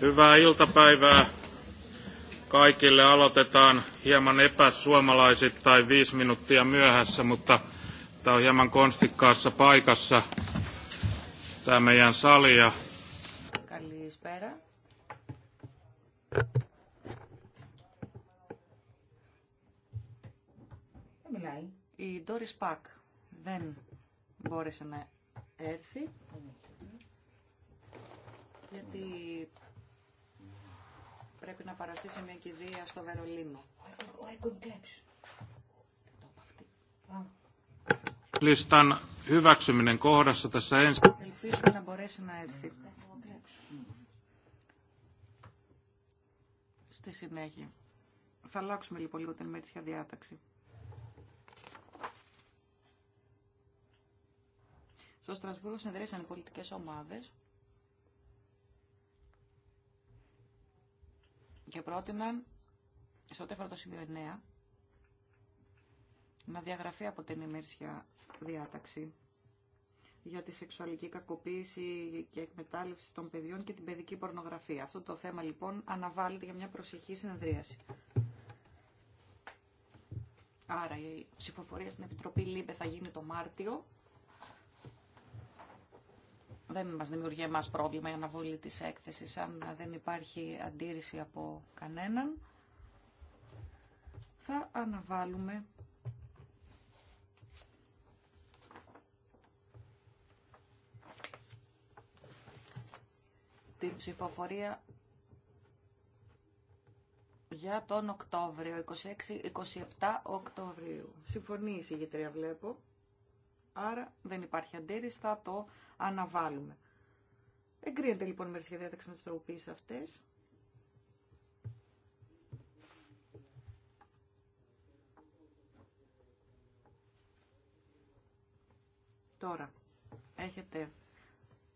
Hyvää iltapäivää kaikille. Aloitetaan hieman epäsuomalaisittain viisi minuuttia myöhässä, mutta tämä on hieman konstikkaassa paikassa, tämä meidän sali. Ja... Doris Pack δεν μπόρεσε να έρθει γιατί πρέπει να παραστεί σε μια κηδεία στο Βερολίνο. Ελπίζουμε να μπορέσει να έρθει. Στη συνέχεια. Θα αλλάξουμε λοιπόν λίγο την μέτρια διάταξη. Στο Στρασβούργο συνεδρίσαν οι πολιτικές ομάδες. και πρότειναν σε ό,τι αφορά το σημείο 9 να διαγραφεί από την ημέρησια διάταξη για τη σεξουαλική κακοποίηση και εκμετάλλευση των παιδιών και την παιδική πορνογραφία. Αυτό το θέμα λοιπόν αναβάλλεται για μια προσεχή συνεδρίαση. Άρα η ψηφοφορία στην Επιτροπή ΛΥΜΠΕ θα γίνει το Μάρτιο δεν μας δημιουργεί εμάς πρόβλημα η αναβολή της έκθεσης αν δεν υπάρχει αντίρρηση από κανέναν. Θα αναβάλουμε την ψηφοφορία για τον Οκτώβριο, 26-27 Οκτωβρίου. Συμφωνεί η συγγετρία βλέπω. Άρα δεν υπάρχει αντίρρηση, θα το αναβάλουμε. Εγκρίνεται λοιπόν η μερική διάταξη με τις τροποποίησεις αυτές. Τώρα, έχετε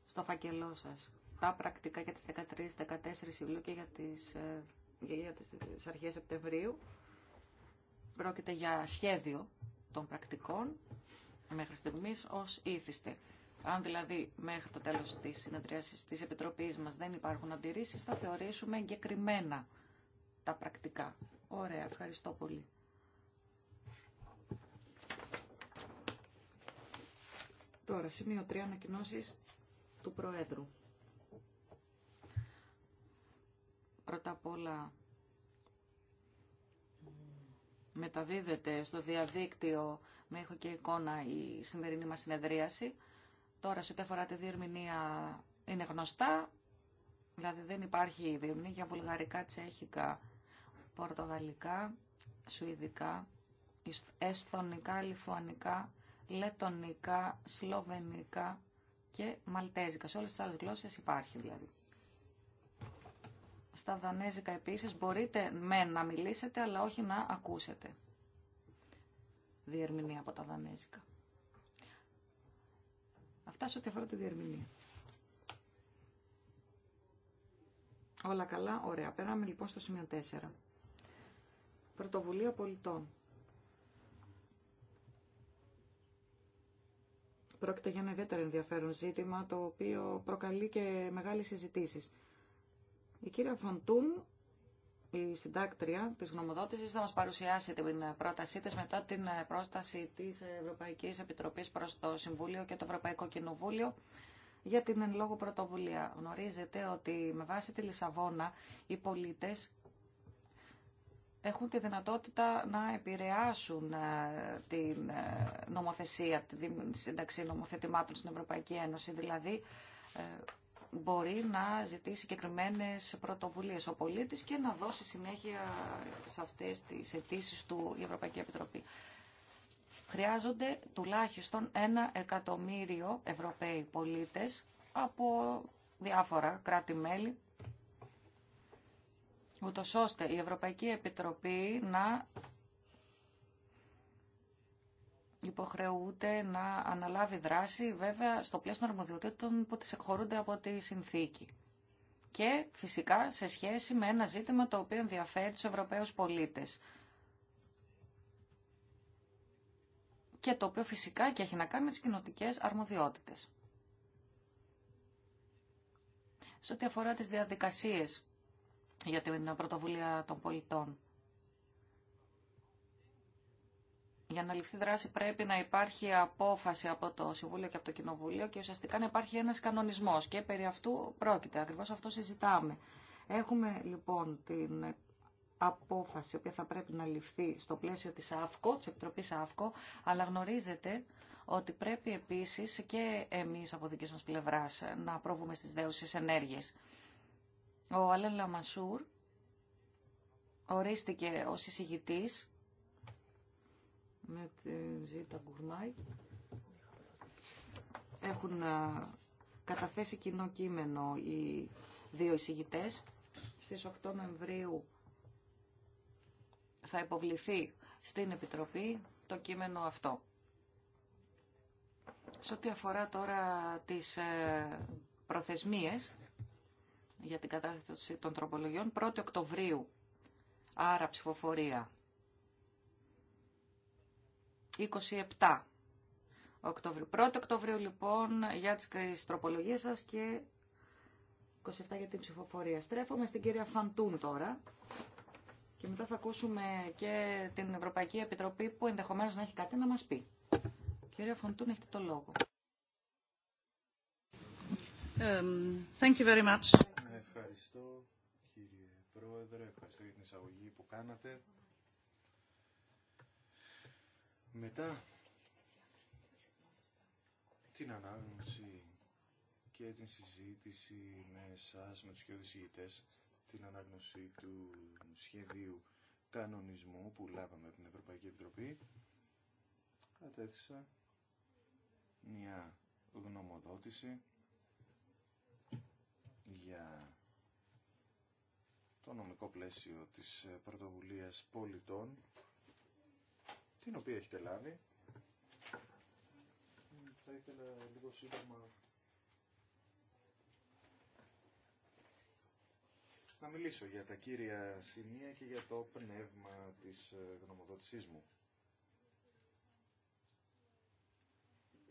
στο φακελό σας τα πρακτικά για τις 13-14 Ιουλίου και για τις, ε, για τις αρχές Σεπτεμβρίου. Πρόκειται για σχέδιο των πρακτικών μέχρι στιγμής ω ήθιστε. Αν δηλαδή μέχρι το τέλος της συνεδρίασης τη Επιτροπής μας δεν υπάρχουν αντιρρήσει, θα θεωρήσουμε εγκεκριμένα τα πρακτικά. Ωραία, ευχαριστώ πολύ. Τώρα, σημείο 3 ανακοινώσει του Προέδρου. Πρώτα απ' όλα μεταδίδεται στο διαδίκτυο με έχω και εικόνα η σημερινή μας συνεδρίαση. Τώρα, σε ό,τι αφορά τη διερμηνία, είναι γνωστά. Δηλαδή, δεν υπάρχει διερμηνία για βουλγαρικά, τσέχικα, πορτογαλικά, σουηδικά, εσθονικά, λιθουανικά, λετονικά, σλοβενικά και μαλτέζικα. Σε όλες τις άλλες γλώσσες υπάρχει δηλαδή. Στα δανέζικα επίσης μπορείτε με να μιλήσετε αλλά όχι να ακούσετε διερμηνία από τα δανέζικα. Αυτά σε ό,τι αφορά τη διερμηνία. Όλα καλά, ωραία. Περάμε λοιπόν στο σημείο 4. Πρωτοβουλία πολιτών. Πρόκειται για ένα ιδιαίτερο ενδιαφέρον ζήτημα, το οποίο προκαλεί και μεγάλες συζητήσεις. Η κυρία Φοντούν η συντάκτρια της γνωμοδότησης θα μας παρουσιάσει την πρότασή τη μετά την πρόσταση της Ευρωπαϊκής Επιτροπής προς το Συμβούλιο και το Ευρωπαϊκό Κοινοβούλιο για την εν λόγω πρωτοβουλία. Γνωρίζετε ότι με βάση τη Λισαβόνα οι πολίτες έχουν τη δυνατότητα να επηρεάσουν ε, την ε, νομοθεσία, τη σύνταξη νομοθετημάτων στην Ευρωπαϊκή Ένωση. Δηλαδή, ε, μπορεί να ζητήσει συγκεκριμένε πρωτοβουλίε ο πολίτη και να δώσει συνέχεια σε αυτέ τι αιτήσει του η Ευρωπαϊκή Επιτροπή. Χρειάζονται τουλάχιστον ένα εκατομμύριο Ευρωπαίοι πολίτες από διάφορα κράτη-μέλη, ούτω ώστε η Ευρωπαϊκή Επιτροπή να υποχρεούται να αναλάβει δράση, βέβαια, στο πλαίσιο των αρμοδιοτήτων που τις εκχωρούνται από τη συνθήκη. Και φυσικά σε σχέση με ένα ζήτημα το οποίο ενδιαφέρει τους Ευρωπαίους πολίτες. Και το οποίο φυσικά και έχει να κάνει με τις κοινοτικές αρμοδιότητες. Σε ό,τι αφορά τις διαδικασίες για την πρωτοβουλία των πολιτών. για να ληφθεί δράση πρέπει να υπάρχει απόφαση από το Συμβούλιο και από το Κοινοβούλιο και ουσιαστικά να υπάρχει ένας κανονισμός και περί αυτού πρόκειται. Ακριβώς αυτό συζητάμε. Έχουμε λοιπόν την απόφαση η οποία θα πρέπει να ληφθεί στο πλαίσιο της ΑΦΚΟ, της Επιτροπής ΑΦΚΟ, αλλά γνωρίζετε ότι πρέπει επίσης και εμείς από δική μας πλευρά να προβούμε στις δέουσες ενέργειες. Ο Αλέν Λαμασούρ ορίστηκε ως εισηγητής με την Ζήτα έχουν ε, καταθέσει κοινό κείμενο οι δύο εισηγητές. Στις 8 Νοεμβρίου θα υποβληθεί στην Επιτροπή το κείμενο αυτό. Σε ό,τι αφορά τώρα τις ε, προθεσμίες για την κατάσταση των τροπολογιών, Οκτωβρίου, άρα ψηφοφορία 27 Οκτωβρίου. 1 Οκτωβρίου λοιπόν για τις τροπολογίες σας και 27 για την ψηφοφορία. Στρέφομαι στην κυρία Φαντούν τώρα και μετά θα ακούσουμε και την Ευρωπαϊκή Επιτροπή που ενδεχομένως να έχει κάτι να μας πει. Κυρία Φαντούν, έχετε το λόγο. Thank you very much. Ευχαριστώ κύριε Πρόεδρε, για την εισαγωγή που κάνατε. Μετά την ανάγνωση και την συζήτηση με εσά με τους την ανάγνωση του σχεδίου κανονισμού που λάβαμε από την Ευρωπαϊκή Επιτροπή κατέθεσα μια γνωμοδότηση για το νομικό πλαίσιο της πρωτοβουλίας πολιτών την οποία έχετε λάβει. Θα ήθελα λίγο σύντομα να μιλήσω για τα κύρια σημεία και για το πνεύμα της ε, γνωμοδότησής μου.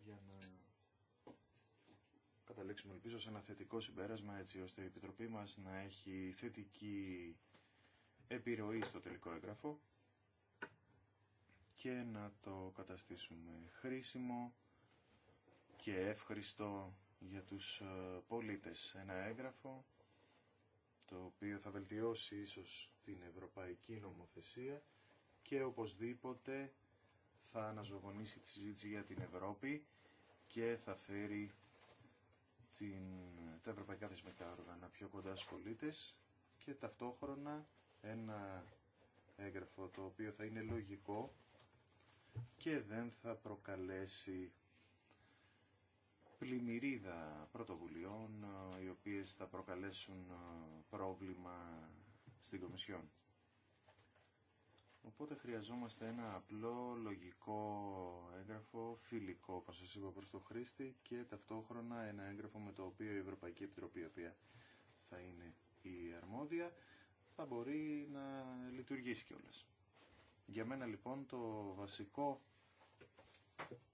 Για να καταλήξουμε ελπίζω σε ένα θετικό συμπέρασμα έτσι ώστε η Επιτροπή μας να έχει θετική επιρροή στο τελικό έγγραφο και να το καταστήσουμε χρήσιμο και εύχριστο για τους ε, πολίτες. Ένα έγγραφο το οποίο θα βελτιώσει ίσως την ευρωπαϊκή νομοθεσία και οπωσδήποτε θα αναζωογονήσει τη συζήτηση για την Ευρώπη και θα φέρει την, τα ευρωπαϊκά θεσμικά όργανα πιο κοντά στους πολίτες και ταυτόχρονα ένα έγγραφο το οποίο θα είναι λογικό και δεν θα προκαλέσει πλημμυρίδα πρωτοβουλειών ε, οι οποίες θα προκαλέσουν ε, πρόβλημα στην Κομισιόν. Οπότε χρειαζόμαστε ένα απλό, λογικό έγγραφο, φιλικό όπως σας είπα προς το χρήστη και ταυτόχρονα ένα έγγραφο με το οποίο η Ευρωπαϊκή Επιτροπή, η οποία θα είναι η αρμόδια, θα μπορεί να λειτουργήσει κιόλας. Για μένα λοιπόν το βασικό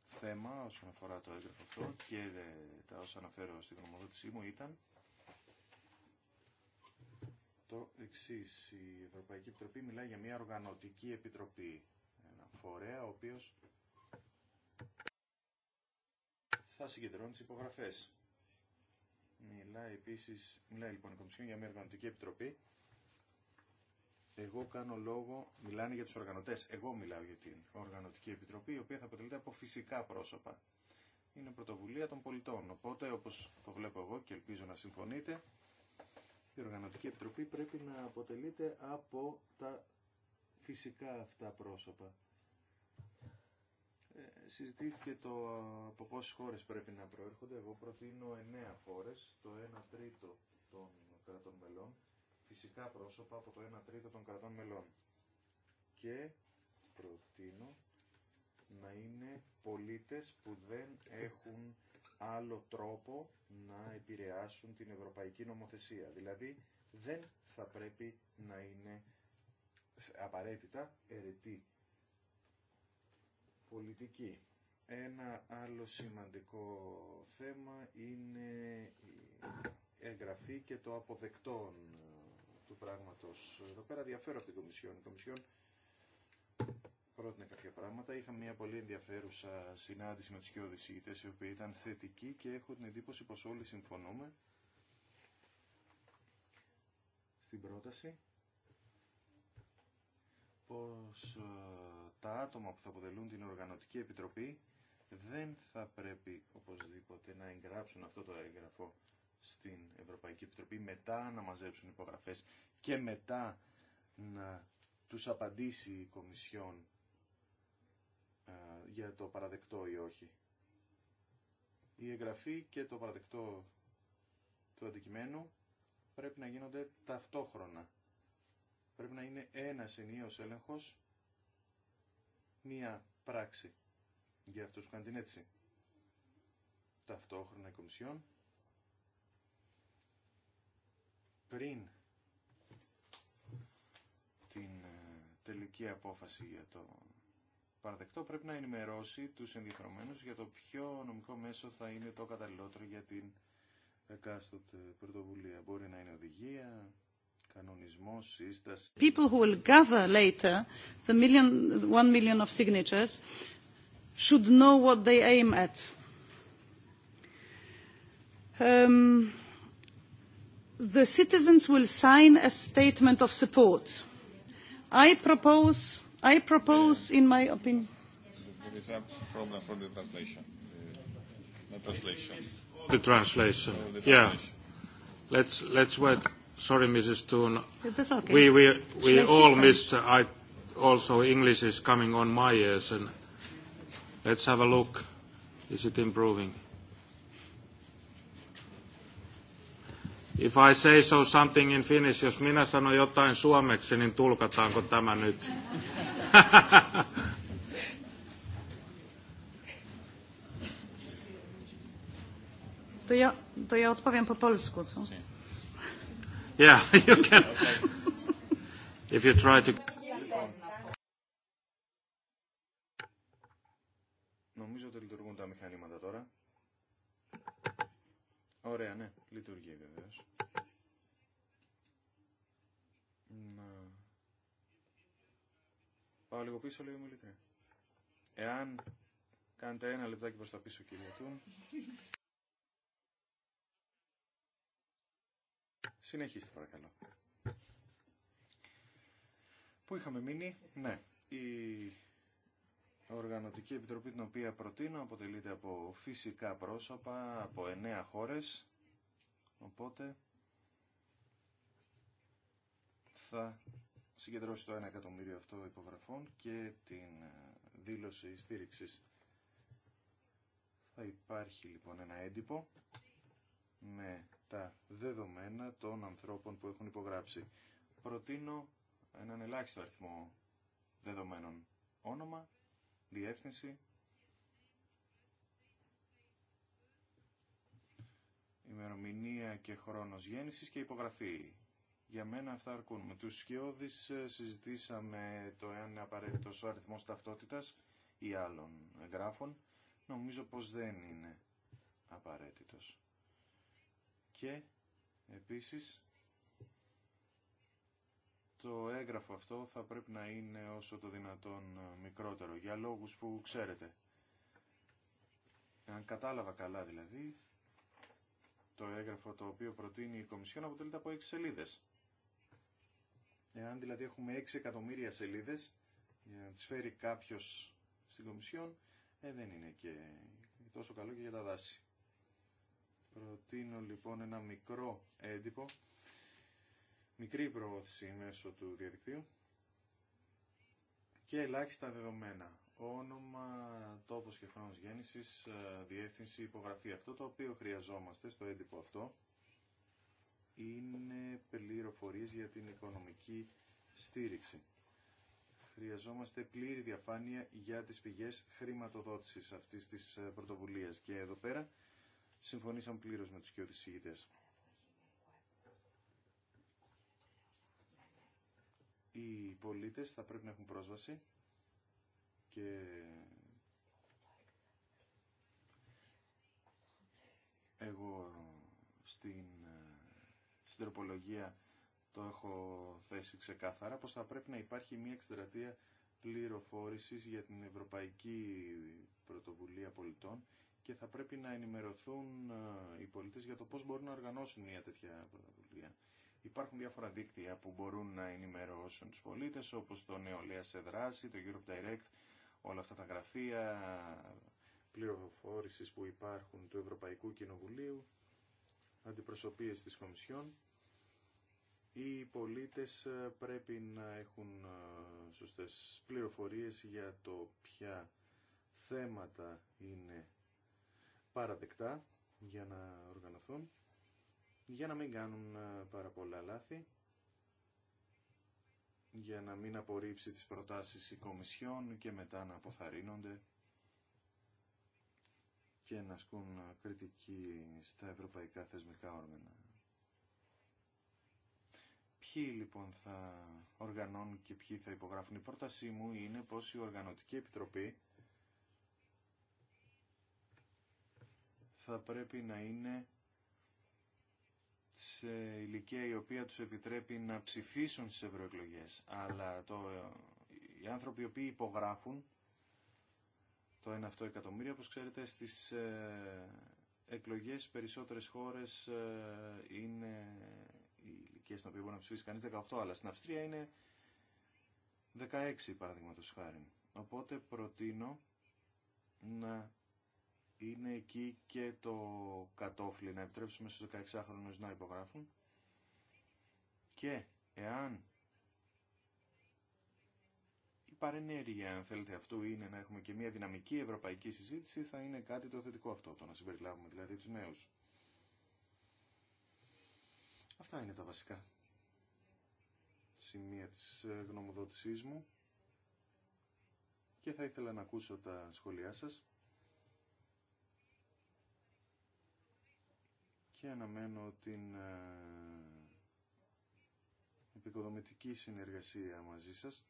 θέμα όσον αφορά το έγγραφο αυτό και ε, τα όσα αναφέρω στην γνωμοδότησή μου ήταν το εξή. Η Ευρωπαϊκή Επιτροπή μιλάει για μια οργανωτική επιτροπή. Ένα φορέα ο οποίο θα συγκεντρώνει τι υπογραφέ. Μιλάει επίση, μιλάει λοιπόν η Κομισιόν για μια οργανωτική επιτροπή εγώ κάνω λόγο, μιλάνε για τους οργανωτές. Εγώ μιλάω για την Οργανωτική Επιτροπή, η οποία θα αποτελείται από φυσικά πρόσωπα. Είναι πρωτοβουλία των πολιτών. Οπότε, όπως το βλέπω εγώ και ελπίζω να συμφωνείτε, η Οργανωτική Επιτροπή πρέπει να αποτελείται από τα φυσικά αυτά πρόσωπα. Ε, συζητήθηκε το από πόσε χώρες πρέπει να προέρχονται. Εγώ προτείνω 9 χώρες, το 1 τρίτο των κρατών μελών φυσικά πρόσωπα από το 1 τρίτο των κρατών μελών. Και προτείνω να είναι πολίτες που δεν έχουν άλλο τρόπο να επηρεάσουν την ευρωπαϊκή νομοθεσία. Δηλαδή δεν θα πρέπει να είναι απαραίτητα ερετή πολιτική. Ένα άλλο σημαντικό θέμα είναι η εγγραφή και το αποδεκτόν του πράγματος. Εδώ πέρα διαφέρω από την Κομισιόν. Η Κομισιόν πρότεινε κάποια πράγματα. Είχαμε μια πολύ ενδιαφέρουσα συνάντηση με τους κοιόδης οι οποίοι ήταν θετικοί και έχω την εντύπωση πως όλοι συμφωνούμε στην πρόταση πως ε, τα άτομα που θα αποτελούν την Οργανωτική Επιτροπή δεν θα πρέπει οπωσδήποτε να εγγράψουν αυτό το έγγραφο στην Ευρωπαϊκή Επιτροπή, μετά να μαζέψουν υπογραφές και μετά να τους απαντήσει η Κομισιόν ε, για το παραδεκτό ή όχι. Η εγγραφή και το παραδεκτό του αντικειμένου πρέπει να γίνονται ταυτόχρονα. Πρέπει να είναι ένας ενίος έλεγχος, μία πράξη για αυτούς που κάνουν την έτσι. Ταυτόχρονα η Κομισιόν πριν την ε, τελική απόφαση για το παραδεκτό πρέπει να ενημερώσει τους ενδιαφερομένους για το ποιο νομικό μέσο θα είναι το καταλληλότερο για την εκάστοτε πρωτοβουλία. Μπορεί να είναι οδηγία, κανονισμός, σύσταση. People who will gather later the million, one million of signatures should know what they aim at. Um, the citizens will sign a statement of support. I propose, I propose in my opinion. There is a problem for the translation. The translation. The translation. Yeah. Let's let's wait. Sorry, Mrs. Toon. We we we all missed. I also English is coming on my ears, and let's have a look. Is it improving? If I say so something in Finnish, jos minä sanon jotain suomeksi, niin tulkataanko tämä nyt? To ja, to ja odpowiem po polsku, co? Yeah, you can. If you try to... Νομίζω ότι λειτουργούν τα μηχανήματα τώρα. Ωραία, ναι, λειτουργεί βέβαια. Πάω λίγο πίσω, λέει ο μιλητή. Εάν κάνετε ένα λεπτάκι προς τα πίσω, κύριε του. Συνεχίστε, παρακαλώ. Πού είχαμε μείνει, ναι, η Οργανωτική Επιτροπή την οποία προτείνω αποτελείται από φυσικά πρόσωπα από εννέα χώρες, οπότε θα συγκεντρώσει το 1 εκατομμύριο αυτό υπογραφών και την ε, δήλωση στήριξη. Θα υπάρχει λοιπόν ένα έντυπο με τα δεδομένα των ανθρώπων που έχουν υπογράψει. Προτείνω έναν ελάχιστο αριθμό δεδομένων. Όνομα, διεύθυνση, ημερομηνία και χρόνος γέννησης και υπογραφή για μένα αυτά αρκούν. Με τους σκιώδεις ε, συζητήσαμε το εάν είναι απαραίτητος ο αριθμός ταυτότητας ή άλλων γράφων. Νομίζω πως δεν είναι απαραίτητος. Και επίσης το έγγραφο αυτό θα πρέπει να είναι όσο το δυνατόν ε, μικρότερο, για λόγους που ξέρετε. Αν κατάλαβα καλά δηλαδή, το έγγραφο το οποίο προτείνει η Κομισιόν αποτελείται από 6 σελίδες. Εάν δηλαδή έχουμε 6 εκατομμύρια σελίδες για να τι φέρει κάποιο στην Κομισιόν, ε, δεν είναι και τόσο καλό και για τα δάση. Προτείνω λοιπόν ένα μικρό έντυπο, μικρή προώθηση μέσω του διαδικτύου και ελάχιστα δεδομένα. Όνομα, τόπος και χρόνος γέννησης, ε, διεύθυνση, υπογραφή. Αυτό το οποίο χρειαζόμαστε στο έντυπο αυτό είναι πληροφορίες για την οικονομική στήριξη. Χρειαζόμαστε πλήρη διαφάνεια για τις πηγές χρηματοδότησης αυτής της ε, πρωτοβουλίας. Και εδώ πέρα συμφωνήσαμε πλήρως με τους κοιοδησίγητες. Οι πολίτες θα πρέπει να έχουν πρόσβαση και εγώ στην στην τροπολογία το έχω θέσει ξεκάθαρα, πως θα πρέπει να υπάρχει μια εκστρατεία πληροφόρησης για την Ευρωπαϊκή Πρωτοβουλία Πολιτών και θα πρέπει να ενημερωθούν ε, οι πολίτες για το πώς μπορούν να οργανώσουν μια τέτοια πρωτοβουλία. Υπάρχουν διάφορα δίκτυα που μπορούν να ενημερώσουν τους πολίτες, όπως το Νεολαία σε δράση, το Europe Direct, όλα αυτά τα γραφεία πληροφόρησης που υπάρχουν του Ευρωπαϊκού Κοινοβουλίου, αντιπροσωπείες της Κομισιόν οι πολίτες ε, πρέπει να έχουν ε, σωστές πληροφορίες για το ποια θέματα είναι παραδεκτά για να οργανωθούν, για να μην κάνουν ε, πάρα πολλά λάθη, για να μην απορρίψει τις προτάσεις η Κομισιόν και μετά να αποθαρρύνονται και να ασκούν κριτική στα ευρωπαϊκά θεσμικά όργανα ποιοι λοιπόν θα οργανώνουν και ποιοι θα υπογράφουν. Η πρότασή μου είναι πως η Οργανωτική Επιτροπή θα πρέπει να είναι σε ηλικία η οποία τους επιτρέπει να ψηφίσουν στις ευρωεκλογέ. Αλλά το, οι άνθρωποι οι οποίοι υπογράφουν το ένα αυτό εκατομμύριο, όπως ξέρετε, στις ε, εκλογές περισσότερες χώρες ε, είναι και στην οποία μπορεί να ψηφίσει κανείς 18, αλλά στην Αυστρία είναι 16 παραδείγματο χάρη. Οπότε προτείνω να είναι εκεί και το κατόφλι, να επιτρέψουμε στους 16χρονους να υπογράφουν και εάν η παρενέργεια, αν θέλετε, αυτού είναι να έχουμε και μια δυναμική ευρωπαϊκή συζήτηση, θα είναι κάτι το θετικό αυτό, το να συμπεριλάβουμε δηλαδή τους νέους. Αυτά είναι τα βασικά σημεία της ε, γνωμοδότησής μου και θα ήθελα να ακούσω τα σχόλιά σας και αναμένω την ε, επικοδομητική συνεργασία μαζί σας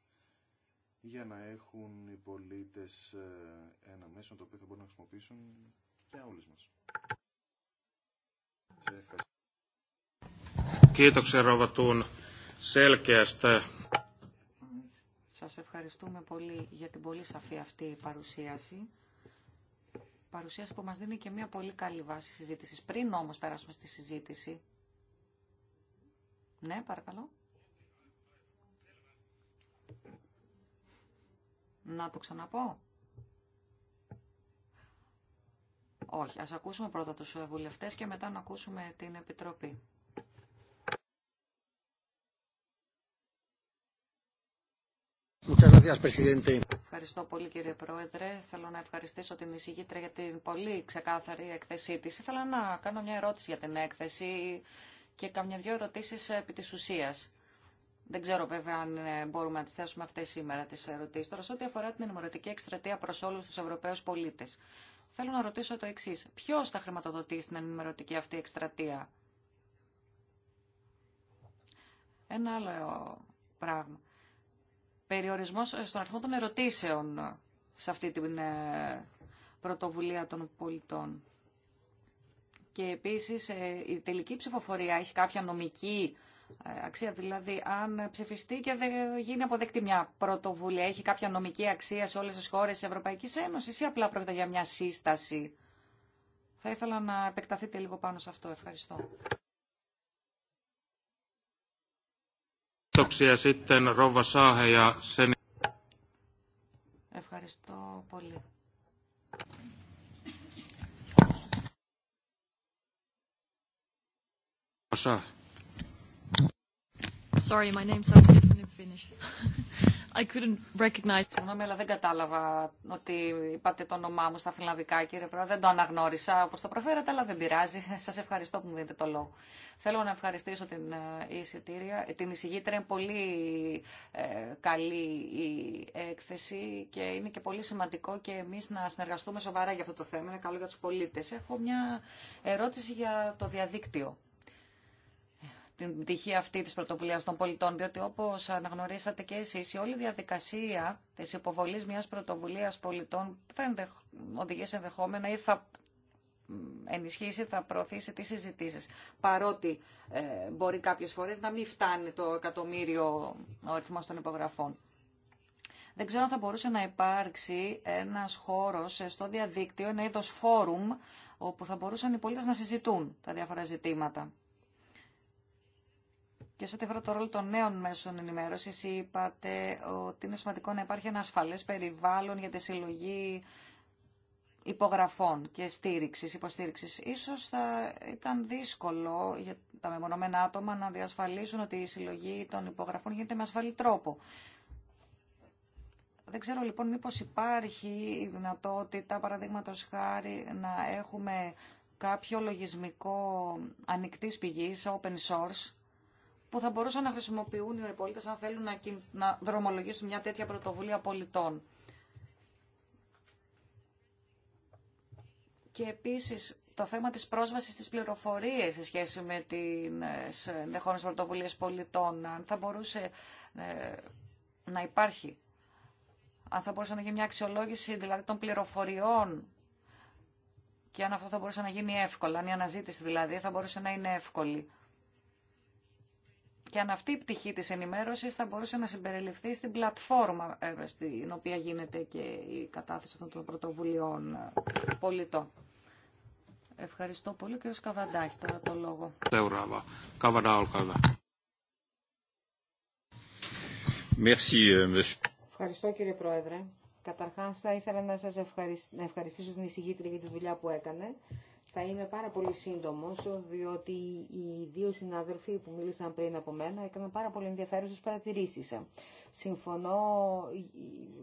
για να έχουν οι πολίτες ε, ένα μέσο το οποίο θα μπορούν να χρησιμοποιήσουν για όλους μας. Σας ευχαριστούμε πολύ για την πολύ σαφή αυτή παρουσίαση. Παρουσίαση που μας δίνει και μια πολύ καλή βάση συζήτησης. Πριν όμως περάσουμε στη συζήτηση. Ναι, παρακαλώ. Να το ξαναπώ. Όχι, ας ακούσουμε πρώτα τους βουλευτές και μετά να ακούσουμε την Επιτροπή. Ευχαριστώ πολύ κύριε Πρόεδρε. Θέλω να ευχαριστήσω την εισηγήτρια για την πολύ ξεκάθαρη έκθεσή τη. Ήθελα να κάνω μια ερώτηση για την έκθεση και καμιά δυο ερωτήσει επί τη ουσία. Δεν ξέρω βέβαια αν ε, μπορούμε να τι θέσουμε αυτέ σήμερα τι ερωτήσει. Τώρα, σε ό,τι αφορά την ενημερωτική εκστρατεία προ όλου του Ευρωπαίου πολίτε, θέλω να ρωτήσω το εξή. Ποιο θα χρηματοδοτεί στην ενημερωτική αυτή εκστρατεία, Ένα άλλο πράγμα περιορισμός στον αριθμό των ερωτήσεων σε αυτή την ε, πρωτοβουλία των πολιτών. Και επίσης ε, η τελική ψηφοφορία έχει κάποια νομική ε, αξία, δηλαδή αν ψηφιστεί και δεν γίνει αποδεκτή μια πρωτοβουλία, έχει κάποια νομική αξία σε όλες τις χώρες της Ευρωπαϊκής Ένωσης ή απλά πρόκειται για μια σύσταση. Θα ήθελα να επεκταθείτε λίγο πάνω σε αυτό. Ευχαριστώ. Kiitoksia sitten Rova Saahe ja sen... Ευχαριστώ πολύ. Sorry, my name sounds different in Finnish. I couldn't recognize... Συγγνώμη, αλλά δεν κατάλαβα ότι είπατε το όνομά μου στα φιλανδικά, κύριε Πρόεδρε. Δεν το αναγνώρισα όπω το προφέρατε, αλλά δεν πειράζει. Σας ευχαριστώ που μου δίνετε το λόγο. Θέλω να ευχαριστήσω την ε, εισηγήτρια. Ε, την εισηγήτρια είναι πολύ ε, καλή η έκθεση και είναι και πολύ σημαντικό και εμείς να συνεργαστούμε σοβαρά για αυτό το θέμα. Είναι καλό για του πολίτε. Έχω μια ερώτηση για το διαδίκτυο την πτυχή αυτή της πρωτοβουλίας των πολιτών, διότι όπως αναγνωρίσατε και εσείς, η όλη διαδικασία της υποβολής μιας πρωτοβουλίας πολιτών θα οδηγεί σε ενδεχόμενα ή θα ενισχύσει, θα προωθήσει τις συζητήσεις. Παρότι ε, μπορεί κάποιες φορές να μην φτάνει το εκατομμύριο ο αριθμός των υπογραφών. Δεν ξέρω αν θα μπορούσε να υπάρξει ένας χώρος στο διαδίκτυο, ένα είδος φόρουμ, όπου θα μπορούσαν οι πολίτες να συζητούν τα διάφορα ζητήματα. Και σε ό,τι αφορά το ρόλο των νέων μέσων ενημέρωση, είπατε ότι είναι σημαντικό να υπάρχει ένα ασφαλέ περιβάλλον για τη συλλογή υπογραφών και στήριξης, υποστήριξης. Ίσως θα ήταν δύσκολο για τα μεμονωμένα άτομα να διασφαλίσουν ότι η συλλογή των υπογραφών γίνεται με ασφαλή τρόπο. Δεν ξέρω λοιπόν μήπως υπάρχει η δυνατότητα, παραδείγματο χάρη, να έχουμε κάποιο λογισμικό ανοιχτή πηγής, open source, που θα μπορούσαν να χρησιμοποιούν οι πολίτε αν θέλουν να, να δρομολογήσουν μια τέτοια πρωτοβουλία πολιτών. Και επίσης το θέμα της πρόσβασης στις πληροφορίες σε σχέση με τις ε, ενδεχόμενες πρωτοβουλίε πολιτών, αν θα μπορούσε ε, να υπάρχει, αν θα μπορούσε να γίνει μια αξιολόγηση δηλαδή των πληροφοριών και αν αυτό θα μπορούσε να γίνει εύκολα, αν η αναζήτηση δηλαδή θα μπορούσε να είναι εύκολη. Και αν αυτή η πτυχή της ενημέρωσης θα μπορούσε να συμπεριληφθεί στην πλατφόρμα ε, στην οποία γίνεται και η κατάθεση των πρωτοβουλειών ε, πολιτών. Ευχαριστώ πολύ. Κύριο Σκαβαντάχη τώρα το λόγο. Ε, Ευχαριστώ κύριε Πρόεδρε. Καταρχάς θα ήθελα να σας ευχαριστήσω την εισηγήτρια για τη δουλειά που έκανε θα είμαι πάρα πολύ σύντομος, διότι οι δύο συνάδελφοι που μίλησαν πριν από μένα έκαναν πάρα πολύ ενδιαφέρουσες παρατηρήσεις. Συμφωνώ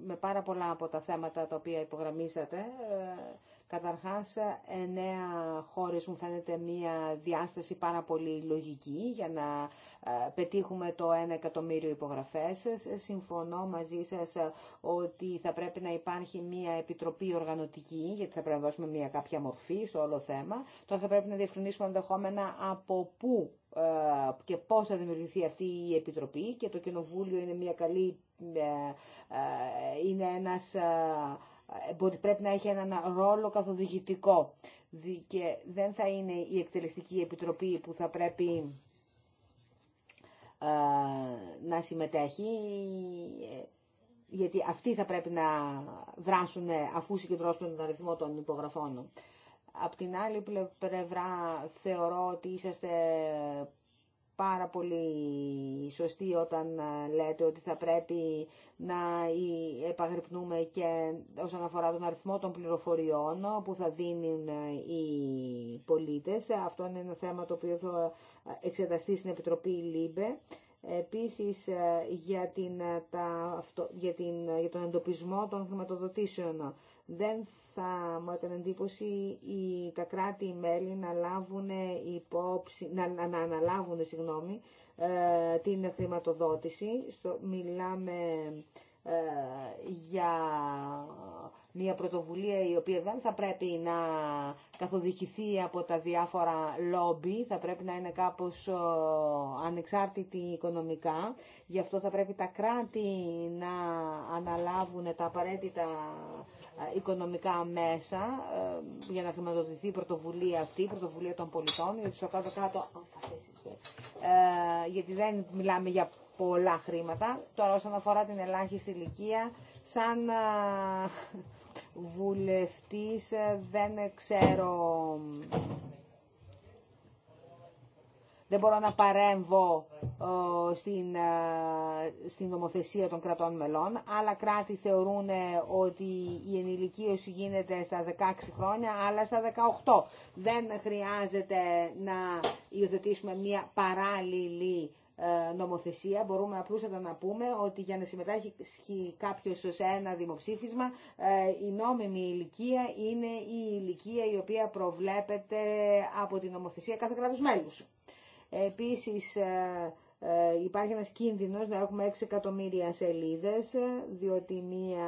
με πάρα πολλά από τα θέματα τα οποία υπογραμμίσατε. Ε, Καταρχάς, εννέα χώρες μου φαίνεται μία διάσταση πάρα πολύ λογική για να ε, πετύχουμε το 1 εκατομμύριο υπογραφές. Συμφωνώ μαζί σας ε, ότι θα πρέπει να υπάρχει μία επιτροπή οργανωτική, γιατί θα πρέπει να δώσουμε μία κάποια μορφή στο όλο θέμα. Τώρα θα πρέπει να διευκρινίσουμε ενδεχόμενα από πού ε, και πώς θα δημιουργηθεί αυτή η επιτροπή και το κοινοβούλιο είναι μια καλή είναι ένας ε, μπορεί, πρέπει να έχει έναν ρόλο καθοδηγητικό και δεν θα είναι η εκτελεστική επιτροπή που θα πρέπει ε, να συμμετέχει ε, γιατί αυτοί θα πρέπει να δράσουν αφού συγκεντρώσουν τον αριθμό των υπογραφών. Απ' την άλλη πλευρά θεωρώ ότι είσαστε πάρα πολύ σωστή όταν ε, λέτε ότι θα πρέπει να επαγρυπνούμε και όσον αφορά τον αριθμό των πληροφοριών που θα δίνουν ε, οι πολίτες. Αυτό είναι ένα θέμα το οποίο θα εξεταστεί στην Επιτροπή ΛΥΜΠΕ. Επίσης ε, για, την, τα, για, την, για τον εντοπισμό των χρηματοδοτήσεων δεν θα μου έκανε εντύπωση οι, τα κράτη-μέλη να λάβουν υπόψη, να, να, να αναλάβουν συγγνώμη, ε, την χρηματοδότηση. Στο, μιλάμε ε, για μια πρωτοβουλία η οποία δεν θα πρέπει να καθοδικηθεί από τα διάφορα λόμπι, θα πρέπει να είναι κάπως ε, ανεξάρτητη οικονομικά. Γι' αυτό θα πρέπει τα κράτη να αναλάβουν τα απαραίτητα ε, οικονομικά μέσα ε, για να χρηματοδοτηθεί η πρωτοβουλία αυτή, η πρωτοβουλία των πολιτών, γιατί στο κατω ε, γιατί δεν μιλάμε για πολλά χρήματα. Τώρα όσον αφορά την ελάχιστη ηλικία, σαν βουλευτής δεν ξέρω δεν μπορώ να παρέμβω στην, ε, στην νομοθεσία των κρατών μελών. Άλλα κράτη θεωρούν ε, ότι η ενηλικίωση γίνεται στα 16 χρόνια, άλλα στα 18. Δεν χρειάζεται να υιοθετήσουμε μια παράλληλη ε, νομοθεσία. Μπορούμε απλούστατα να πούμε ότι για να συμμετάσχει κάποιος σε ένα δημοψήφισμα η νόμιμη ηλικία είναι η ηλικία η οποία προβλέπεται από την νομοθεσία κάθε κράτου μέλους. Επίσης ε, ε, υπάρχει ένας κίνδυνος να έχουμε 6 εκατομμύρια σελίδες, διότι μία...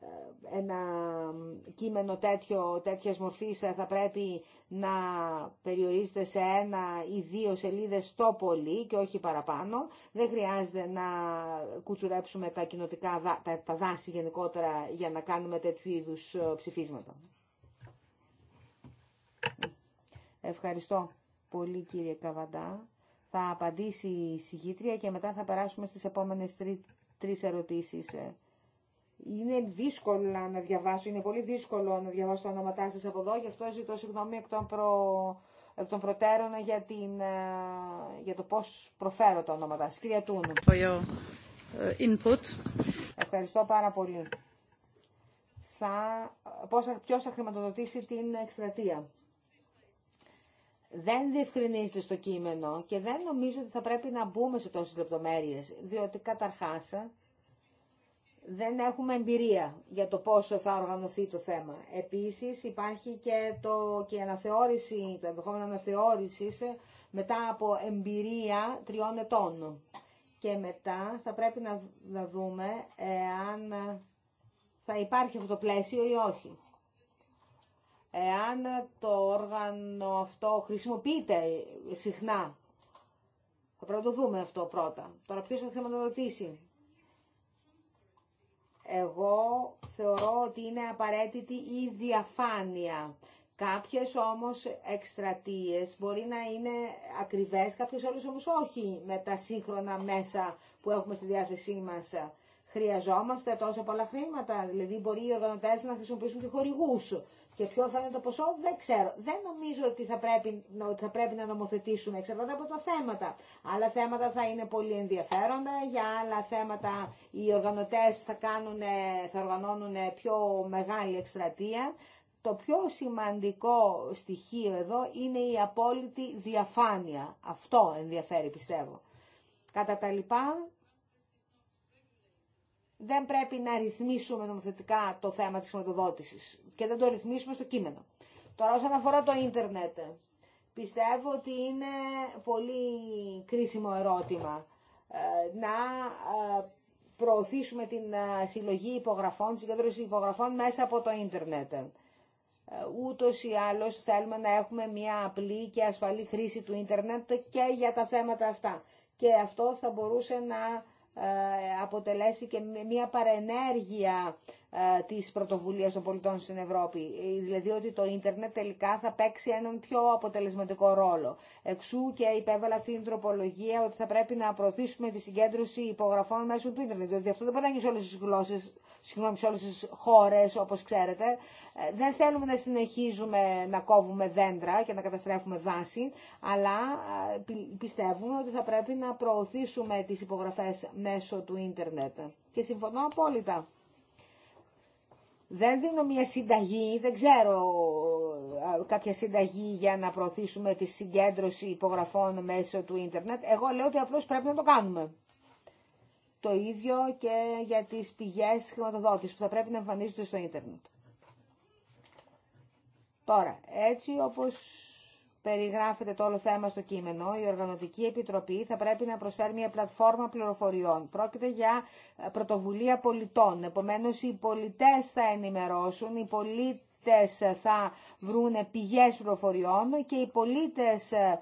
Ε, ένα κείμενο τέτοιο, τέτοιας μορφής θα πρέπει να περιορίζεται σε ένα ή δύο σελίδες το πολύ και όχι παραπάνω. Δεν χρειάζεται να κουτσουρέψουμε τα κοινοτικά τα, τα δάση γενικότερα για να κάνουμε τέτοιου είδους ψηφίσματα. Ευχαριστώ πολύ κύριε Καβαντά. Θα απαντήσει η συγγήτρια και μετά θα περάσουμε στις επόμενες τρι, τρεις ερωτήσεις. Ε, είναι δύσκολο να διαβάσω, είναι πολύ δύσκολο να διαβάσω τα ονόματά σας από εδώ, γι' αυτό ζητώ συγγνώμη εκ των, προτέρων για, την, ε, για το πώς προφέρω τα ονόματά σας. Κυρία Τούνου. Ε, input. Ευχαριστώ πάρα πολύ. Θα, θα χρηματοδοτήσει την εκστρατεία δεν διευκρινίζεται στο κείμενο και δεν νομίζω ότι θα πρέπει να μπούμε σε τόσες λεπτομέρειες, διότι καταρχάς ε, δεν έχουμε εμπειρία για το πόσο θα οργανωθεί το θέμα. Επίσης υπάρχει και, το, και η αναθεώρηση, το ενδεχόμενο αναθεώρησης ε, μετά από εμπειρία τριών ετών. Και μετά θα πρέπει να, να δούμε αν θα υπάρχει αυτό το πλαίσιο ή όχι. Εάν το όργανο αυτό χρησιμοποιείται συχνά, θα πρέπει να το δούμε αυτό πρώτα. Τώρα ποιος θα χρηματοδοτήσει. Εγώ θεωρώ ότι είναι απαραίτητη η διαφάνεια. Κάποιες όμως εκστρατείες μπορεί να είναι ακριβές, κάποιες όλες όμως όχι με τα σύγχρονα μέσα που έχουμε στη διάθεσή μας. Χρειαζόμαστε τόσο πολλά χρήματα, δηλαδή μπορεί οι οργανωτές να χρησιμοποιήσουν και χορηγούς και ποιο θα είναι το ποσό δεν ξέρω. Δεν νομίζω ότι θα πρέπει, ότι θα πρέπει να νομοθετήσουμε εξαρτάται από τα θέματα. Άλλα θέματα θα είναι πολύ ενδιαφέροντα, για άλλα θέματα οι οργανωτές θα, θα οργανώνουν πιο μεγάλη εκστρατεία. Το πιο σημαντικό στοιχείο εδώ είναι η απόλυτη διαφάνεια. Αυτό ενδιαφέρει πιστεύω. Κατά τα λοιπά, δεν πρέπει να ρυθμίσουμε νομοθετικά το θέμα της χρηματοδότησης και δεν το ρυθμίσουμε στο κείμενο. Τώρα όσον αφορά το ίντερνετ, πιστεύω ότι είναι πολύ κρίσιμο ερώτημα ε, να ε, προωθήσουμε την ε, συλλογή υπογραφών, συγκέντρωση υπογραφών μέσα από το ίντερνετ. Ούτως ή άλλως θέλουμε να έχουμε μια απλή και ασφαλή χρήση του ίντερνετ και για τα θέματα αυτά. Και αυτό θα μπορούσε να ε, αποτελέσει και μια παρενέργεια ε, τη πρωτοβουλία των πολιτών στην Ευρώπη. Ε, δηλαδή ότι το ίντερνετ τελικά θα παίξει έναν πιο αποτελεσματικό ρόλο. Εξού και υπέβαλα αυτή την τροπολογία ότι θα πρέπει να προωθήσουμε τη συγκέντρωση υπογραφών μέσω του ίντερνετ. Διότι αυτό δεν πατάγει σε όλες τις γλώσσες, συγγνώμη, σε όλε τι χώρε, όπω ξέρετε. Ε, δεν θέλουμε να συνεχίζουμε να κόβουμε δέντρα και να καταστρέφουμε δάση, αλλά πιστεύουμε ότι θα πρέπει να προωθήσουμε τι υπογραφέ μέσω του ίντερνετ. Και συμφωνώ απόλυτα. Δεν δίνω μια συνταγή, δεν ξέρω κάποια συνταγή για να προωθήσουμε τη συγκέντρωση υπογραφών μέσω του ίντερνετ. Εγώ λέω ότι απλώς πρέπει να το κάνουμε. Το ίδιο και για τις πηγές χρηματοδότησης που θα πρέπει να εμφανίζονται στο ίντερνετ. Τώρα, έτσι όπως περιγράφεται το όλο θέμα στο κείμενο, η Οργανωτική Επιτροπή θα πρέπει να προσφέρει μια πλατφόρμα πληροφοριών. Πρόκειται για ε, πρωτοβουλία πολιτών. Επομένως, οι πολιτές θα ενημερώσουν, οι πολίτες θα βρουν πηγές πληροφοριών και οι πολίτες ε,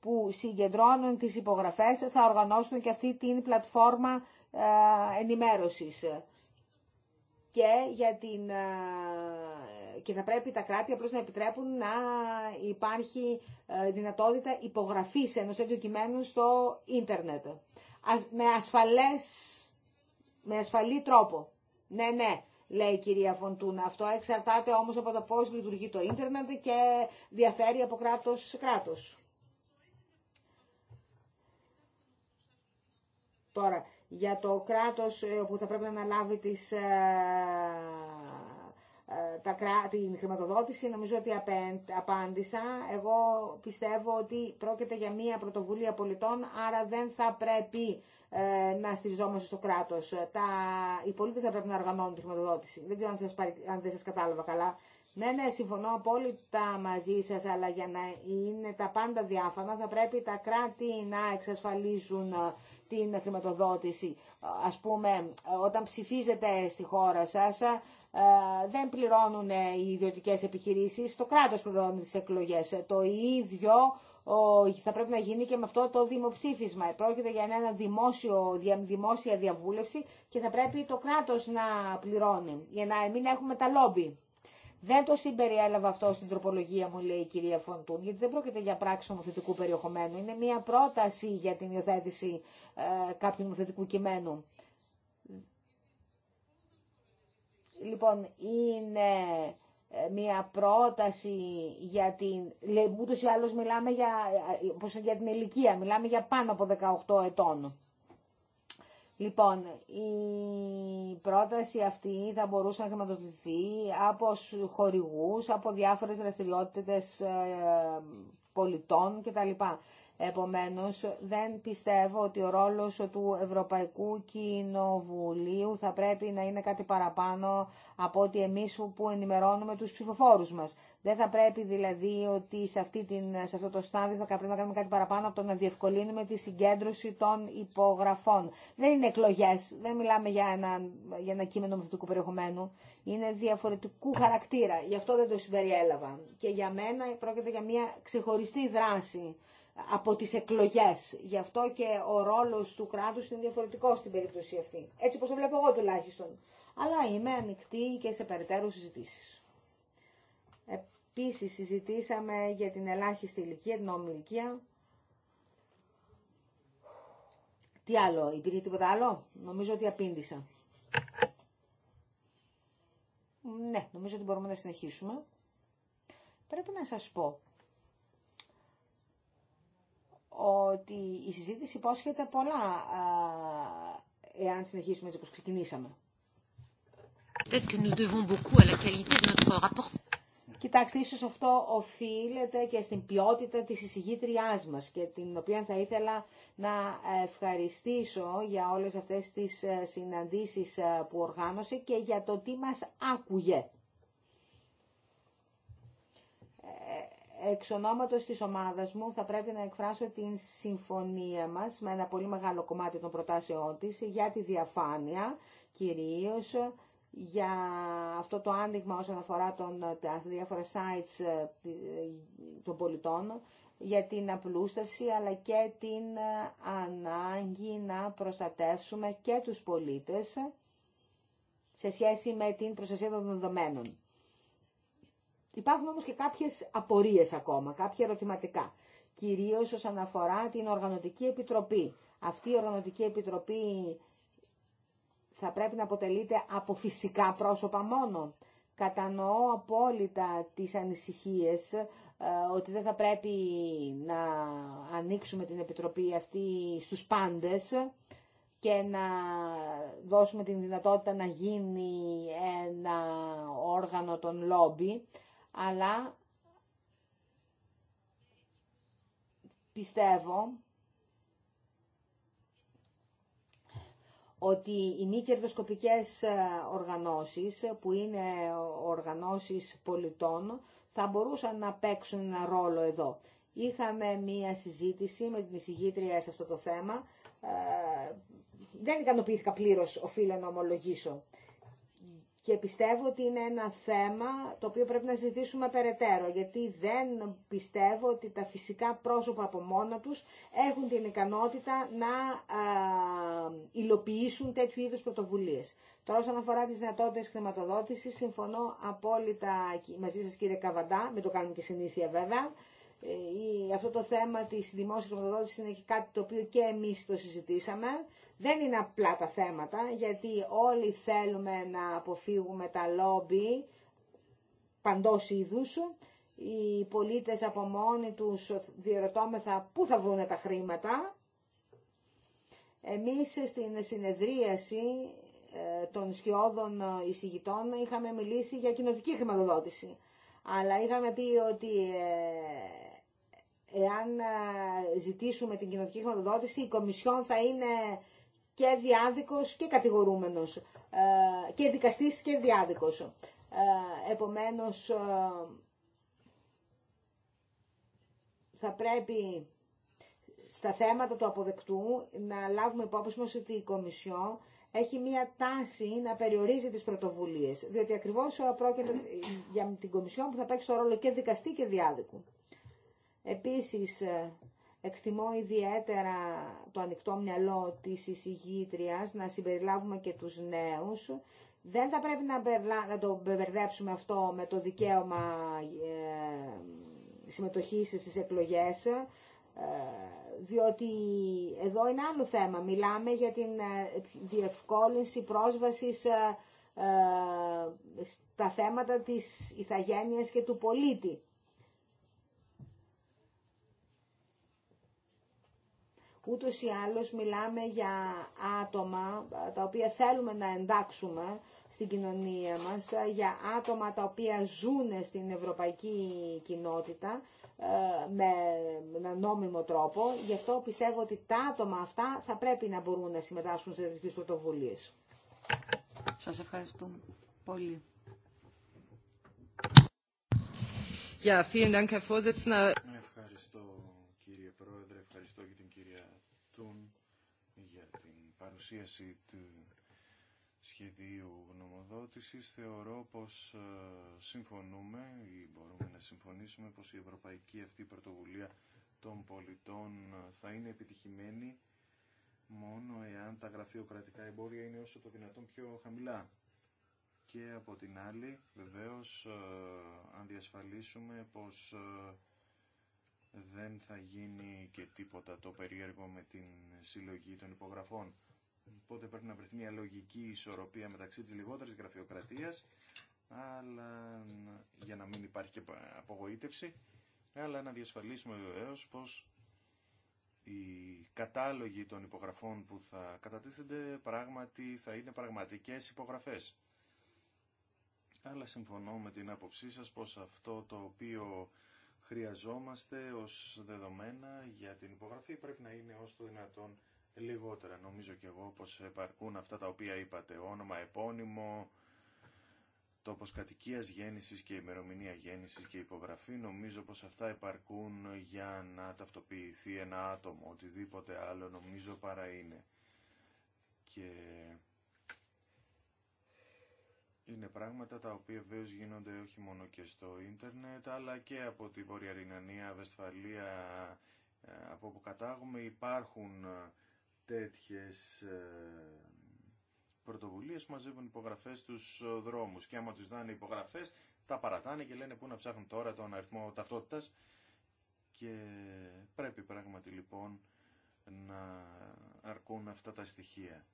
που συγκεντρώνουν τις υπογραφές θα οργανώσουν και αυτή την πλατφόρμα ε, ενημέρωσης και, για την, ε, και θα πρέπει τα κράτη απλώς να επιτρέπουν να υπάρχει ε, δυνατότητα υπογραφής ενός τέτοιου κειμένου στο ίντερνετ. Με, ασφαλές, με ασφαλή τρόπο. Ναι, ναι, λέει η κυρία Φοντούνα. Αυτό εξαρτάται όμως από το πώς λειτουργεί το ίντερνετ και διαφέρει από κράτος σε κράτος. Τώρα, για το κράτος ε, που θα πρέπει να αναλάβει τις, ε, ε, τα την χρηματοδότηση. Νομίζω ότι απάντησα. Εγώ πιστεύω ότι πρόκειται για μια πρωτοβουλία πολιτών, άρα δεν θα πρέπει να στηριζόμαστε στο κράτος. Τα, οι πολίτες θα πρέπει να οργανώνουν τη χρηματοδότηση. Δεν ξέρω αν, σας, δεν σας κατάλαβα καλά. Ναι, ναι, συμφωνώ απόλυτα μαζί σας, αλλά για να είναι τα πάντα διάφανα θα πρέπει τα κράτη να εξασφαλίσουν την χρηματοδότηση. Ας πούμε, όταν ψηφίζετε στη χώρα σας, ε, δεν πληρώνουν οι ιδιωτικές επιχειρήσεις, το κράτος πληρώνει τις εκλογές. Το ίδιο θα πρέπει να γίνει και με αυτό το δημοψήφισμα. Πρόκειται για ένα δημόσιο, δημόσια διαβούλευση και θα πρέπει το κράτος να πληρώνει, για να μην έχουμε τα λόμπι. Δεν το συμπεριέλαβα αυτό στην τροπολογία μου, λέει η κυρία Φοντούν, γιατί δεν πρόκειται για πράξη ομοθετικού περιεχομένου. Είναι μια πρόταση για την υιοθέτηση ε, κάποιου ομοθετικού κειμένου. Λοιπόν, είναι ε, μια πρόταση για την... Ούτως ή άλλως μιλάμε για, ε, για την ηλικία, μιλάμε για πάνω από 18 ετών. Λοιπόν, η πρόταση αυτή θα μπορούσε να χρηματοδοτηθεί από χορηγούς, από διάφορες δραστηριότητες ε, πολιτών κτλ. Επομένως, δεν πιστεύω ότι ο ρόλος του Ευρωπαϊκού Κοινοβουλίου θα πρέπει να είναι κάτι παραπάνω από ότι εμείς που ενημερώνουμε τους ψηφοφόρους μας. Δεν θα πρέπει δηλαδή ότι σε, αυτή την, σε αυτό το στάδιο θα πρέπει να κάνουμε κάτι παραπάνω από το να διευκολύνουμε τη συγκέντρωση των υπογραφών. Δεν είναι εκλογές, δεν μιλάμε για ένα, για ένα κείμενο μυθιστικού περιεχομένου. Είναι διαφορετικού χαρακτήρα. Γι' αυτό δεν το συμπεριέλαβα. Και για μένα πρόκειται για μια ξεχωριστή δράση από τις εκλογές. Γι' αυτό και ο ρόλος του κράτους είναι διαφορετικός στην περίπτωση αυτή. Έτσι πως το βλέπω εγώ τουλάχιστον. Αλλά είμαι ανοιχτή και σε περαιτέρω συζητήσεις. Επίσης συζητήσαμε για την ελάχιστη ηλικία, την ομιλικία. Τι άλλο, υπήρχε τίποτα άλλο. Νομίζω ότι απήντησα. Ναι, νομίζω ότι μπορούμε να συνεχίσουμε. Πρέπει να σας πω ότι η συζήτηση υπόσχεται πολλά εάν συνεχίσουμε έτσι όπως ξεκινήσαμε. Κοιτάξτε, ίσως αυτό οφείλεται και στην ποιότητα της εισηγήτριάς μας και την οποία θα ήθελα να ευχαριστήσω για όλες αυτές τις ε, συναντήσεις ε, που οργάνωσε και για το τι μας άκουγε. εξ ονόματος της ομάδας μου θα πρέπει να εκφράσω την συμφωνία μας με ένα πολύ μεγάλο κομμάτι των προτάσεών της για τη διαφάνεια, κυρίως για αυτό το άνοιγμα όσον αφορά τον, τα διάφορα sites ε, των πολιτών, για την απλούστευση αλλά και την ε, ανάγκη να προστατεύσουμε και τους πολίτες σε σχέση με την προστασία των δεδομένων. Υπάρχουν όμως και κάποιες απορίες ακόμα, κάποια ερωτηματικά. Κυρίως όσον αφορά την Οργανωτική Επιτροπή. Αυτή η Οργανωτική Επιτροπή θα πρέπει να αποτελείται από φυσικά πρόσωπα μόνο. Κατανοώ απόλυτα τις ανησυχίες ε, ότι δεν θα πρέπει να ανοίξουμε την Επιτροπή αυτή στους πάντες και να δώσουμε την δυνατότητα να γίνει ένα όργανο των λόμπι αλλά πιστεύω ότι οι μη κερδοσκοπικές ε, οργανώσεις, που είναι οργανώσεις πολιτών, θα μπορούσαν να παίξουν ένα ρόλο εδώ. Είχαμε μία συζήτηση με την εισηγήτρια σε αυτό το θέμα. Ε, δεν ικανοποιήθηκα πλήρως, οφείλω να ομολογήσω και πιστεύω ότι είναι ένα θέμα το οποίο πρέπει να ζητήσουμε περαιτέρω, γιατί δεν πιστεύω ότι τα φυσικά πρόσωπα από μόνα τους έχουν την ικανότητα να α, υλοποιήσουν τέτοιου είδους πρωτοβουλίες. Τώρα, όσον αφορά τις δυνατότητες χρηματοδότησης, συμφωνώ απόλυτα μαζί σας κύριε Καβαντά, με το κάνουμε και συνήθεια βέβαια, ε, αυτό το θέμα της δημόσιας χρηματοδότησης είναι κάτι το οποίο και εμείς το συζητήσαμε δεν είναι απλά τα θέματα, γιατί όλοι θέλουμε να αποφύγουμε τα λόμπι παντός είδους. Οι πολίτες από μόνοι τους διερωτώμεθα πού θα βρουν τα χρήματα. Εμείς στην συνεδρίαση ε, των σκιώδων εισηγητών είχαμε μιλήσει για κοινοτική χρηματοδότηση. Αλλά είχαμε πει ότι ε, εάν ε, ζητήσουμε την κοινοτική χρηματοδότηση, η Κομισιόν θα είναι και διάδικος και κατηγορούμενος, ε, και δικαστής και διάδικος. Ε, επομένως, ε, θα πρέπει στα θέματα του αποδεκτού να λάβουμε υπόψη μας ότι η Κομισιό έχει μία τάση να περιορίζει τις πρωτοβουλίες, διότι ακριβώς πρόκειται για την Κομισιό που θα παίξει το ρόλο και δικαστή και διάδικου. Επίσης, Εκτιμώ ιδιαίτερα το ανοιχτό μυαλό της εισηγήτριας να συμπεριλάβουμε και τους νέους. Δεν θα πρέπει να το μπερδέψουμε αυτό με το δικαίωμα ε, συμμετοχής στις εκλογές, ε, διότι εδώ είναι άλλο θέμα. Μιλάμε για την ε, διευκόλυνση πρόσβασης στα θέματα της ηθαγένειας και του πολίτη. Ούτως ή άλλως μιλάμε για άτομα τα οποία θέλουμε να εντάξουμε στην κοινωνία μας, για άτομα τα οποία ζουν στην ευρωπαϊκή κοινότητα με ένα νόμιμο τρόπο. Γι' αυτό πιστεύω ότι τα άτομα αυτά θα πρέπει να μπορούν να συμμετάσχουν σε τέτοιες πρωτοβουλίες. Σας ευχαριστούμε πολύ. Ευχαριστώ παρουσίαση του σχεδίου γνωμοδότησης θεωρώ πως ε, συμφωνούμε ή μπορούμε να συμφωνήσουμε πως η ευρωπαϊκή αυτή πρωτοβουλία των πολιτών ε, θα είναι επιτυχημένη μόνο εάν τα γραφειοκρατικά εμπόδια είναι όσο το δυνατόν πιο χαμηλά. Και από την άλλη βεβαίως ε, αν διασφαλίσουμε πως δεν θα γίνει και τίποτα το περίεργο με την συλλογή των υπογραφών. Οπότε πρέπει να βρεθεί μια λογική ισορροπία μεταξύ της λιγότερης γραφειοκρατίας, αλλά για να μην υπάρχει και απογοήτευση, αλλά να διασφαλίσουμε βεβαίως πως οι κατάλογοι των υπογραφών που θα κατατίθενται πράγματι θα είναι πραγματικές υπογραφές. Αλλά συμφωνώ με την άποψή σας πως αυτό το οποίο χρειαζόμαστε ως δεδομένα για την υπογραφή πρέπει να είναι ως το δυνατόν λιγότερα. Νομίζω και εγώ πως επαρκούν αυτά τα οποία είπατε. Όνομα, επώνυμο, τόπος κατοικίας γέννησης και ημερομηνία γέννησης και υπογραφή. Νομίζω πως αυτά επαρκούν για να ταυτοποιηθεί ένα άτομο. Οτιδήποτε άλλο νομίζω παρά είναι. Και... Είναι πράγματα τα οποία βέβαια γίνονται όχι μόνο και στο ίντερνετ, αλλά και από τη Βόρεια Ρινανία, Βεσφαλία, ε, από όπου κατάγουμε υπάρχουν ε, τέτοιες ε, πρωτοβουλίες που μαζεύουν υπογραφές στους ε, δρόμους και άμα τους δάνε υπογραφές τα παρατάνε και λένε πού να ψάχνουν τώρα τον αριθμό ταυτότητας και πρέπει πράγματι λοιπόν να αρκούν αυτά τα στοιχεία.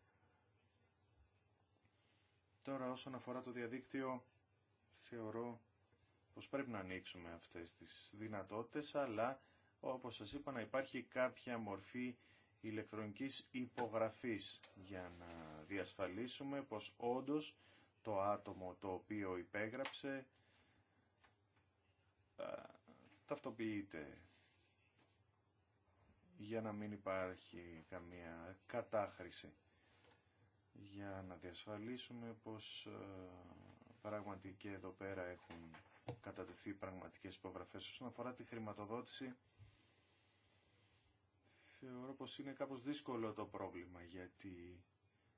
Τώρα όσον αφορά το διαδίκτυο θεωρώ πως πρέπει να ανοίξουμε αυτές τις δυνατότητες αλλά όπως σας είπα να υπάρχει κάποια μορφή ηλεκτρονικής υπογραφής για να διασφαλίσουμε πως όντως το άτομο το οποίο υπέγραψε ταυτοποιείται για να μην υπάρχει καμία κατάχρηση για να διασφαλίσουμε πως πράγματι και εδώ πέρα έχουν κατατεθεί πραγματικές υπογραφές όσον αφορά τη χρηματοδότηση θεωρώ πως είναι κάπως δύσκολο το πρόβλημα, γιατί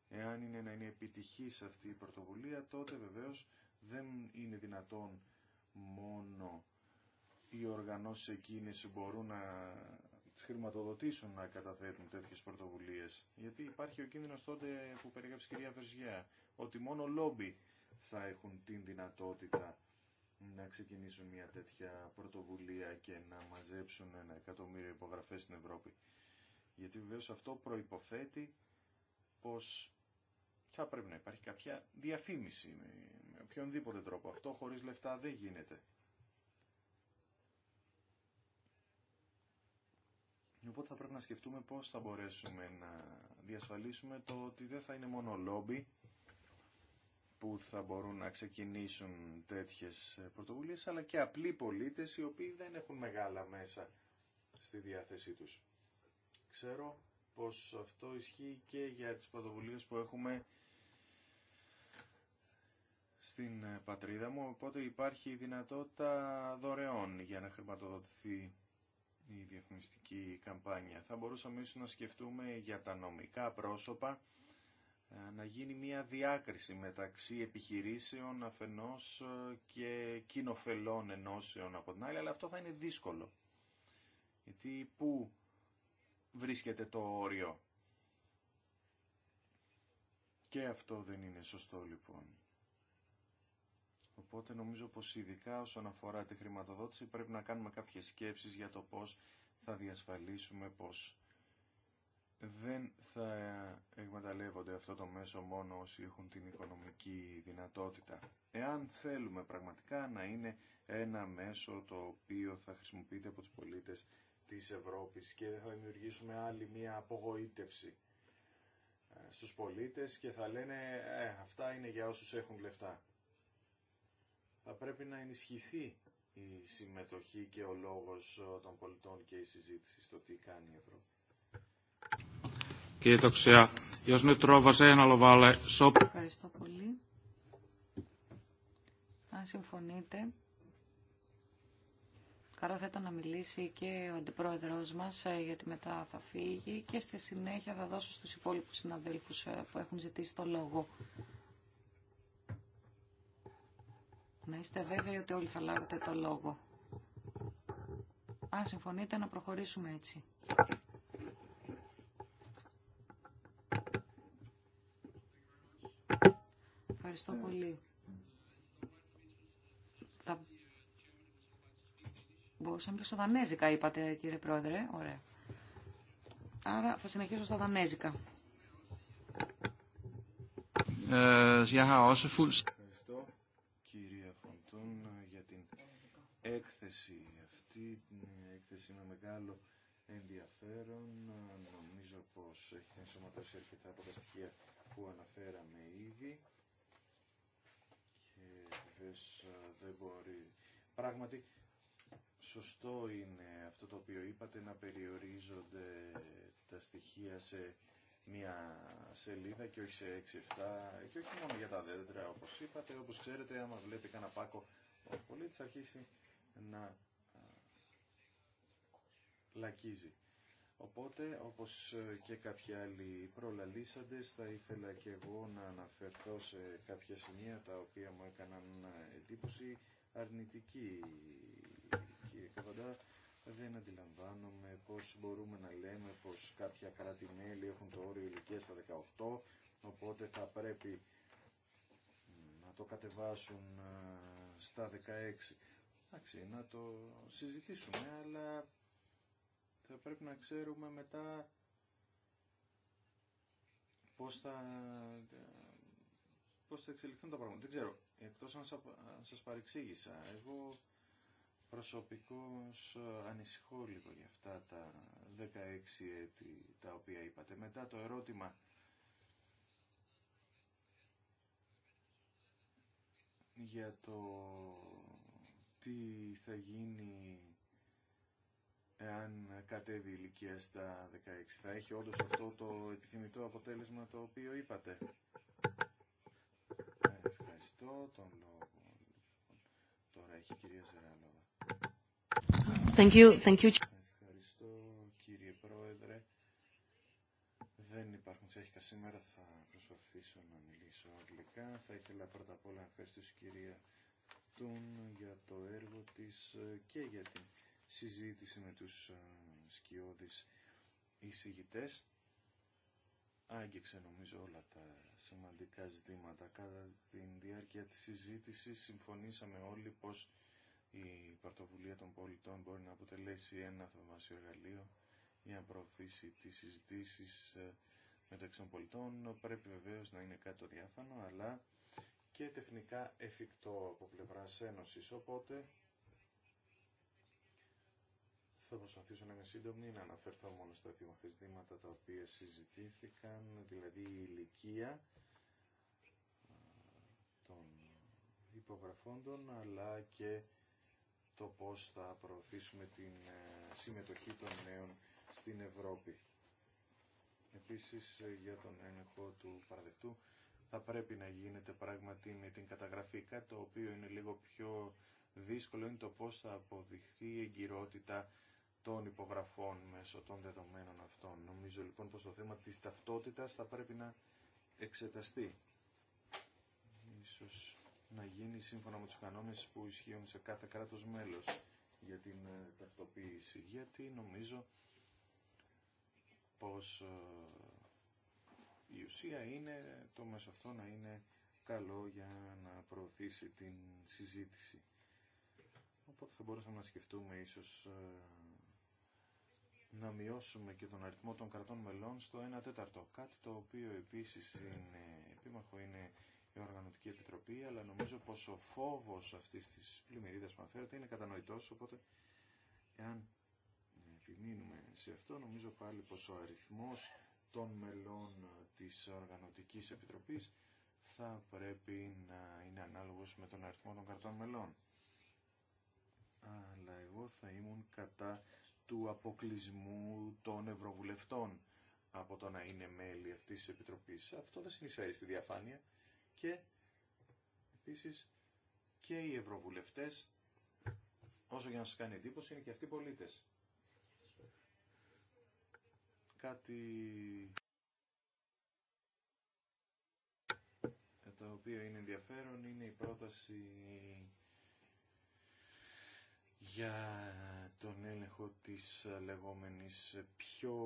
εάν είναι να είναι επιτυχής αυτή η πρωτοβουλία, τότε βεβαίως δεν είναι δυνατόν μόνο οι οργανώσεις εκείνες μπορούν να τις χρηματοδοτήσουν να καταθέτουν τέτοιες πρωτοβουλίες. Γιατί υπάρχει ο κίνδυνος τότε που περιγράψει η κυρία Βερζιά, ότι μόνο λόμπι θα έχουν την δυνατότητα να ξεκινήσουν μια τέτοια πρωτοβουλία και να μαζέψουν ένα εκατομμύριο υπογραφές στην Ευρώπη. Γιατί βεβαίως αυτό προϋποθέτει πως θα πρέπει να υπάρχει κάποια διαφήμιση με οποιονδήποτε τρόπο. Αυτό χωρίς λεφτά δεν γίνεται. Οπότε θα πρέπει να σκεφτούμε πώς θα μπορέσουμε να διασφαλίσουμε το ότι δεν θα είναι μόνο λόμπι που θα μπορούν να ξεκινήσουν τέτοιες πρωτοβουλίες, αλλά και απλοί πολίτες οι οποίοι δεν έχουν μεγάλα μέσα στη διάθεσή τους. Ξέρω πως αυτό ισχύει και για τις πρωτοβουλίε που έχουμε στην ε, πατρίδα μου, οπότε υπάρχει η δυνατότητα δωρεών για να χρηματοδοτηθεί η διαφημιστική καμπάνια. Θα μπορούσαμε ίσως να σκεφτούμε για τα νομικά πρόσωπα ε, να γίνει μια διάκριση μεταξύ επιχειρήσεων αφενός ε, και κοινοφελών ενώσεων από την άλλη, αλλά αυτό θα είναι δύσκολο. Γιατί πού βρίσκεται το όριο. Και αυτό δεν είναι σωστό λοιπόν. Οπότε νομίζω πως ειδικά όσον αφορά τη χρηματοδότηση πρέπει να κάνουμε κάποιες σκέψεις για το πώς θα διασφαλίσουμε πως δεν θα εκμεταλλεύονται αυτό το μέσο μόνο όσοι έχουν την οικονομική δυνατότητα. Εάν θέλουμε πραγματικά να είναι ένα μέσο το οποίο θα χρησιμοποιείται από τους πολίτες της Ευρώπης και θα δημιουργήσουμε άλλη μία απογοήτευση ε, στους πολίτες και θα λένε «Ε, αυτά είναι για όσους έχουν λεφτά. Θα πρέπει να ενισχυθεί η συμμετοχή και ο λόγος ε, των πολιτών και η συζήτηση στο τι κάνει η Ευρώπη. Ευχαριστώ πολύ. Αν συμφωνείτε, Καλά θα να μιλήσει και ο αντιπρόεδρος μας, ε, γιατί μετά θα φύγει και στη συνέχεια θα δώσω στους υπόλοιπους συναδέλφους ε, που έχουν ζητήσει το λόγο. Να είστε βέβαιοι ότι όλοι θα λάβετε το λόγο. Αν συμφωνείτε να προχωρήσουμε έτσι. Ευχαριστώ πολύ. Μπορούσαμε να μιλήσω στα δανέζικα, είπατε κύριε Πρόεδρε. Ωραία. Άρα θα συνεχίσω στα δανέζικα. Ε, Ευχαριστώ κυρία Φοντών για την έκθεση αυτή. Την έκθεση με μεγάλο ενδιαφέρον. Νομίζω πως έχει ενσωματώσει αρκετά από τα στοιχεία που αναφέραμε ήδη. Και ε, δεν μπορεί... Πράγματι, σωστό είναι αυτό το οποίο είπατε να περιορίζονται τα στοιχεία σε μια σελίδα και όχι σε 6-7 και όχι μόνο για τα δέντρα όπως είπατε. Όπως ξέρετε άμα βλέπει κανένα πάκο ο πολίτης αρχίσει να λακίζει. Οπότε, όπως ε, και κάποιοι άλλοι προλαλήσαντες, θα ήθελα και εγώ να αναφερθώ σε κάποια σημεία τα οποία μου έκαναν ε, εντύπωση αρνητική δεν αντιλαμβάνομαι πώς μπορούμε να λέμε πως κάποια κράτη-μέλη έχουν το όριο ηλικία στα 18, οπότε θα πρέπει να το κατεβάσουν ε, στα 16. Εντάξει, να το συζητήσουμε, αλλά θα πρέπει να ξέρουμε μετά πώς θα, ε, πώς θα εξελιχθούν τα πράγματα. Δεν ξέρω, εκτός αν σας παρεξήγησα, εγώ Προσωπικώς ε, ανησυχώ λίγο για αυτά τα 16 έτη τα οποία είπατε. Μετά το ερώτημα για το τι θα γίνει εάν κατέβει η ηλικία στα 16. Θα έχει όντως αυτό το επιθυμητό αποτέλεσμα το οποίο είπατε. Ευχαριστώ τον λόγο. Τώρα έχει η κυρία Ζεράλοβα. Ευχαριστώ κύριε Πρόεδρε. Δεν υπάρχουν τσέχικα σήμερα, θα προσπαθήσω να μιλήσω αγγλικά. Θα ήθελα πρώτα απ' όλα να ευχαριστήσω κυρία Τούν για το έργο της ε, και για την συζήτηση με τους ε, σκιώδεις εισηγητές. Άγγιξε νομίζω όλα τα σημαντικά ζητήματα. Κατά τη διάρκεια της συζήτησης συμφωνήσαμε όλοι πως η πρωτοβουλία των πολιτών μπορεί να αποτελέσει ένα θαυμάσιο εργαλείο για να προωθήσει τι συζητήσεις ε, μεταξύ των πολιτών. Πρέπει βεβαίω να είναι κάτι το διάφανο, αλλά και τεχνικά εφικτό από πλευρά Ένωση Οπότε θα προσπαθήσω να είμαι σύντομη, να αναφερθώ μόνο στα επίμαχα τα οποία συζητήθηκαν, δηλαδή η ηλικία ε, των υπογραφών αλλά και το πώς θα προωθήσουμε την ε, συμμετοχή των νέων στην Ευρώπη. Επίσης ε, για τον έλεγχο του παραδεκτού θα πρέπει να γίνεται πράγματι με την καταγραφή, κάτι το οποίο είναι λίγο πιο δύσκολο είναι το πώς θα αποδειχθεί η εγκυρότητα των υπογραφών μέσω των δεδομένων αυτών. Νομίζω λοιπόν πως το θέμα της ταυτότητας θα πρέπει να εξεταστεί. Ίσως να γίνει σύμφωνα με τους κανόνες που ισχύουν σε κάθε κράτος μέλος για την ε, ταυτοποίηση. Γιατί νομίζω πως ε, η ουσία είναι το μέσο αυτό να είναι καλό για να προωθήσει την συζήτηση. Οπότε θα μπορούσαμε να σκεφτούμε ίσως ε, να μειώσουμε και τον αριθμό των κρατών μελών στο 1 τέταρτο. Κάτι το οποίο επίσης είναι επίμαχο είναι η Οργανωτική Επιτροπή, αλλά νομίζω πω ο φόβο αυτή τη πλημμυρίδα που αναφέρεται είναι κατανοητός, οπότε εάν επιμείνουμε σε αυτό, νομίζω πάλι πως ο αριθμό των μελών της Οργανωτικής Επιτροπής θα πρέπει να είναι ανάλογος με τον αριθμό των καρτών μελών. Αλλά εγώ θα ήμουν κατά του αποκλεισμού των Ευρωβουλευτών από το να είναι μέλη αυτής της Επιτροπής. Αυτό δεν συνεισφέρει στη διαφάνεια και επίσης και οι ευρωβουλευτές, όσο για να σας κάνει εντύπωση, είναι και αυτοί πολίτες. Κάτι το οποίο είναι ενδιαφέρον είναι η πρόταση για τον έλεγχο της λεγόμενης πιο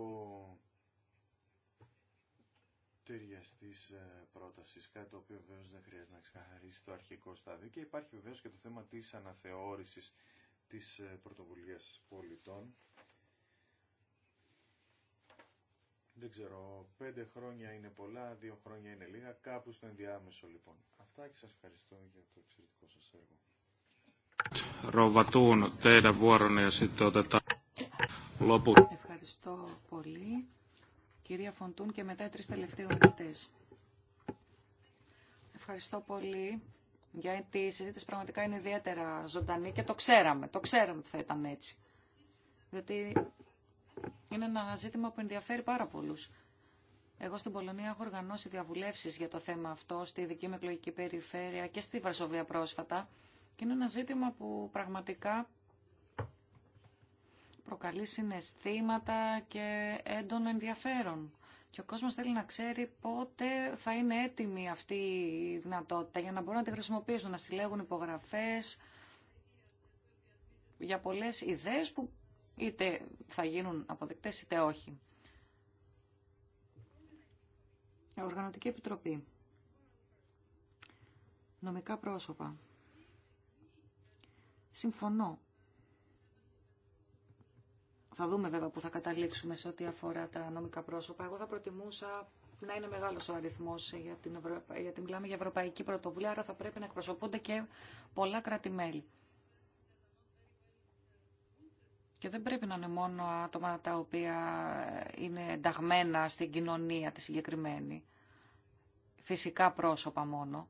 ταιριαστή ε, πρόταση, κάτι το οποίο βεβαίω δεν χρειάζεται να ξεκαθαρίσει το αρχικό στάδιο. Και υπάρχει βεβαίω και το θέμα τη αναθεώρηση τη ε, πρωτοβουλία πολιτών. Δεν ξέρω, πέντε χρόνια είναι πολλά, δύο χρόνια είναι λίγα, κάπου στο ενδιάμεσο λοιπόν. Αυτά και σας ευχαριστώ για το εξαιρετικό σα έργο. Ευχαριστώ πολύ κυρία Φοντούν και μετά οι τρεις τελευταίοι ομιλητές. Ευχαριστώ πολύ γιατί η συζήτηση πραγματικά είναι ιδιαίτερα ζωντανή και το ξέραμε, το ξέραμε ότι θα ήταν έτσι. Γιατί είναι ένα ζήτημα που ενδιαφέρει πάρα πολλούς. Εγώ στην Πολωνία έχω οργανώσει διαβουλεύσεις για το θέμα αυτό στη δική μου εκλογική περιφέρεια και στη Βαρσοβία πρόσφατα και είναι ένα ζήτημα που πραγματικά προκαλεί συναισθήματα και έντονο ενδιαφέρον. Και ο κόσμος θέλει να ξέρει πότε θα είναι έτοιμη αυτή η δυνατότητα για να μπορούν να τη χρησιμοποιήσουν, να συλλέγουν υπογραφές για πολλές ιδέες που είτε θα γίνουν αποδεκτές είτε όχι. Οργανωτική Επιτροπή. Νομικά πρόσωπα. Συμφωνώ θα δούμε βέβαια που θα καταλήξουμε σε ό,τι αφορά τα νομικά πρόσωπα. Εγώ θα προτιμούσα να είναι μεγάλο ο αριθμό, γιατί, Ευρω... γιατί μιλάμε για ευρωπαϊκή πρωτοβουλία, άρα θα πρέπει να εκπροσωπούνται και πολλά κράτη-μέλη. Και δεν πρέπει να είναι μόνο άτομα τα οποία είναι ενταγμένα στην κοινωνία τη συγκεκριμένη. Φυσικά πρόσωπα μόνο.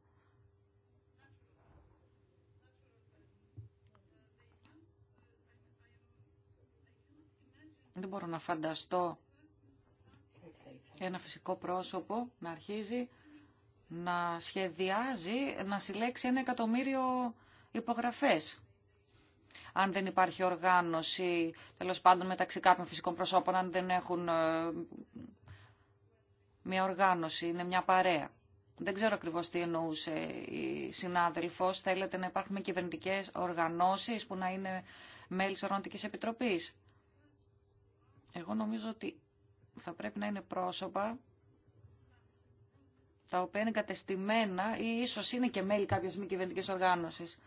Δεν μπορώ να φανταστώ ένα φυσικό πρόσωπο να αρχίζει να σχεδιάζει να συλλέξει ένα εκατομμύριο υπογραφές. Αν δεν υπάρχει οργάνωση, τέλος πάντων μεταξύ κάποιων φυσικών προσώπων, αν δεν έχουν ε, μια οργάνωση, είναι μια παρέα. Δεν ξέρω ακριβώ τι εννοούσε η συνάδελφο. Θέλετε να υπάρχουν κυβερνητικέ οργανώσει που να είναι μέλη τη Επιτροπή. Εγώ νομίζω ότι θα πρέπει να είναι πρόσωπα τα οποία είναι κατεστημένα ή ίσως είναι και μέλη κάποιας μη κυβερνητική οργάνωσης.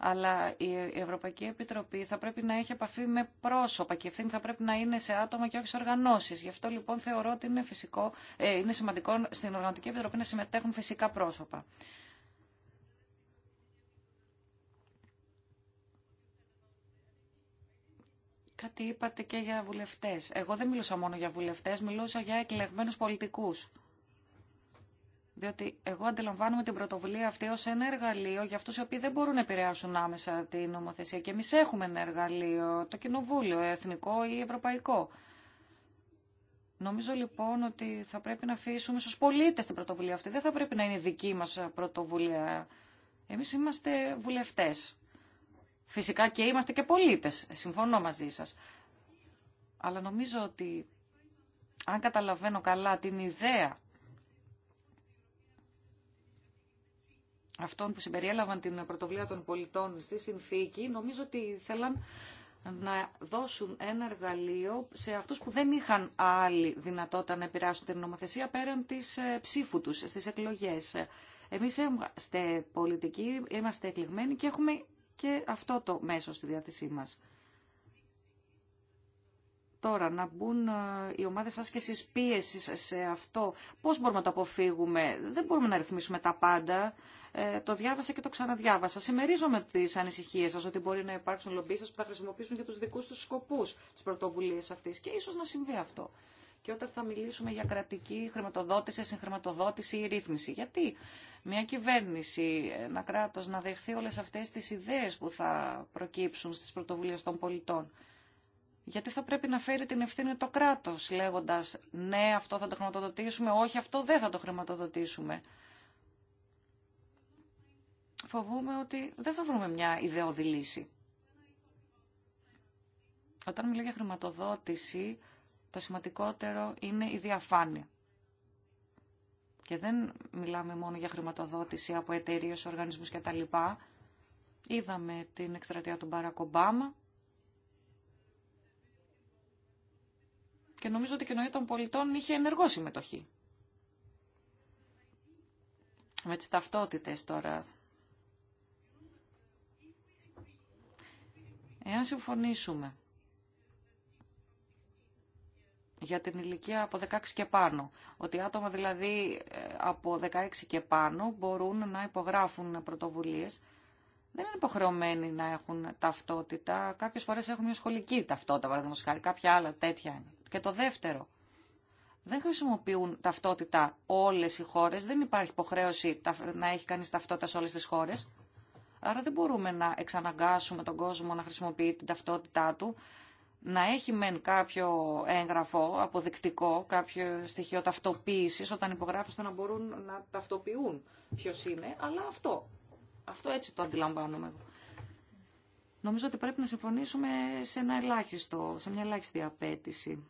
Αλλά η Ευρωπαϊκή Επιτροπή θα πρέπει να έχει επαφή με πρόσωπα και ευθύνη θα πρέπει να είναι σε άτομα και όχι σε οργανώσει. Γι' αυτό λοιπόν θεωρώ ότι είναι, φυσικό, ε, είναι σημαντικό στην Οργανωτική Επιτροπή να συμμετέχουν αυτο λοιπον θεωρω οτι ειναι φυσικο ειναι πρόσωπα. Κάτι είπατε και για βουλευτές. Εγώ δεν μιλούσα μόνο για βουλευτές, μιλούσα για εκλεγμένους πολιτικούς. Διότι εγώ αντιλαμβάνομαι την πρωτοβουλία αυτή ως ένα εργαλείο για αυτούς οι οποίοι δεν μπορούν να επηρεάσουν άμεσα την νομοθεσία. Και εμείς έχουμε ένα εργαλείο, το κοινοβούλιο, εθνικό ή ευρωπαϊκό. Νομίζω λοιπόν ότι θα πρέπει να αφήσουμε στους πολίτες την πρωτοβουλία αυτή. Δεν θα πρέπει να είναι δική μας πρωτοβουλία. Εμείς είμαστε βουλευτές. Φυσικά και είμαστε και πολίτες, συμφωνώ μαζί σας. Αλλά νομίζω ότι αν καταλαβαίνω καλά την ιδέα αυτών που συμπεριέλαβαν την πρωτοβουλία των πολιτών στη συνθήκη, νομίζω ότι θέλαν να δώσουν ένα εργαλείο σε αυτούς που δεν είχαν άλλη δυνατότητα να επηρεάσουν την νομοθεσία πέραν της ε, ψήφου τους στις εκλογές. Εμείς είμαστε πολιτικοί, είμαστε εκλεγμένοι και έχουμε και αυτό το μέσο στη διάθεσή μας. Τώρα, να μπουν ε, οι ομάδες άσκησης πίεσης σε αυτό, πώς μπορούμε να το αποφύγουμε. Δεν μπορούμε να ρυθμίσουμε τα πάντα. Ε, το διάβασα και το ξαναδιάβασα. Συμμερίζομαι τις ανησυχίες σας ότι μπορεί να υπάρξουν λομπίστες που θα χρησιμοποιήσουν για τους δικούς τους σκοπούς τις πρωτοβουλίες αυτής και ίσως να συμβεί αυτό και όταν θα μιλήσουμε για κρατική χρηματοδότηση, συγχρηματοδότηση ή ρύθμιση. Γιατί μια κυβέρνηση, ένα κράτος να δεχθεί όλες αυτές τις ιδέες που θα προκύψουν στις πρωτοβουλίες των πολιτών. Γιατί θα πρέπει να φέρει την ευθύνη το κράτος λέγοντας ναι αυτό θα το χρηματοδοτήσουμε, όχι αυτό δεν θα το χρηματοδοτήσουμε. Φοβούμαι ότι δεν θα βρούμε μια ιδεώδη λύση. Όταν μιλώ για χρηματοδότηση, το σημαντικότερο είναι η διαφάνεια. Και δεν μιλάμε μόνο για χρηματοδότηση από εταιρείε, οργανισμούς λοιπά. Είδαμε την εκστρατεία του Μπαράκ Ομπάμα και νομίζω ότι η κοινωνία των πολιτών είχε ενεργό συμμετοχή. Με τις ταυτότητες τώρα. Εάν συμφωνήσουμε για την ηλικία από 16 και πάνω. Ότι άτομα δηλαδή ε, από 16 και πάνω μπορούν να υπογράφουν πρωτοβουλίες. Δεν είναι υποχρεωμένοι να έχουν ταυτότητα. Κάποιες φορές έχουν μια σχολική ταυτότητα, παραδείγματος χάρη, κάποια άλλα τέτοια. Είναι. Και το δεύτερο, δεν χρησιμοποιούν ταυτότητα όλες οι χώρες. Δεν υπάρχει υποχρέωση να έχει κανείς ταυτότητα σε όλες τις χώρες. Άρα δεν μπορούμε να εξαναγκάσουμε τον κόσμο να χρησιμοποιεί την ταυτότητά του να έχει μεν κάποιο έγγραφο αποδεικτικό, κάποιο στοιχείο ταυτοποίηση όταν υπογράφει το να μπορούν να ταυτοποιούν ποιο είναι, αλλά αυτό. Αυτό έτσι το αντιλαμβάνομαι εγώ. Νομίζω ότι πρέπει να συμφωνήσουμε σε, ένα ελάχιστο, σε μια ελάχιστη απέτηση.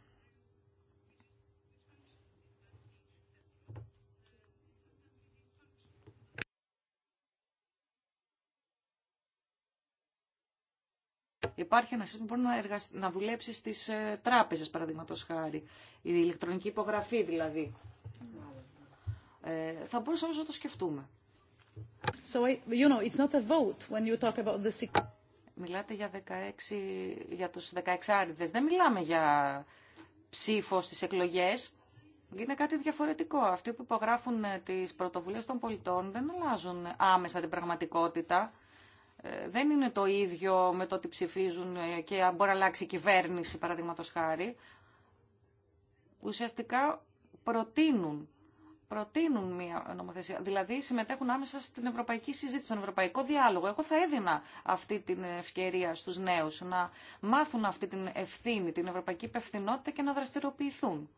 Υπάρχει ένα σύστημα που μπορεί να, να δουλέψει στι ε, τράπεζε, παραδείγματο χάρη. Η ηλεκτρονική υπογραφή δηλαδή. Ε, θα μπορούσαμε όμω να το σκεφτούμε. So, you know, it's not a vote when you talk about the... Μιλάτε για, 16, για τους 16 άριδες. Δεν μιλάμε για ψήφο στις εκλογές. Είναι κάτι διαφορετικό. Αυτοί που υπογράφουν ε, τις πρωτοβουλίες των πολιτών δεν αλλάζουν άμεσα την πραγματικότητα. Ε, δεν είναι το ίδιο με το ότι ψηφίζουν ε, και αν μπορεί να αλλάξει η κυβέρνηση, παραδείγματο χάρη. Ουσιαστικά προτείνουν, προτείνουν μια νομοθεσία. Δηλαδή συμμετέχουν άμεσα στην ευρωπαϊκή συζήτηση, στον ευρωπαϊκό διάλογο. Εγώ θα έδινα αυτή την ευκαιρία στους νέους να μάθουν αυτή την ευθύνη, την ευρωπαϊκή υπευθυνότητα και να δραστηριοποιηθούν.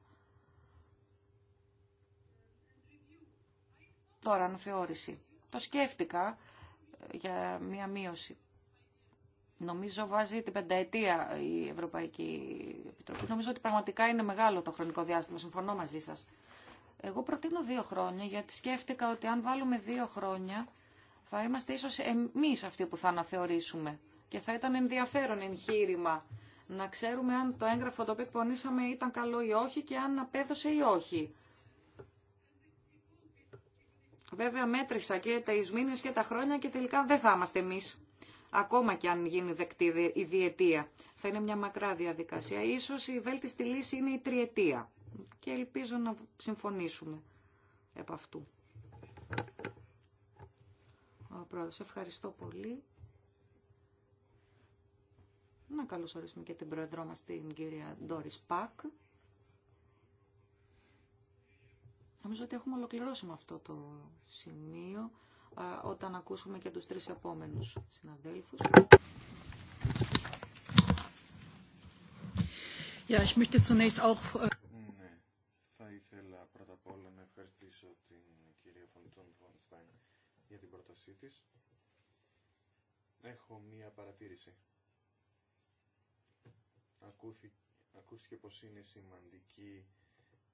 Τώρα, αναθεώρηση. Το σκέφτηκα, για μία μείωση. Νομίζω βάζει την πενταετία η Ευρωπαϊκή Επιτροπή. Νομίζω ότι πραγματικά είναι μεγάλο το χρονικό διάστημα. Συμφωνώ μαζί σας. Εγώ προτείνω δύο χρόνια γιατί σκέφτηκα ότι αν βάλουμε δύο χρόνια θα είμαστε ίσως εμεί αυτοί που θα αναθεωρήσουμε. Και θα ήταν ενδιαφέρον εγχείρημα να ξέρουμε αν το έγγραφο το οποίο εκπονήσαμε ήταν καλό ή όχι και αν απέδωσε ή όχι. Βέβαια μέτρησα και τα μήνες και τα χρόνια και τελικά δεν θα είμαστε εμείς. Ακόμα και αν γίνει δεκτή η διετία. Θα είναι μια μακρά διαδικασία. Ίσως η βέλτιστη λύση είναι η τριετία. Και ελπίζω να συμφωνήσουμε επ' αυτού. Ο ευχαριστώ πολύ. Να καλωσορίσουμε και την πρόεδρό μας, την κυρία Ντόρις Πακ. Νομίζω ότι έχουμε ολοκληρώσει με αυτό το σημείο όταν ακούσουμε και τους τρεις επόμενους συναδέλφους. Äh, ναι, θα ήθελα πρώτα απ' όλα να ευχαριστήσω την κυρία Φοντούν Βονστάιν για την πρότασή της. Έχω μία παρατήρηση. Ακούστηκε πως είναι σημαντική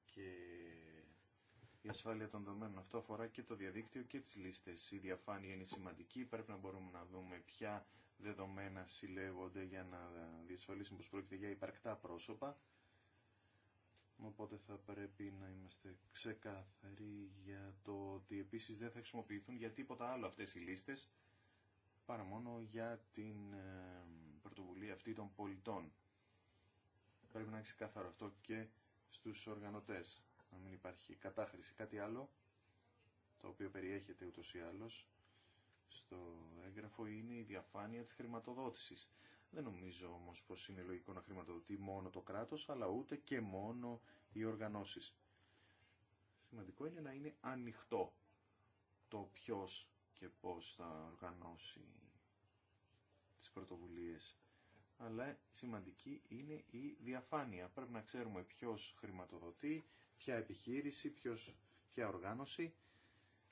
και η ασφάλεια των δεδομένων. Αυτό αφορά και το διαδίκτυο και τις λίστες. Η διαφάνεια είναι σημαντική, πρέπει να μπορούμε να δούμε ποια δεδομένα συλλέγονται για να διασφαλίσουμε πως πρόκειται για υπαρκτά πρόσωπα. Οπότε θα πρέπει να είμαστε ξεκάθαροι για το ότι επίσης δεν θα χρησιμοποιηθούν για τίποτα άλλο αυτές οι λίστες, παρά μόνο για την ε, πρωτοβουλία αυτή των πολιτών. Πρέπει να είναι ξεκάθαρο αυτό και στους οργανωτές να μην υπάρχει κατάχρηση. Κάτι άλλο, το οποίο περιέχεται ούτως ή άλλως στο έγγραφο, είναι η διαφάνεια της χρηματοδότησης. Δεν νομίζω όμως πως είναι λογικό να χρηματοδοτεί μόνο το κράτος, αλλά ούτε και μόνο οι οργανώσεις. Σημαντικό είναι να είναι ανοιχτό το ποιος και πώς θα οργανώσει τις πρωτοβουλίες. Αλλά σημαντική είναι η διαφάνεια. Πρέπει να ξέρουμε ποιος χρηματοδοτεί, ποια επιχείρηση, ποιος, ποια οργάνωση,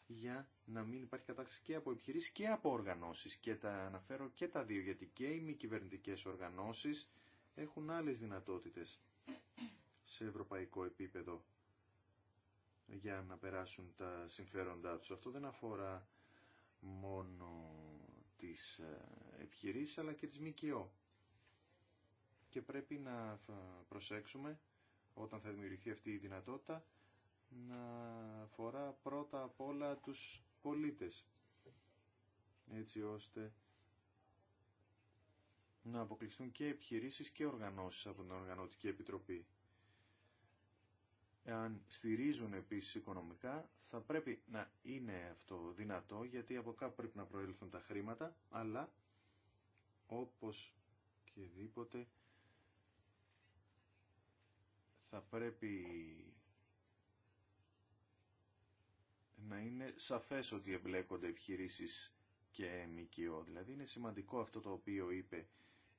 για να μην υπάρχει κατάσταση και από επιχειρήσει και από οργανώσεις. Και τα αναφέρω και τα δύο, γιατί και οι μη κυβερνητικέ οργανώσεις έχουν άλλες δυνατότητες σε ευρωπαϊκό επίπεδο για να περάσουν τα συμφέροντά τους. Αυτό δεν αφορά μόνο τις ε, επιχειρήσεις αλλά και τις ΜΚΟ. Και πρέπει να προσέξουμε όταν θα δημιουργηθεί αυτή η δυνατότητα να αφορά πρώτα απ' όλα τους πολίτες έτσι ώστε να αποκλειστούν και επιχειρήσεις και οργανώσεις από την Οργανωτική Επιτροπή. Εάν στηρίζουν επίσης οικονομικά, θα πρέπει να είναι αυτό δυνατό, γιατί από κάπου πρέπει να προέλθουν τα χρήματα, αλλά όπως και δίποτε θα πρέπει να είναι σαφές ότι εμπλέκονται επιχειρήσεις και ΜΚΟ. Δηλαδή είναι σημαντικό αυτό το οποίο είπε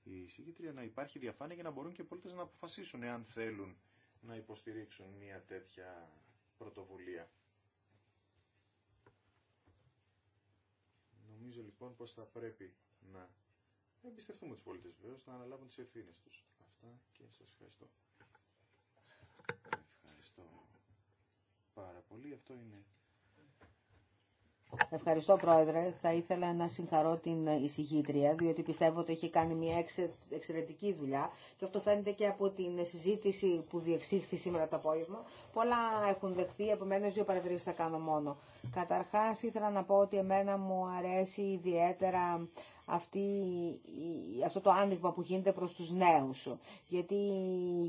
η συγκήτρια να υπάρχει διαφάνεια για να μπορούν και οι πολίτες να αποφασίσουν εάν θέλουν να υποστηρίξουν μια τέτοια πρωτοβουλία. Νομίζω λοιπόν πως θα πρέπει να εμπιστευτούμε τους πολίτες βεβαίως, να αναλάβουν τις ευθύνες τους. Αυτά και σας ευχαριστώ. Ευχαριστώ πάρα Αυτό είναι... Πρόεδρε. Θα ήθελα να συγχαρώ την εισηγήτρια, διότι πιστεύω ότι έχει κάνει μια εξαιρετική δουλειά και αυτό φαίνεται και από την συζήτηση που διεξήχθη σήμερα το απόγευμα. Πολλά έχουν δεχθεί, επομένω, δύο παρατηρήσει θα κάνω μόνο. Καταρχά ήθελα να πω ότι εμένα μου αρέσει ιδιαίτερα αυτή, αυτό το άνοιγμα που γίνεται προς τους νέους. Γιατί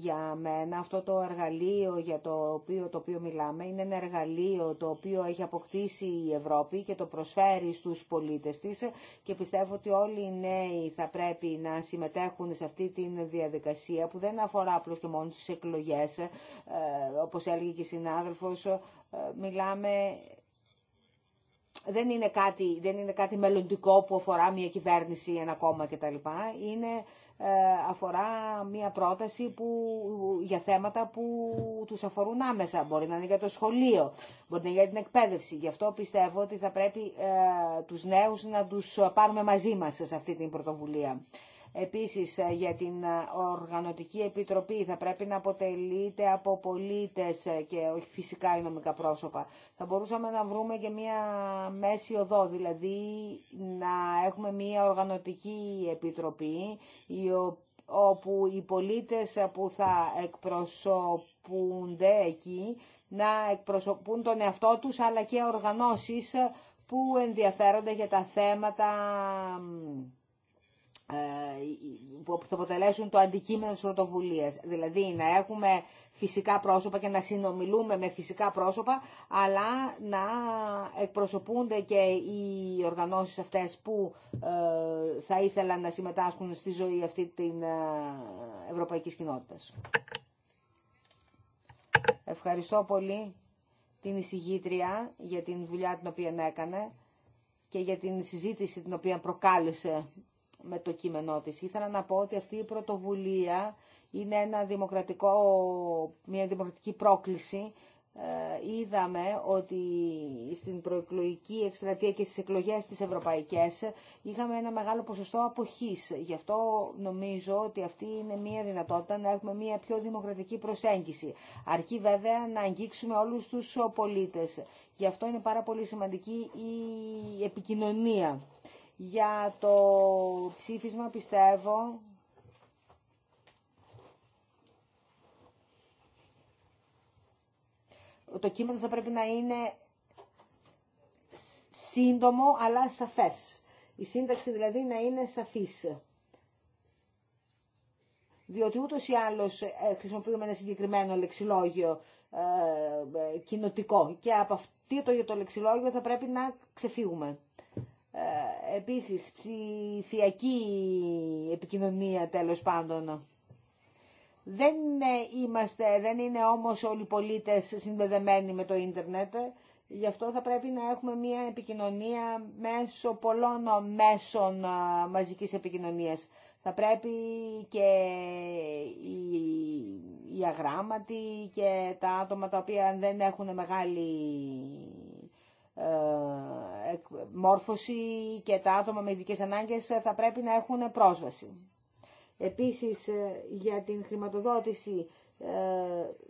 για μένα αυτό το εργαλείο για το οποίο, το μιλάμε είναι ένα εργαλείο το οποίο έχει αποκτήσει η Ευρώπη και το προσφέρει στους πολίτες της και πιστεύω ότι όλοι οι νέοι θα πρέπει να συμμετέχουν σε αυτή τη διαδικασία που δεν αφορά απλώς και μόνο στις εκλογές, ε, όπως έλεγε και η συνάδελφος, ε, μιλάμε δεν είναι, κάτι, δεν είναι κάτι μελλοντικό που αφορά μια κυβέρνηση, ένα κόμμα κτλ. Είναι, ε, αφορά μια πρόταση που, για θέματα που τους αφορούν άμεσα. Μπορεί να είναι για το σχολείο, μπορεί να είναι για την εκπαίδευση. Γι' αυτό πιστεύω ότι θα πρέπει ε, τους νέους να τους πάρουμε μαζί μας σε αυτή την πρωτοβουλία. Επίσης ε, για την ε, Οργανωτική Επιτροπή θα πρέπει να αποτελείται από πολίτες ε, και όχι φυσικά οι νομικά πρόσωπα. Θα μπορούσαμε να βρούμε και μία μέση οδό, δηλαδή να έχουμε μία Οργανωτική Επιτροπή όπου οι πολίτες που θα εκπροσωπούνται εκεί να εκπροσωπούν τον εαυτό τους αλλά και οργανώσεις που ενδιαφέρονται για τα θέματα ε, που θα αποτελέσουν το αντικείμενο της πρωτοβουλία. Δηλαδή να έχουμε φυσικά πρόσωπα και να συνομιλούμε με φυσικά πρόσωπα, αλλά να εκπροσωπούνται και οι οργανώσεις αυτές που ε, θα ήθελαν να συμμετάσχουν στη ζωή αυτή την ε, ευρωπαϊκής κοινότητας. Ευχαριστώ πολύ την εισηγήτρια για την δουλειά την οποία έκανε και για την συζήτηση την οποία προκάλεσε με το κείμενό της. Ήθελα να πω ότι αυτή η πρωτοβουλία είναι ένα δημοκρατικό, μια δημοκρατική πρόκληση. Ε, είδαμε ότι στην προεκλογική εκστρατεία και στις εκλογές της ευρωπαϊκές είχαμε ένα μεγάλο ποσοστό αποχής. Γι' αυτό νομίζω ότι αυτή είναι μια δυνατότητα να έχουμε μια πιο δημοκρατική προσέγγιση. Αρκεί βέβαια να αγγίξουμε όλους τους πολίτες. Γι' αυτό είναι πάρα πολύ σημαντική η επικοινωνία για το ψήφισμα πιστεύω το κείμενο θα πρέπει να είναι σύντομο αλλά σαφές. Η σύνταξη δηλαδή να είναι σαφής. Διότι ούτως ή άλλως ε, χρησιμοποιούμε ένα συγκεκριμένο λεξιλόγιο ε, ε, κοινοτικό και από αυτό το, το λεξιλόγιο θα πρέπει να ξεφύγουμε. Ε, επίσης ψηφιακή επικοινωνία τέλος πάντων. Δεν, ε, είμαστε, δεν είναι όμως όλοι οι πολίτες συνδεδεμένοι με το ίντερνετ, γι' αυτό θα πρέπει να έχουμε μια επικοινωνία μέσω πολλών μέσων ε, μαζικής επικοινωνίας. Θα πρέπει και οι, οι αγράμματοι και τα άτομα τα οποία δεν έχουν μεγάλη ε, μόρφωση και τα άτομα με ειδικές ανάγκες ε, θα πρέπει να έχουν πρόσβαση. Επίσης, ε, για την χρηματοδότηση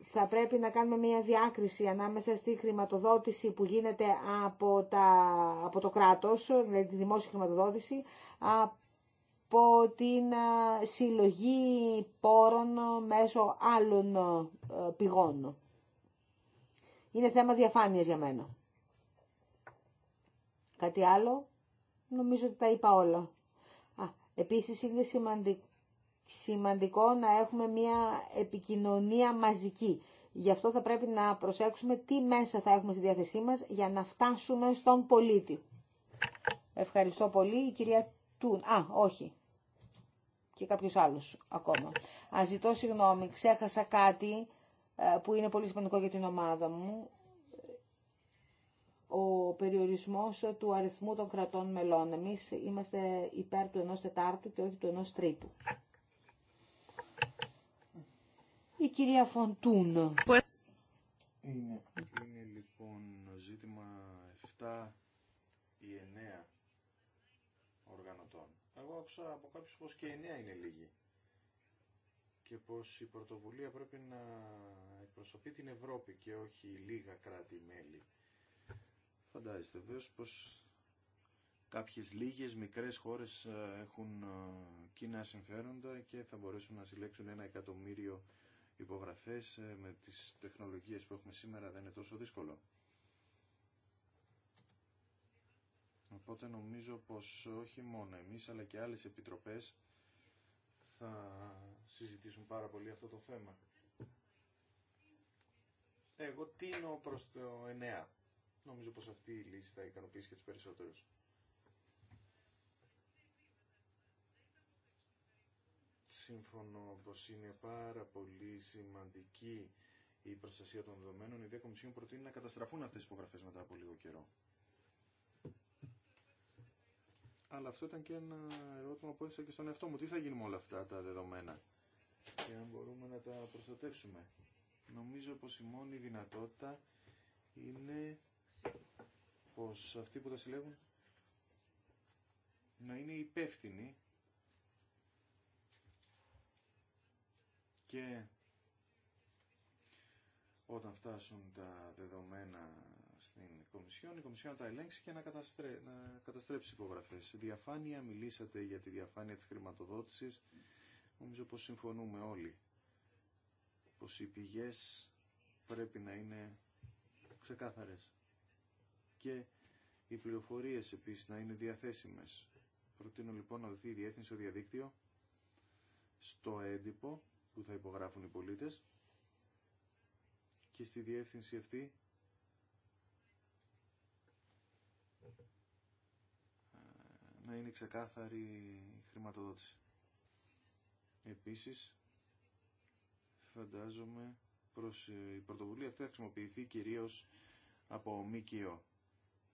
θα πρέπει να κάνουμε μια διάκριση ανάμεσα στη χρηματοδότηση που γίνεται από, τα, από το κράτος, δηλαδή τη δημόσια χρηματοδότηση, από την συλλογή πόρων μέσω άλλων πηγών. Είναι θέμα διαφάνειας για μένα. Κάτι άλλο, νομίζω ότι τα είπα όλα. Α, επίσης είναι σημαντικό, να έχουμε μια επικοινωνία μαζική. Γι' αυτό θα πρέπει να προσέξουμε τι μέσα θα έχουμε στη διάθεσή μας για να φτάσουμε στον πολίτη. Ευχαριστώ πολύ. Η κυρία Τούν. Α, όχι. Και κάποιος άλλος ακόμα. Α, ζητώ συγγνώμη. Ξέχασα κάτι ε, που είναι πολύ σημαντικό για την ομάδα μου ο περιορισμός του αριθμού των κρατών μελών. Εμείς είμαστε υπέρ του ενός τετάρτου και όχι του ενός τρίτου. Η κυρία Φοντούν. Είναι, λοιπόν ζήτημα 7 ή 9 οργανωτών. Εγώ άκουσα από κάποιους πως και 9 είναι λίγοι και πως η πρωτοβουλία πρέπει να εκπροσωπεί την Ευρώπη και όχι λίγα κράτη-μέλη. Φαντάζεστε βέβαια πως κάποιες λίγες μικρές χώρες ε, έχουν ε, κοινά συμφέροντα και θα μπορέσουν να συλλέξουν ένα εκατομμύριο υπογραφές ε, με τις τεχνολογίες που έχουμε σήμερα δεν είναι τόσο δύσκολο. Οπότε νομίζω πως όχι μόνο εμείς αλλά και άλλες επιτροπές θα συζητήσουν πάρα πολύ αυτό το θέμα. Εγώ τίνω προς το 9 Νομίζω πως αυτή η λύση θα ικανοποιήσει και τους περισσότερους. Σύμφωνο πως είναι πάρα πολύ σημαντική η προστασία των δεδομένων. Η Διακομισιόν προτείνει να καταστραφούν αυτές τις υπογραφές μετά από λίγο καιρό. Αλλά αυτό ήταν και ένα ερώτημα που έθεσα και στον εαυτό μου. Τι θα γίνει με όλα αυτά τα δεδομένα και αν μπορούμε να τα προστατεύσουμε. Νομίζω πως η μόνη δυνατότητα είναι πως αυτοί που τα συλλέγουν να είναι υπεύθυνοι και όταν φτάσουν τα δεδομένα στην Κομισιόν, η Κομισιόν να τα ελέγξει και να, καταστρέψει να καταστρέψει υπογραφές. Διαφάνεια, μιλήσατε για τη διαφάνεια της χρηματοδότησης. Νομίζω πως συμφωνούμε όλοι πως οι πηγές πρέπει να είναι ξεκάθαρες και οι πληροφορίες επίσης να είναι διαθέσιμες. Προτείνω λοιπόν να δοθεί η διεύθυνση στο διαδίκτυο, στο έντυπο που θα υπογράφουν οι πολίτες και στη διεύθυνση αυτή να είναι ξεκάθαρη η χρηματοδότηση. Επίσης, φαντάζομαι, προς ε, η πρωτοβουλία αυτή θα χρησιμοποιηθεί κυρίως από ΜΚΟ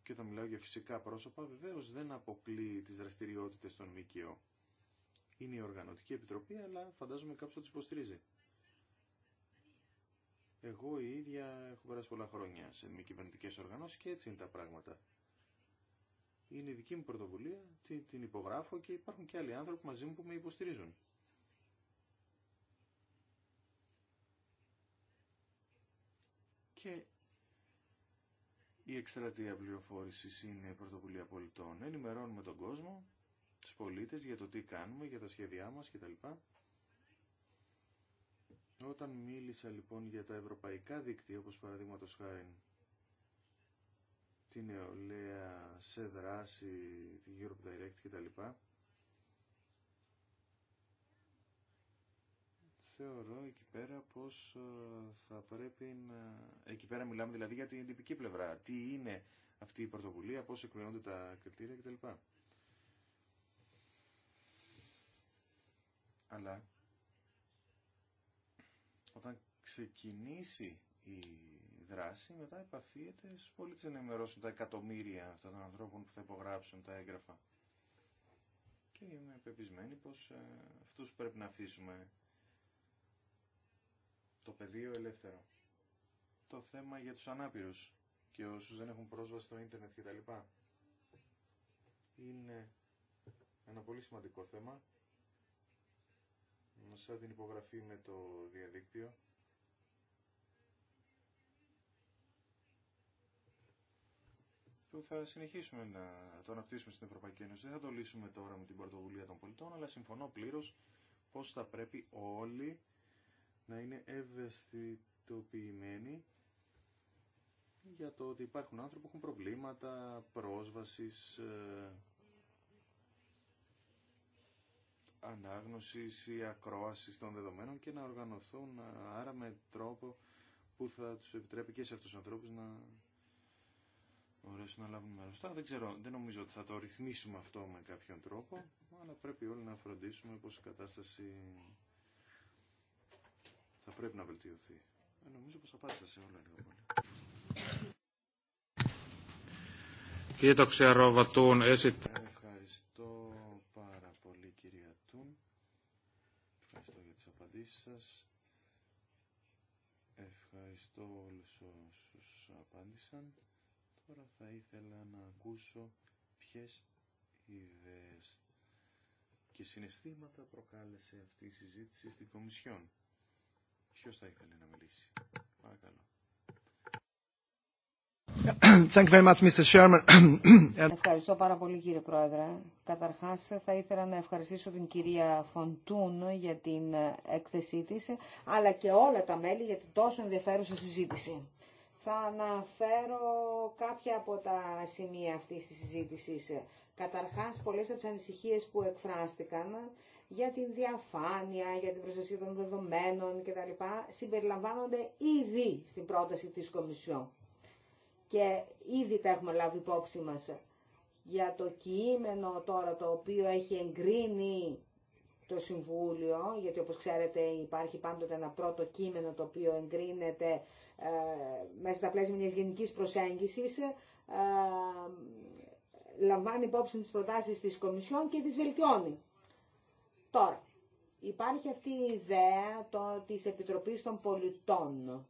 και όταν μιλάω για φυσικά πρόσωπα, βεβαίως δεν αποκλείει τι δραστηριότητε των ΜΚΟ. Είναι η Οργανωτική Επιτροπή, αλλά φαντάζομαι κάποιο θα τι υποστηρίζει. Εγώ η ίδια έχω περάσει πολλά χρόνια σε μη κυβερνητικέ οργανώσει και έτσι είναι τα πράγματα. Είναι η δική μου πρωτοβουλία, την υπογράφω και υπάρχουν και άλλοι άνθρωποι μαζί μου που με υποστηρίζουν. Η εκστρατεία πληροφόρηση είναι πρωτοβουλία πολιτών. Ενημερώνουμε τον κόσμο, του πολίτε για το τι κάνουμε, για τα σχέδιά μας κτλ. Όταν μίλησα λοιπόν για τα ευρωπαϊκά δίκτυα, όπως παραδείγματο χάρη την νεολαία σε δράση, τη Europe Direct κτλ. θεωρώ εκεί πέρα πως ε, θα πρέπει να... Εκεί πέρα μιλάμε δηλαδή για την τυπική πλευρά. Τι είναι αυτή η πρωτοβουλία, πώς εκπληρώνονται τα κριτήρια κτλ. Αλλά όταν ξεκινήσει η δράση, μετά επαφίεται στους πολίτες να ενημερώσουν τα εκατομμύρια αυτών των ανθρώπων που θα υπογράψουν τα έγγραφα. Και είμαι πεπισμένη πως ε, αυτούς πρέπει να αφήσουμε το πεδίο ελεύθερο. Το θέμα για τους ανάπηρους και όσους δεν έχουν πρόσβαση στο ίντερνετ κτλ. Είναι ένα πολύ σημαντικό θέμα. Σαν την υπογραφή με το διαδίκτυο. που θα συνεχίσουμε να το αναπτύσσουμε στην Ευρωπαϊκή Ένωση. Δεν θα το λύσουμε τώρα με την πρωτοβουλία των πολιτών, αλλά συμφωνώ πλήρω πω θα πρέπει όλοι να είναι ευαισθητοποιημένοι για το ότι υπάρχουν άνθρωποι που έχουν προβλήματα πρόσβασης, ε, ανάγνωσης ή ακρόασης των δεδομένων και να οργανωθούν ε, άρα με τρόπο που θα τους επιτρέπει και σε αυτούς τους ανθρώπους να μπορέσουν να λάβουν μέρος. Τώρα δεν ξέρω, δεν νομίζω ότι θα το ρυθμίσουμε αυτό με κάποιον τρόπο, αλλά πρέπει όλοι να φροντίσουμε πως η κατάσταση θα πρέπει να βελτιωθεί. Ε, νομίζω πως απάντησα σε όλα λίγο πολύ. Ευχαριστώ πάρα πολύ κυρία Τούν. Ευχαριστώ για τις απαντήσεις σας. Ευχαριστώ όλους όσους απάντησαν. Τώρα θα ήθελα να ακούσω ποιες ιδέες και συναισθήματα προκάλεσε αυτή η συζήτηση στην Κομισιόν. Ποιος θα ήθελε να μιλήσει. Παρακαλώ. Thank you very much, Mr. Ευχαριστώ πάρα πολύ κύριε Πρόεδρε. Καταρχάς θα ήθελα να ευχαριστήσω την κυρία Φοντούν για την έκθεσή της, αλλά και όλα τα μέλη για την τόσο ενδιαφέρουσα συζήτηση. Θα αναφέρω κάποια από τα σημεία αυτής της συζήτησης. Καταρχάς, πολλές από τις ανησυχίες που εκφράστηκαν για την διαφάνεια, για την προστασία των δεδομένων κτλ. συμπεριλαμβάνονται ήδη στην πρόταση της Κομισιόν. Και ήδη τα έχουμε λάβει υπόψη μας για το κείμενο τώρα το οποίο έχει εγκρίνει το Συμβούλιο, γιατί όπως ξέρετε υπάρχει πάντοτε ένα πρώτο κείμενο το οποίο εγκρίνεται ε, μέσα στα πλαίσια μιας γενικής προσέγγισης, ε, λαμβάνει υπόψη τις προτάσεις της Κομισιόν και τις βελτιώνει. Τώρα, υπάρχει αυτή η ιδέα το, της Επιτροπής των Πολιτών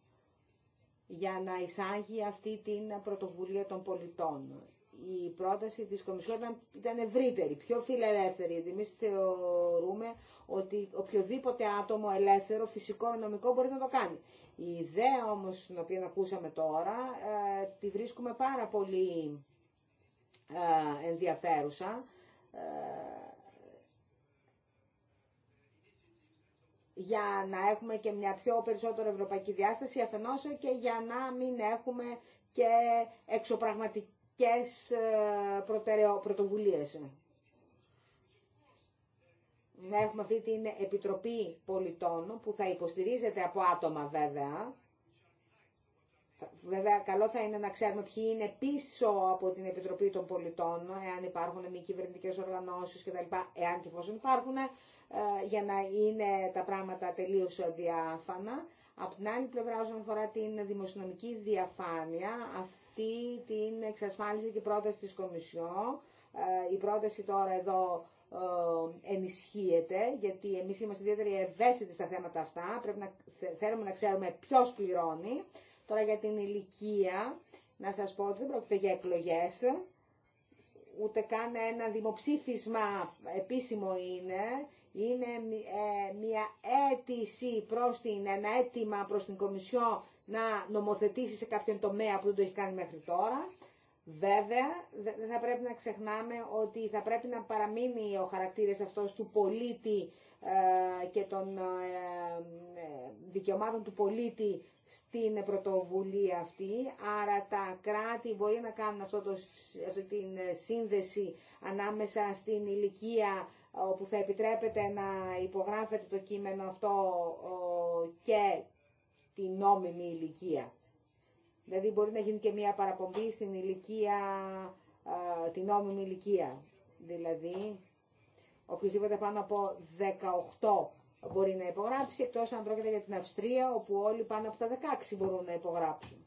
για να εισάγει αυτή την πρωτοβουλία των πολιτών. Η πρόταση της Κομισιόν ήταν, ήταν ευρύτερη, πιο φιλελεύθερη, γιατί εμεί θεωρούμε ότι οποιοδήποτε άτομο ελεύθερο, φυσικό, νομικό μπορεί να το κάνει. Η ιδέα όμως την οποία ακούσαμε τώρα ε, τη βρίσκουμε πάρα πολύ ε, ενδιαφέρουσα. Ε, για να έχουμε και μια πιο περισσότερο ευρωπαϊκή διάσταση αφενός και για να μην έχουμε και εξωπραγματικές ε, πρωτοβουλίες. Να έχουμε αυτή την Επιτροπή Πολιτών που θα υποστηρίζεται από άτομα βέβαια Βέβαια, καλό θα είναι να ξέρουμε ποιοι είναι πίσω από την Επιτροπή των Πολιτών, εάν υπάρχουν μη κυβερνητικέ οργανώσει κτλ. Εάν και εφόσον υπάρχουν, ε, για να είναι τα πράγματα τελείω διάφανα. Από την άλλη πλευρά, όσον αφορά την δημοσιονομική διαφάνεια, αυτή την εξασφάλισε και η πρόταση της Κομισιό. Ε, η πρόταση τώρα εδώ ε, ενισχύεται, γιατί εμεί είμαστε ιδιαίτερα ευαίσθητοι στα θέματα αυτά. Πρέπει να θέλουμε να ξέρουμε ποιο πληρώνει. Τώρα για την ηλικία, να σας πω ότι δεν πρόκειται για εκλογές, ούτε καν ένα δημοψήφισμα επίσημο είναι, είναι ε, μια αίτηση προς την, ένα αίτημα προς την Κομισιό να νομοθετήσει σε κάποιον τομέα που δεν το έχει κάνει μέχρι τώρα. Βέβαια, δεν θα πρέπει να ξεχνάμε ότι θα πρέπει να παραμείνει ο χαρακτήρας αυτός του πολίτη ε, και των ε, ε, δικαιωμάτων του πολίτη στην πρωτοβουλία αυτή. Άρα τα κράτη μπορεί να κάνουν αυτό το, αυτή την σύνδεση ανάμεσα στην ηλικία όπου θα επιτρέπεται να υπογράφεται το κείμενο αυτό και την νόμιμη ηλικία. Δηλαδή μπορεί να γίνει και μια παραπομπή στην ηλικία, την νόμιμη ηλικία. Δηλαδή, Οποιοςδήποτε πάνω από 18 μπορεί να υπογράψει, εκτός αν πρόκειται για την Αυστρία, όπου όλοι πάνω από τα 16 μπορούν να υπογράψουν.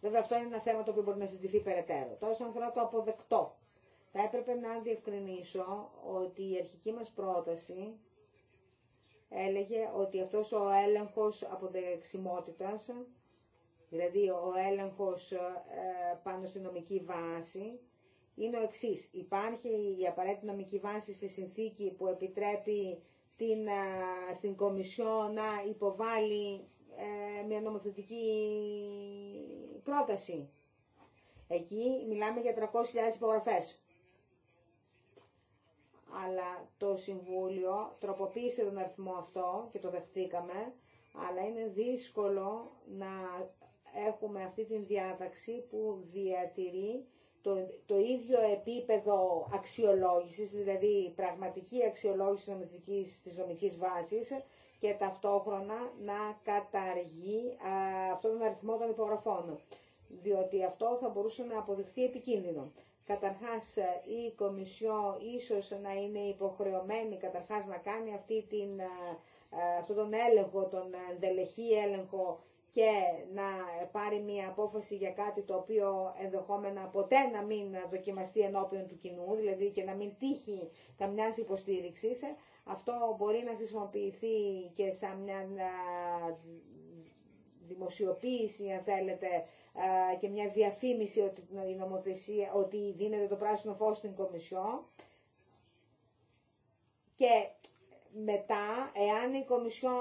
Βέβαια αυτό είναι ένα θέμα το οποίο μπορεί να συζητηθεί περαιτέρω. Τώρα όσον αφορά το αποδεκτό, θα έπρεπε να διευκρινίσω ότι η αρχική μας πρόταση έλεγε ότι αυτός ο έλεγχος αποδεξιμότητας, δηλαδή ο έλεγχος ε, πάνω στη νομική βάση, είναι ο εξή. Υπάρχει η απαραίτητη νομική βάση στη συνθήκη που επιτρέπει την, στην Κομισιό να υποβάλει ε, μια νομοθετική πρόταση. Εκεί μιλάμε για 300.000 υπογραφές. Αλλά το Συμβούλιο τροποποίησε τον αριθμό αυτό και το δεχτήκαμε, αλλά είναι δύσκολο να έχουμε αυτή την διάταξη που διατηρεί το, το ίδιο επίπεδο αξιολόγησης, δηλαδή πραγματική αξιολόγηση της νομικής, της βάσης και ταυτόχρονα να καταργεί α, αυτόν τον αριθμό των υπογραφών, διότι αυτό θα μπορούσε να αποδειχθεί επικίνδυνο. Καταρχάς η Κομισιό ίσως να είναι υποχρεωμένη καταρχάς να κάνει αυτή την, αυτόν τον έλεγχο, τον εντελεχή έλεγχο και να πάρει μια απόφαση για κάτι το οποίο ενδεχόμενα ποτέ να μην δοκιμαστεί ενώπιον του κοινού, δηλαδή και να μην τύχει καμιά υποστήριξη, ε, αυτό μπορεί να χρησιμοποιηθεί και σαν μια ε, δημοσιοποίηση, αν θέλετε, ε, και μια διαφήμιση ότι, η νομοθεσία, ότι δίνεται το πράσινο φως στην Κομισιό μετά, εάν η Κομισιόν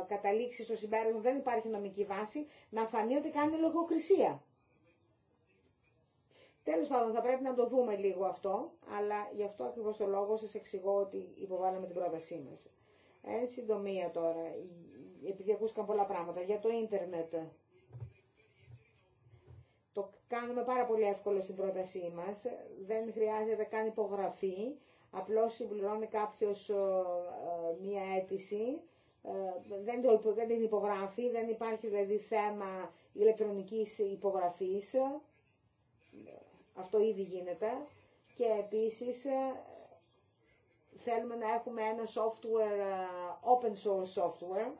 ε, καταλήξει στο συμπέρασμα δεν υπάρχει νομική βάση, να φανεί ότι κάνει λογοκρισία. Τέλο πάντων, θα πρέπει να το δούμε λίγο αυτό, αλλά γι' αυτό ακριβώς το λόγο σα εξηγώ ότι υποβάλαμε την πρότασή μας. Εν συντομία τώρα, επειδή ακούστηκαν πολλά πράγματα, για το ίντερνετ. Το κάνουμε πάρα πολύ εύκολο στην πρότασή μας, δεν χρειάζεται καν υπογραφή, απλώς συμπληρώνει κάποιος ε, μία αίτηση, ε, δεν, το, δεν την υπογράφει, δεν υπάρχει δηλαδή θέμα ηλεκτρονικής υπογραφής, ε, αυτό ήδη γίνεται και επίσης θέλουμε να έχουμε ένα software, open source software,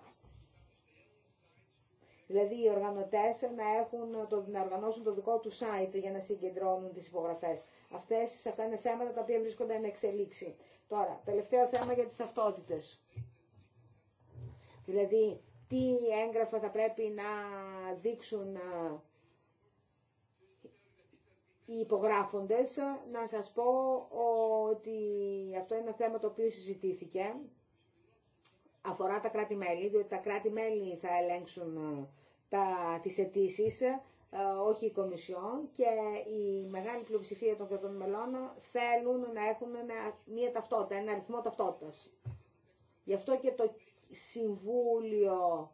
δηλαδή οι οργανωτές να, έχουν, να οργανώσουν το δικό του site για να συγκεντρώνουν τις υπογραφές. Αυτές, αυτά είναι θέματα τα οποία βρίσκονται εν εξελίξη. Τώρα, τελευταίο θέμα για τις αυτότητες. Δηλαδή, τι έγγραφα θα πρέπει να δείξουν οι υπογράφοντες. Να σας πω ότι αυτό είναι ένα θέμα το οποίο συζητήθηκε. Αφορά τα κράτη-μέλη, διότι τα κράτη-μέλη θα ελέγξουν τα, τις αιτήσει ε, όχι η Κομισιόν και η μεγάλη πλειοψηφία των κρατών μελών θέλουν να έχουν μια ταυτότητα, ένα αριθμό ταυτότητας. Γι' αυτό και το Συμβούλιο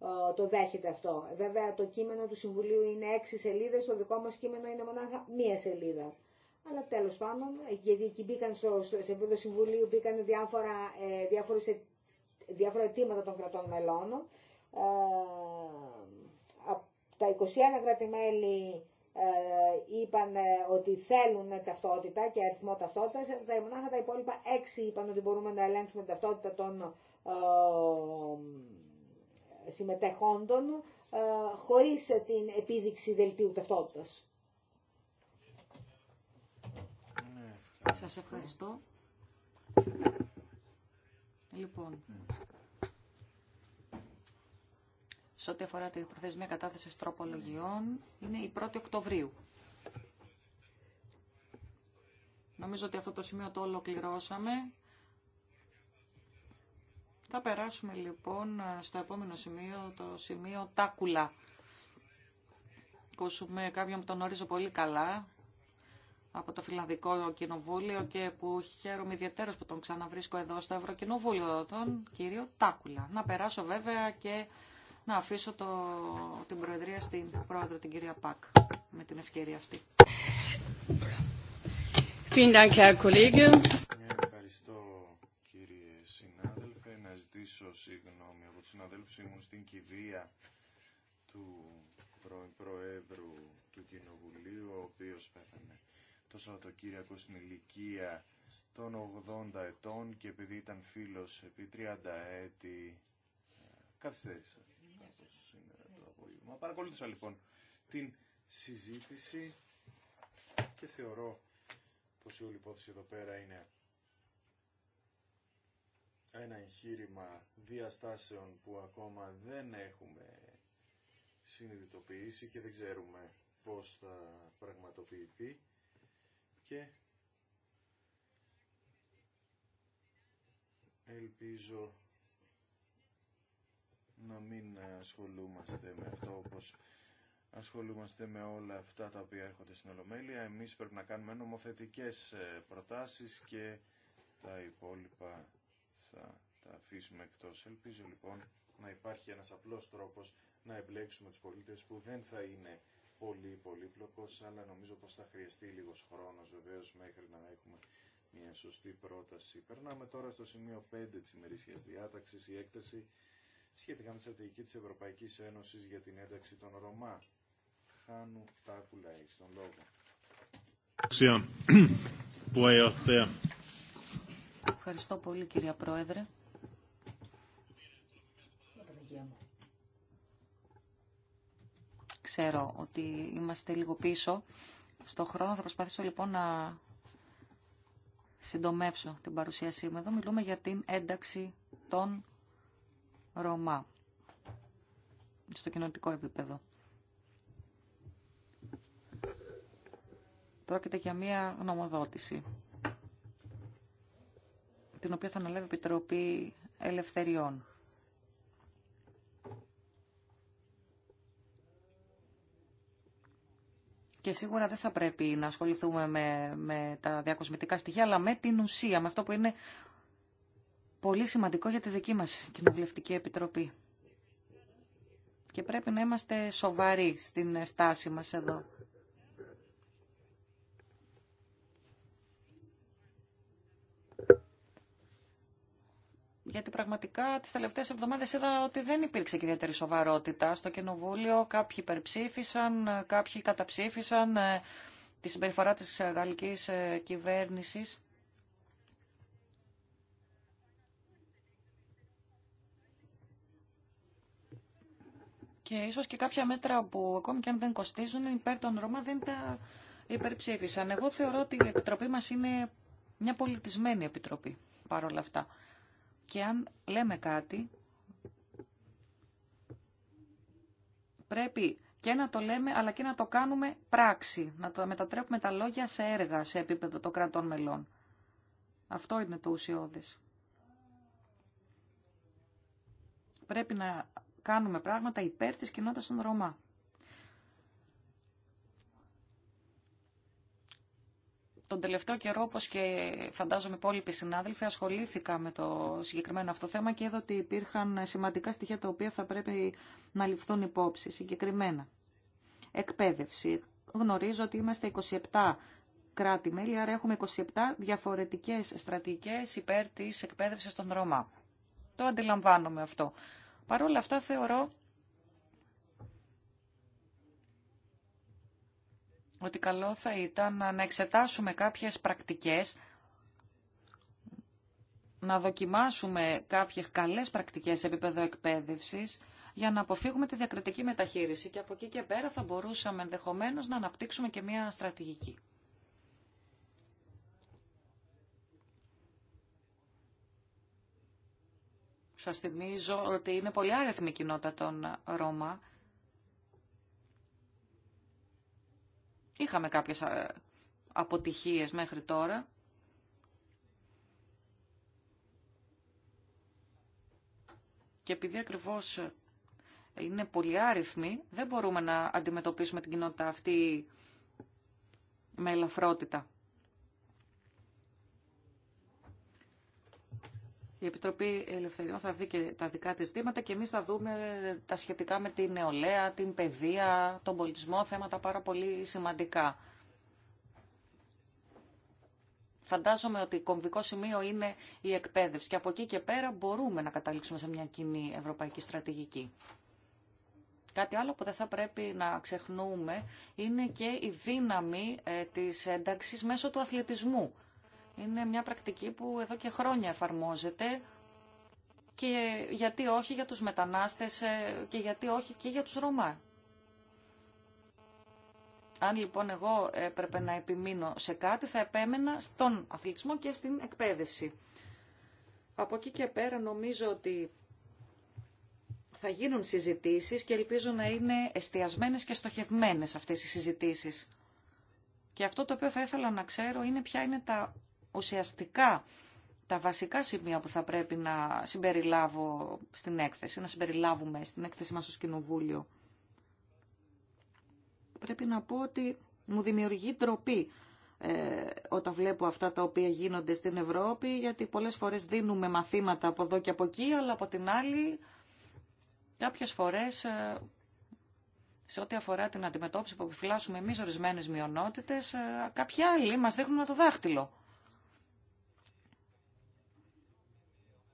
ε, το δέχεται αυτό. Βέβαια το κείμενο του Συμβουλίου είναι έξι σελίδες, το δικό μας κείμενο είναι μονάχα μία σελίδα. Αλλά τέλος πάντων, γιατί εκεί μπήκαν στο, στο σε επίπεδο Συμβουλίου μπήκαν διάφορα, ε, αιτήματα των κρατών μελών τα 21 κράτη-μέλη ε, είπαν ε, ότι θέλουν ταυτότητα και αριθμό ταυτότητα, τα μονάχα τα υπόλοιπα 6 είπαν ότι μπορούμε να ελέγξουμε ταυτότητα των ε, συμμετεχόντων χωρίς την επίδειξη δελτίου ταυτότητας. Σας ευχαριστώ. Λοιπόν, σε ό,τι αφορά την προθεσμία κατάθεση τροπολογιών είναι η 1η Οκτωβρίου. Νομίζω ότι αυτό το σημείο το ολοκληρώσαμε. Θα περάσουμε λοιπόν στο επόμενο σημείο, το σημείο Τάκουλα. Ακούσουμε κάποιον που τον ορίζω πολύ καλά από το Φιλανδικό Κοινοβούλιο και που χαίρομαι ιδιαίτερα που τον ξαναβρίσκω εδώ στο Ευρωκοινοβούλιο, τον κύριο Τάκουλα. Να περάσω βέβαια και να αφήσω το, την Προεδρία στην Πρόεδρο, την κυρία Πακ, με την ευκαιρία αυτή. Ευχαριστώ κύριε συνάδελφε. Να ζητήσω συγγνώμη από τους συναδέλφους μου στην κηδεία του Προέδρου του Κοινοβουλίου, ο οποίος πέθανε το Σαββατοκύριακο στην ηλικία των 80 ετών και επειδή ήταν φίλος επί 30 έτη καθυστέρησα. Παρακολούθησα λοιπόν την συζήτηση και θεωρώ πως η όλη υπόθεση εδώ πέρα είναι ένα εγχείρημα διαστάσεων που ακόμα δεν έχουμε συνειδητοποιήσει και δεν ξέρουμε πώς θα πραγματοποιηθεί και ελπίζω να μην ασχολούμαστε με αυτό όπως ασχολούμαστε με όλα αυτά τα οποία έρχονται στην Ολομέλεια. Εμείς πρέπει να κάνουμε νομοθετικές ε, προτάσεις και τα υπόλοιπα θα τα αφήσουμε εκτός. Ελπίζω λοιπόν να υπάρχει ένας απλός τρόπος να εμπλέξουμε τους πολίτες που δεν θα είναι πολύ πολύπλοκος, αλλά νομίζω πως θα χρειαστεί λίγος χρόνος βεβαίως μέχρι να έχουμε μια σωστή πρόταση. Περνάμε τώρα στο σημείο 5 της ημερήσιας διάταξης, η έκθεση σχετικά με τη στρατηγική της Ευρωπαϊκής Ένωσης για την ένταξη των Ρωμά. Χάνου Τάκουλα, έχεις τον λόγο. Ευχαριστώ πολύ κυρία Πρόεδρε. Ξέρω ότι είμαστε λίγο πίσω στο χρόνο. Θα προσπαθήσω λοιπόν να συντομεύσω την παρουσίασή μου. Εδώ μιλούμε για την ένταξη των Ρωμά στο κοινωνικό επίπεδο. Πρόκειται για μία γνωμοδότηση, την οποία θα αναλάβει η Επιτροπή Ελευθεριών. Και σίγουρα δεν θα πρέπει να ασχοληθούμε με, με τα διακοσμητικά στοιχεία, αλλά με την ουσία, με αυτό που είναι πολύ σημαντικό για τη δική μας Κοινοβουλευτική Επιτροπή. Και πρέπει να είμαστε σοβαροί στην στάση μας εδώ. γιατί πραγματικά τις τελευταίες εβδομάδες είδα ότι δεν υπήρξε και ιδιαίτερη σοβαρότητα στο Κοινοβούλιο. Κάποιοι υπερψήφισαν, κάποιοι καταψήφισαν ε, τη συμπεριφορά της γαλλικής ε, κυβέρνησης. Και ίσως και κάποια μέτρα που ακόμη και αν δεν κοστίζουν υπέρ των Ρώμα δεν τα υπερψήφισαν. Εγώ θεωρώ ότι η Επιτροπή μας είναι μια πολιτισμένη Επιτροπή παρόλα αυτά. Και αν λέμε κάτι πρέπει και να το λέμε αλλά και να το κάνουμε πράξη, να το μετατρέπουμε τα λόγια σε έργα σε επίπεδο των κρατών μελών. Αυτό είναι το ουσιώδες. Πρέπει να κάνουμε πράγματα υπέρ της κοινότητας των Ρωμά. Τον τελευταίο καιρό, όπως και φαντάζομαι υπόλοιποι συνάδελφοι, ασχολήθηκα με το συγκεκριμένο αυτό θέμα και είδα ότι υπήρχαν σημαντικά στοιχεία τα οποία θα πρέπει να ληφθούν υπόψη συγκεκριμένα. Εκπαίδευση. Γνωρίζω ότι είμαστε 27 κράτη-μέλη, άρα έχουμε 27 διαφορετικές στρατηγικές υπέρ της εκπαίδευσης των Ρωμά. Το αντιλαμβάνομαι αυτό. Παρ' όλα αυτά θεωρώ ότι καλό θα ήταν να εξετάσουμε κάποιες πρακτικές, να δοκιμάσουμε κάποιες καλές πρακτικές σε επίπεδο εκπαίδευσης, για να αποφύγουμε τη διακριτική μεταχείριση και από εκεί και πέρα θα μπορούσαμε ενδεχομένως να αναπτύξουμε και μια στρατηγική. Σας θυμίζω ότι είναι πολύ η κοινότητα των Ρώμα. Είχαμε κάποιες ε, αποτυχίες μέχρι τώρα. Και επειδή ακριβώς είναι πολύ άριθμη, δεν μπορούμε να αντιμετωπίσουμε την κοινότητα αυτή με ελαφρότητα. Η Επιτροπή Ελευθεριών θα δει και τα δικά της δήματα και εμείς θα δούμε τα σχετικά με την νεολαία, την παιδεία, τον πολιτισμό, θέματα πάρα πολύ σημαντικά. Φαντάζομαι ότι κομβικό σημείο είναι η εκπαίδευση και από εκεί και πέρα μπορούμε να καταλήξουμε σε μια κοινή ευρωπαϊκή στρατηγική. Κάτι άλλο που δεν θα πρέπει να ξεχνούμε είναι και η δύναμη ε, της ένταξης μέσω του αθλητισμού. Είναι μια πρακτική που εδώ και χρόνια εφαρμόζεται και γιατί όχι για τους μετανάστες ε, και γιατί όχι και για τους Ρωμά. Αν λοιπόν εγώ έπρεπε να επιμείνω σε κάτι, θα επέμενα στον αθλητισμό και στην εκπαίδευση. Από εκεί και πέρα νομίζω ότι θα γίνουν συζητήσεις και ελπίζω να είναι εστιασμένες και στοχευμένες αυτές οι συζητήσεις. Και αυτό το οποίο θα ήθελα να ξέρω είναι ποια είναι τα ουσιαστικά τα βασικά σημεία που θα πρέπει να συμπεριλάβω στην έκθεση, να συμπεριλάβουμε στην έκθεση μας στο Κοινοβούλιο. Πρέπει να πω ότι μου δημιουργεί ντροπή ε, όταν βλέπω αυτά τα οποία γίνονται στην Ευρώπη, γιατί πολλές φορές δίνουμε μαθήματα από εδώ και από εκεί, αλλά από την άλλη κάποιες φορές ε, σε ό,τι αφορά την αντιμετώπιση που επιφυλάσσουμε εμείς ορισμένες μειονότητες, ε, κάποιοι άλλοι μας δείχνουν το δάχτυλο.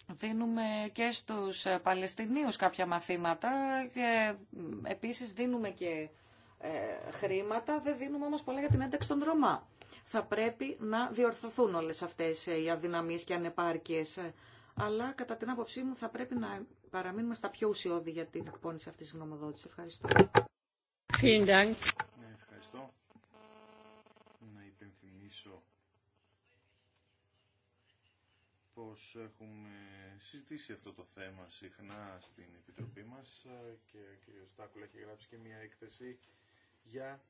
Δίνουμε και στους Παλαιστινίους κάποια μαθήματα και επίσης δίνουμε και ε, χρήματα, δεν δίνουμε όμως πολλά για την ένταξη των Ρωμά. Θα πρέπει να διορθωθούν όλες αυτές οι αδυναμίες και ανεπάρκειες, αλλά κατά την άποψή μου θα πρέπει να παραμείνουμε στα πιο ουσιώδη για την εκπόνηση αυτής της γνωμοδότησης. Ευχαριστώ. Ναι, ευχαριστώ. πως έχουμε συζητήσει αυτό το θέμα συχνά στην Επιτροπή μας ε, και ο κ. Στάκουλα έχει γράψει και μια έκθεση για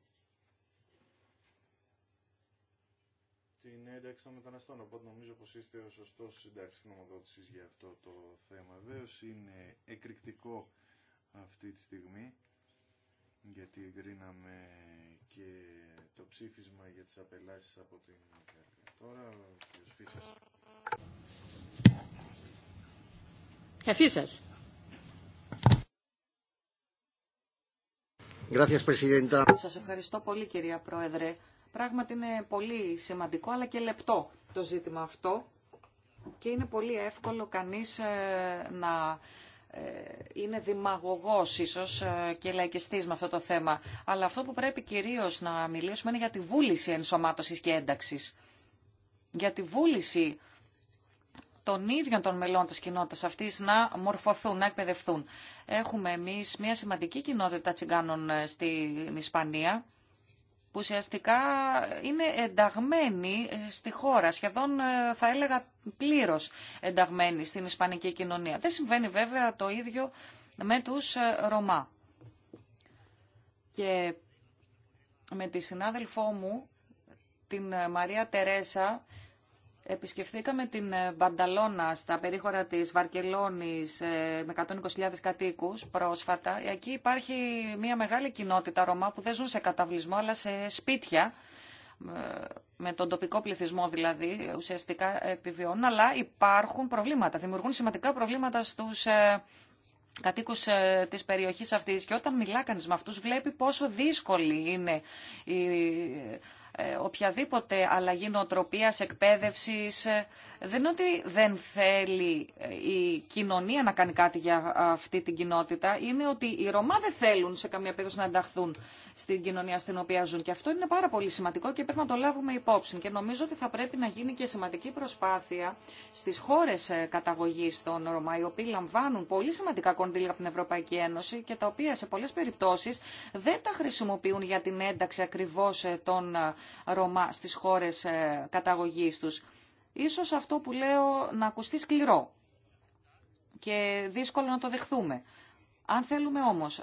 την ένταξη των μεταναστών. Οπότε νομίζω πως είστε ο σωστός συντάξης γνωμοδότηση για αυτό το θέμα. Βέβαιω είναι εκρηκτικό αυτή τη στιγμή γιατί εγκρίναμε και το ψήφισμα για τις απελάσεις από την Τώρα, Herr Σας ευχαριστώ πολύ κυρία Πρόεδρε. Πράγματι είναι πολύ σημαντικό αλλά και λεπτό το ζήτημα αυτό και είναι πολύ εύκολο κανείς ε, να ε, είναι δημαγωγός ίσως ε, και λαϊκιστής με αυτό το θέμα. Αλλά αυτό που πρέπει κυρίως να μιλήσουμε είναι για τη βούληση ενσωμάτωσης και ένταξης. Για τη βούληση των ίδιων των μελών της κοινότητας αυτής να μορφωθούν, να εκπαιδευτούν. Έχουμε εμείς μια σημαντική κοινότητα τσιγκάνων ε, στην Ισπανία, που ουσιαστικά είναι ενταγμένη ε, στη χώρα, σχεδόν ε, θα έλεγα πλήρως ενταγμένη στην Ισπανική κοινωνία. Δεν συμβαίνει βέβαια το ίδιο με τους Ρωμά. Και με τη συνάδελφό μου, την Μαρία Τερέσα, Επισκεφθήκαμε την ε, Μπανταλώνα στα περίχωρα της Βαρκελόνης ε, με 120.000 κατοίκους πρόσφατα. Εκεί υπάρχει μια μεγάλη κοινότητα Ρωμά που δεν ζουν σε καταβλισμό αλλά σε σπίτια ε, με τον τοπικό πληθυσμό δηλαδή ουσιαστικά επιβιώνουν αλλά υπάρχουν προβλήματα, δημιουργούν σημαντικά προβλήματα στους κατοίκους της περιοχής αυτής και όταν μιλά κανείς με αυτού βλέπει πόσο δύσκολη είναι η ε, οποιαδήποτε αλλαγή νοοτροπίας, εκπαίδευσης, δεν είναι ότι δεν θέλει ε, η κοινωνία να κάνει κάτι για ε, αυτή την κοινότητα, είναι ότι οι Ρωμά δεν θέλουν σε καμία περίπτωση να ενταχθούν στην κοινωνία στην οποία ζουν. Και αυτό είναι πάρα πολύ σημαντικό και πρέπει να το λάβουμε υπόψη. Και νομίζω ότι θα πρέπει να γίνει και σημαντική προσπάθεια στις χώρες ε, καταγωγής των Ρωμά, οι οποίοι λαμβάνουν πολύ σημαντικά κονδύλια από την Ευρωπαϊκή Ένωση και τα οποία σε πολλές περιπτώσεις δεν τα χρησιμοποιούν για την ένταξη ακριβώς των Ρωμά στις χώρες καταγωγής τους. Ίσως αυτό που λέω να ακουστεί σκληρό και δύσκολο να το δεχθούμε. Αν θέλουμε όμως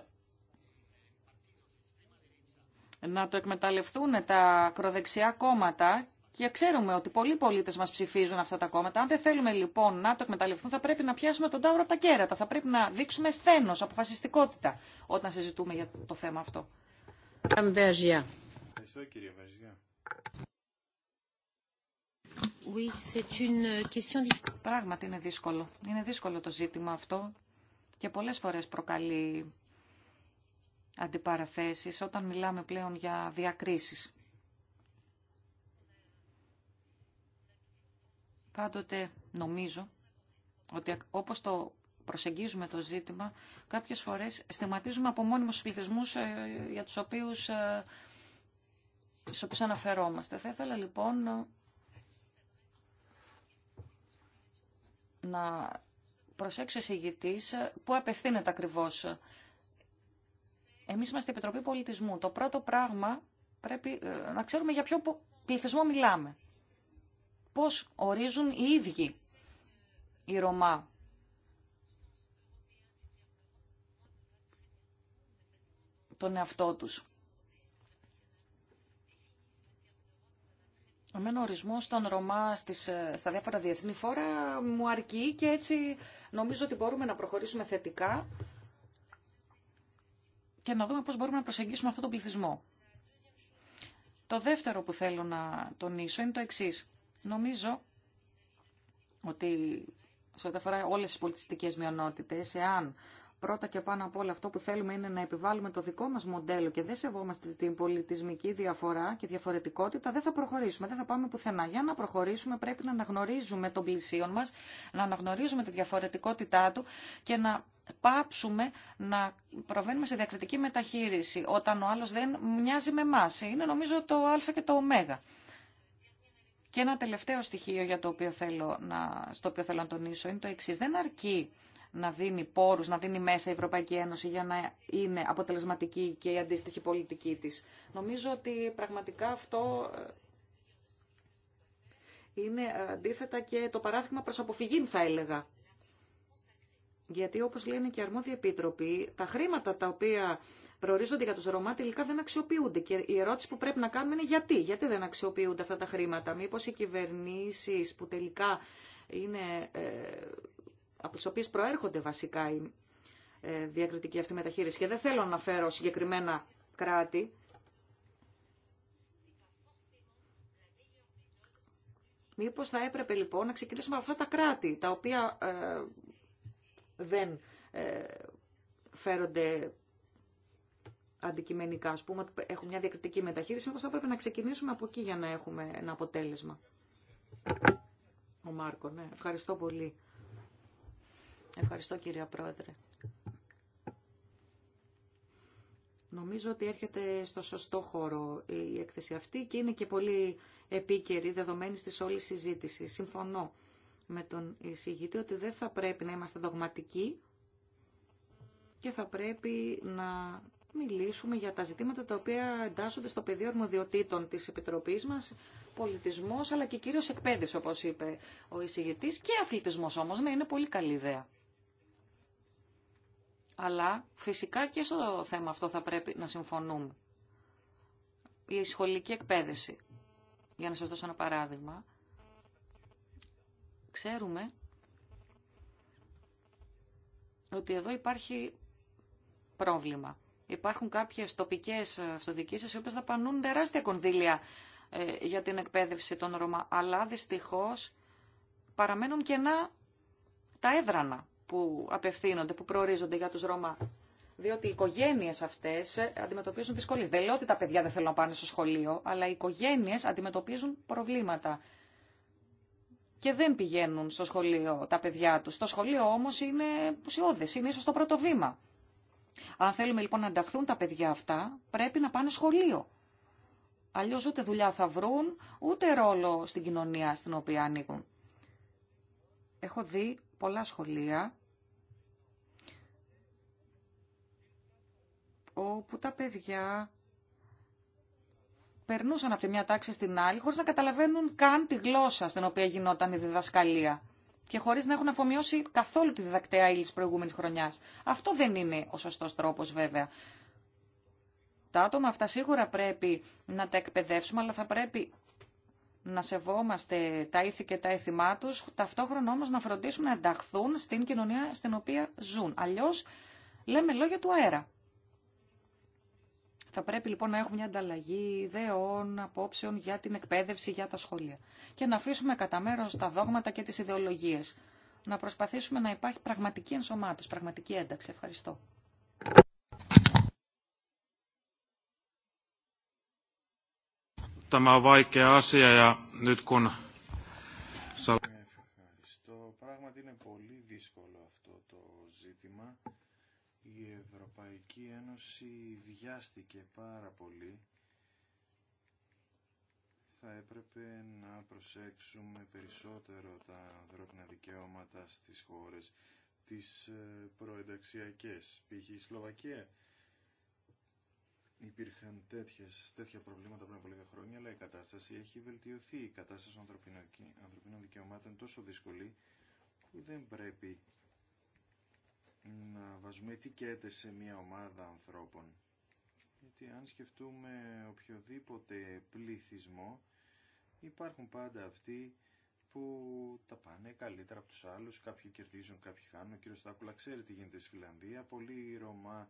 να το εκμεταλλευτούν τα ακροδεξιά κόμματα και ξέρουμε ότι πολλοί πολίτες μας ψηφίζουν αυτά τα κόμματα. Αν δεν θέλουμε λοιπόν να το εκμεταλλευτούν θα πρέπει να πιάσουμε τον τάβρο από τα κέρατα. Θα πρέπει να δείξουμε σθένος, αποφασιστικότητα όταν συζητούμε για το θέμα αυτό. Πράγματι είναι δύσκολο. Είναι δύσκολο το ζήτημα αυτό και πολλές φορές προκαλεί αντιπαραθέσεις όταν μιλάμε πλέον για διακρίσεις. Πάντοτε νομίζω ότι όπως το προσεγγίζουμε το ζήτημα, κάποιες φορές στιγματίζουμε από μόνιμους πληθυσμούς ε, για τους οποίους, ε, στους οποίους αναφερόμαστε. Θα ήθελα λοιπόν να προσέξει ο πού απευθύνεται ακριβώς. Εμείς είμαστε Επιτροπή Πολιτισμού. Το πρώτο πράγμα πρέπει ε, να ξέρουμε για ποιο πληθυσμό μιλάμε. Πώς ορίζουν οι ίδιοι οι Ρωμά. τον εαυτό τους. Εμένα ο ορισμός των Ρωμά ε, στα διάφορα διεθνή φόρα μου αρκεί και έτσι νομίζω ότι μπορούμε να προχωρήσουμε θετικά και να δούμε πώς μπορούμε να προσεγγίσουμε αυτόν τον πληθυσμό. Το δεύτερο που θέλω να τονίσω είναι το εξής. Νομίζω ότι σε ό,τι αφορά όλες τις πολιτιστικές μειονότητες, εάν Πρώτα και πάνω από όλα αυτό που θέλουμε είναι να επιβάλλουμε το δικό μας μοντέλο και δεν σεβόμαστε την πολιτισμική διαφορά και διαφορετικότητα, δεν θα προχωρήσουμε, δεν θα πάμε πουθενά. Για να προχωρήσουμε πρέπει να αναγνωρίζουμε τον πλησίον μας, να αναγνωρίζουμε τη διαφορετικότητά του και να πάψουμε να προβαίνουμε σε διακριτική μεταχείριση όταν ο άλλος δεν μοιάζει με εμά. Είναι νομίζω το α και το ω. Και ένα τελευταίο στοιχείο για το οποίο θέλω να, στο οποίο θέλω να τονίσω είναι το εξή. Δεν αρκεί να δίνει πόρους, να δίνει μέσα η Ευρωπαϊκή Ένωση για να είναι αποτελεσματική και η αντίστοιχη πολιτική της. Νομίζω ότι πραγματικά αυτό ε, είναι ε, αντίθετα και το παράδειγμα προς αποφυγή θα έλεγα. Γιατί όπως λένε και οι αρμόδιοι επίτροποι, τα χρήματα τα οποία προορίζονται για τους Ρωμά τελικά δεν αξιοποιούνται. Και η ερώτηση που πρέπει να κάνουμε είναι γιατί. Γιατί δεν αξιοποιούνται αυτά τα χρήματα. Μήπως οι κυβερνήσεις που τελικά είναι ε, από τις οποίες προέρχονται βασικά η ε, διακριτική αυτή μεταχείριση. Και δεν θέλω να φέρω συγκεκριμένα κράτη. Μήπως θα έπρεπε λοιπόν να ξεκινήσουμε από αυτά τα κράτη, τα οποία ε, δεν ε, φέρονται αντικειμενικά, ας πούμε, έχουν μια διακριτική μεταχείριση, μήπως θα έπρεπε να ξεκινήσουμε από εκεί για να έχουμε ένα αποτέλεσμα. Ο Μάρκο, ναι, ευχαριστώ πολύ. Ευχαριστώ κυρία Πρόεδρε. Νομίζω ότι έρχεται στο σωστό χώρο η έκθεση αυτή και είναι και πολύ επίκαιρη δεδομένη όλες όλη συζήτηση. Συμφωνώ με τον εισηγητή ότι δεν θα πρέπει να είμαστε δογματικοί και θα πρέπει να μιλήσουμε για τα ζητήματα τα οποία εντάσσονται στο πεδίο αρμοδιοτήτων της Επιτροπής μας, πολιτισμός αλλά και κυρίως εκπαίδευση όπως είπε ο εισηγητής και αθλητισμός όμως, ναι είναι πολύ καλή ιδέα. Αλλά φυσικά και στο θέμα αυτό θα πρέπει να συμφωνούμε. Η σχολική εκπαίδευση, για να σας δώσω ένα παράδειγμα, ξέρουμε ότι εδώ υπάρχει πρόβλημα. Υπάρχουν κάποιες τοπικές αυτοδικήσεις οι οποίες δαπανούν τεράστια κονδύλια ε, για την εκπαίδευση των Ρωμά, αλλά δυστυχώς παραμένουν κενά τα έδρανα που απευθύνονται, που προορίζονται για τους Ρωμά. Διότι οι οικογένειε αυτέ αντιμετωπίζουν δυσκολίε. Δεν λέω ότι τα παιδιά δεν θέλουν να πάνε στο σχολείο, αλλά οι οικογένειε αντιμετωπίζουν προβλήματα. Και δεν πηγαίνουν στο σχολείο τα παιδιά του. Το σχολείο όμω είναι ουσιώδε, είναι ίσω το πρώτο βήμα. Αν θέλουμε λοιπόν να ενταχθούν τα παιδιά αυτά, πρέπει να πάνε σχολείο. Αλλιώ ούτε δουλειά θα βρουν, ούτε ρόλο στην κοινωνία στην οποία ανήκουν. Έχω δει πολλά σχολεία όπου τα παιδιά περνούσαν από τη μια τάξη στην άλλη χωρίς να καταλαβαίνουν καν τη γλώσσα στην οποία γινόταν η διδασκαλία και χωρίς να έχουν αφομοιώσει καθόλου τη διδακτέα ύλη προηγούμενης χρονιάς. Αυτό δεν είναι ο σωστός τρόπος βέβαια. Τα άτομα αυτά σίγουρα πρέπει να τα εκπαιδεύσουμε, αλλά θα πρέπει να σεβόμαστε τα ήθη και τα έθιμά τους, ταυτόχρονα όμως να φροντίσουμε να ενταχθούν στην κοινωνία στην οποία ζουν. Αλλιώς λέμε λόγια του αέρα. Θα πρέπει λοιπόν να έχουμε μια ανταλλαγή ιδεών, απόψεων για την εκπαίδευση, για τα σχολεία. Και να αφήσουμε κατά μέρο τα δόγματα και τι ιδεολογίε. Να προσπαθήσουμε να υπάρχει πραγματική ενσωμάτωση, πραγματική ένταξη. Ευχαριστώ. Tämä on asia ja nyt kun Ευχαριστώ. Πράγματι είναι πολύ δύσκολο αυτό το ζήτημα η Ευρωπαϊκή Ένωση βιάστηκε πάρα πολύ. Θα έπρεπε να προσέξουμε περισσότερο τα ανθρώπινα δικαιώματα στις χώρες τις ε, προενταξιακές. Π.χ. η Σλοβακία υπήρχαν τέτοιες, τέτοια προβλήματα πριν από λίγα χρόνια, αλλά η κατάσταση έχει βελτιωθεί. Η κατάσταση των ανθρωπίνων δικαιωμάτων είναι τόσο δύσκολη που δεν πρέπει να βάζουμε ετικέτες σε μια ομάδα ανθρώπων. Γιατί αν σκεφτούμε οποιοδήποτε πληθυσμό, υπάρχουν πάντα αυτοί που τα πάνε καλύτερα από τους άλλους, κάποιοι κερδίζουν, κάποιοι χάνουν. Ο κύριος Στάκουλα ξέρει τι γίνεται στη Φιλανδία, πολλοί Ρωμά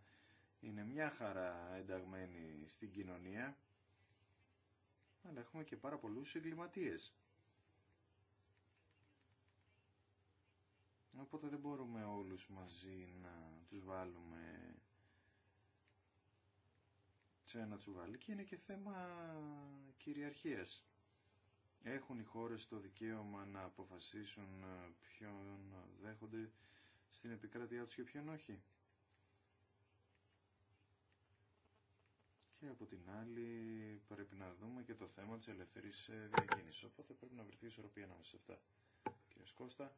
είναι μια χαρά ενταγμένοι στην κοινωνία, αλλά έχουμε και πάρα πολλούς εγκληματίες. Οπότε δεν μπορούμε όλους μαζί να τους βάλουμε σε ένα τσουβάλι και είναι και θέμα κυριαρχίας. Έχουν οι χώρες το δικαίωμα να αποφασίσουν ε, ποιον δέχονται στην επικράτειά τους και ποιον όχι. Και από την άλλη πρέπει να δούμε και το θέμα της ελευθερής διακίνησης. Οπότε πρέπει να βρεθεί ισορροπία ανάμεσα σε αυτά. Κύριε Κώστα.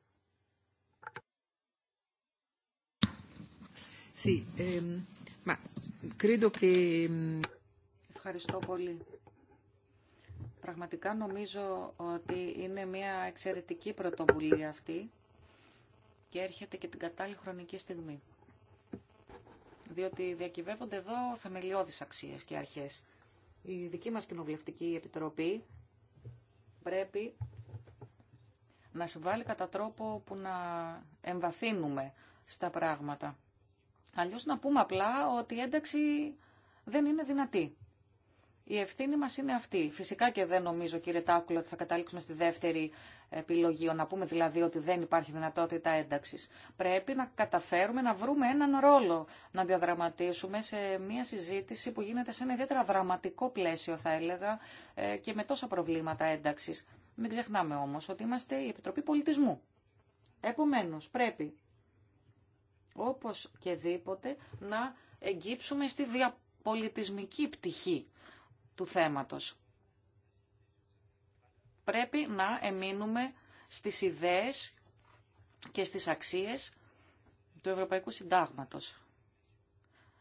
Ehm, mm, Ευχαριστώ πολύ. Πραγματικά νομίζω ότι είναι μια εξαιρετική πρωτοβουλία αυτή και έρχεται και την κατάλληλη χρονική στιγμή. Διότι διακυβεύονται εδώ θεμελιώδεις αξίες και αρχές. Η δική μας κοινοβουλευτική επιτροπή πρέπει να συμβάλλει κατά τρόπο που να εμβαθύνουμε στα πράγματα. Αλλιώς να πούμε απλά ότι η ένταξη δεν είναι δυνατή. Η ευθύνη μας είναι αυτή. Φυσικά και δεν νομίζω, κύριε Τάκουλα, ότι θα καταλήξουμε στη δεύτερη επιλογή, να πούμε δηλαδή ότι δεν υπάρχει δυνατότητα ένταξης. Πρέπει να καταφέρουμε να βρούμε έναν ρόλο να διαδραματίσουμε σε μια συζήτηση που γίνεται σε ένα ιδιαίτερα δραματικό πλαίσιο, θα έλεγα, ε, και με τόσα προβλήματα ένταξης. Μην ξεχνάμε όμως ότι είμαστε η Επιτροπή Πολιτισμού. Επομένως, πρέπει όπως και δίποτε να εγκύψουμε στη διαπολιτισμική πτυχή του θέματος. Πρέπει να εμείνουμε στις ιδέες και στις αξίες του Ευρωπαϊκού Συντάγματος.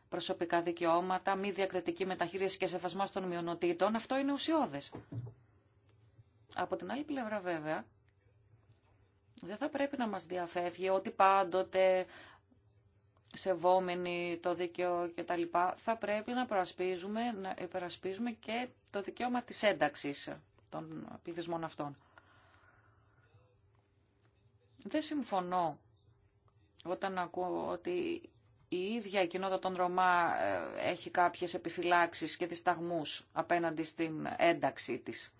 Προσωπικά δικαιώματα, μη διακριτική μεταχείριση και σεβασμό των μειονοτήτων, αυτό είναι ουσιώδες. Από την άλλη πλευρά βέβαια, δεν θα πρέπει να μας διαφεύγει ότι πάντοτε σεβόμενοι το δίκαιο κτλ. Θα πρέπει να προασπίζουμε, να υπερασπίζουμε και το δικαίωμα της ένταξης των πληθυσμών αυτών. Δεν συμφωνώ όταν ακούω ότι η ίδια η κοινότητα των Ρωμά ε, έχει κάποιες επιφυλάξεις και δισταγμούς απέναντι στην ένταξή της.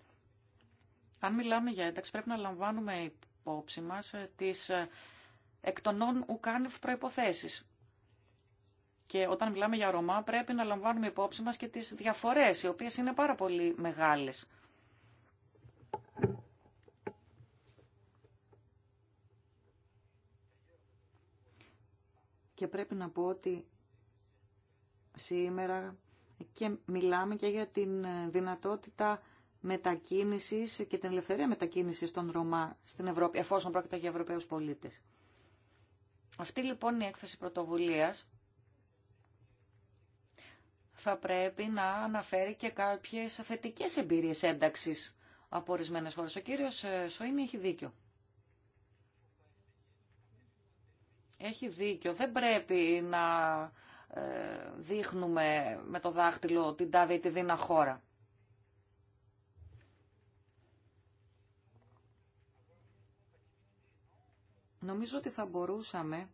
Αν μιλάμε για ένταξη πρέπει να λαμβάνουμε υπόψη μας ε, τις ε, εκ των ουκάνευ προϋποθέσεις. Και όταν μιλάμε για Ρωμά πρέπει να λαμβάνουμε υπόψη μας και τις διαφορές, οι οποίες είναι πάρα πολύ μεγάλες. Και πρέπει να πω ότι σήμερα και μιλάμε και για την δυνατότητα μετακίνησης και την ελευθερία μετακίνησης των Ρωμά στην Ευρώπη, εφόσον πρόκειται για Ευρωπαίους πολίτες. Αυτή λοιπόν η έκθεση πρωτοβουλίας θα πρέπει να αναφέρει και κάποιες θετικές εμπειρίες ένταξης από ορισμένε χώρες. Ο κύριος ε, Σοήνη έχει δίκιο. Έχει δίκιο. Δεν πρέπει να ε, δείχνουμε με το δάχτυλο την τάδε ή τη δίνα χώρα. Νομίζω ότι θα μπορούσαμε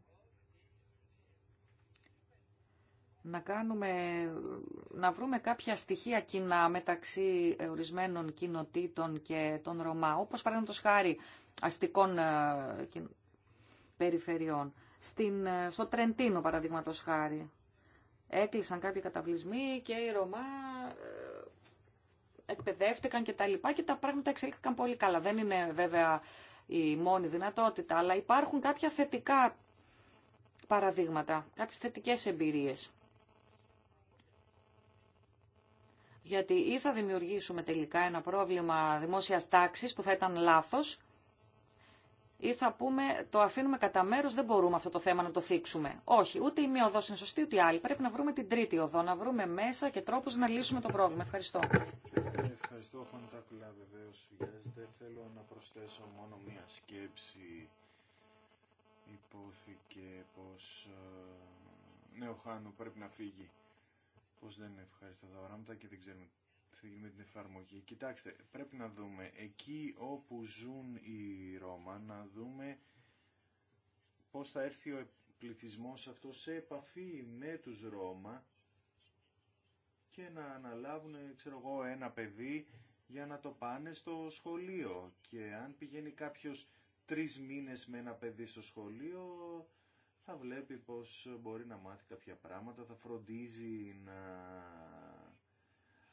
να, κάνουμε, να βρούμε κάποια στοιχεία κοινά μεταξύ ορισμένων κοινοτήτων και των Ρωμά, όπως το χάρη αστικών ε, περιφερειών. Στην, ε, στο Τρεντίνο, παραδείγματο χάρη, έκλεισαν κάποιοι καταβλισμοί και οι Ρωμά ε, εκπαιδεύτηκαν και τα λοιπά και τα πράγματα εξελίχθηκαν πολύ καλά. Δεν είναι βέβαια η μόνη δυνατότητα, αλλά υπάρχουν κάποια θετικά παραδείγματα, κάποιες θετικές εμπειρίες. γιατί ή θα δημιουργήσουμε τελικά ένα πρόβλημα δημόσιας τάξης που θα ήταν λάθος, ή θα πούμε το αφήνουμε κατά μέρο, δεν μπορούμε αυτό το θέμα να το θίξουμε. Όχι, ούτε η μία οδό είναι σωστή, ούτε η άλλη. Πρέπει να βρούμε την τρίτη οδό, να βρούμε μέσα και τρόπους να λύσουμε το πρόβλημα. Ευχαριστώ. Ευχαριστώ, Φαντάκουλα, βεβαίω. Δεν θέλω να προσθέσω μόνο μία σκέψη. Υπόθηκε πω. Ε, ναι, ο Χάνου πρέπει να φύγει πως δεν είναι ευχάριστα τα οράματα και δεν ξέρουμε με την εφαρμογή. Κοιτάξτε, πρέπει να δούμε εκεί όπου ζουν οι Ρώμα, να δούμε πώς θα έρθει ο πληθυσμός αυτό σε επαφή με τους Ρώμα και να αναλάβουν, ξέρω εγώ, ένα παιδί για να το πάνε στο σχολείο. Και αν πηγαίνει κάποιος τρεις μήνες με ένα παιδί στο σχολείο, θα βλέπει πως μπορεί να μάθει κάποια πράγματα, θα φροντίζει να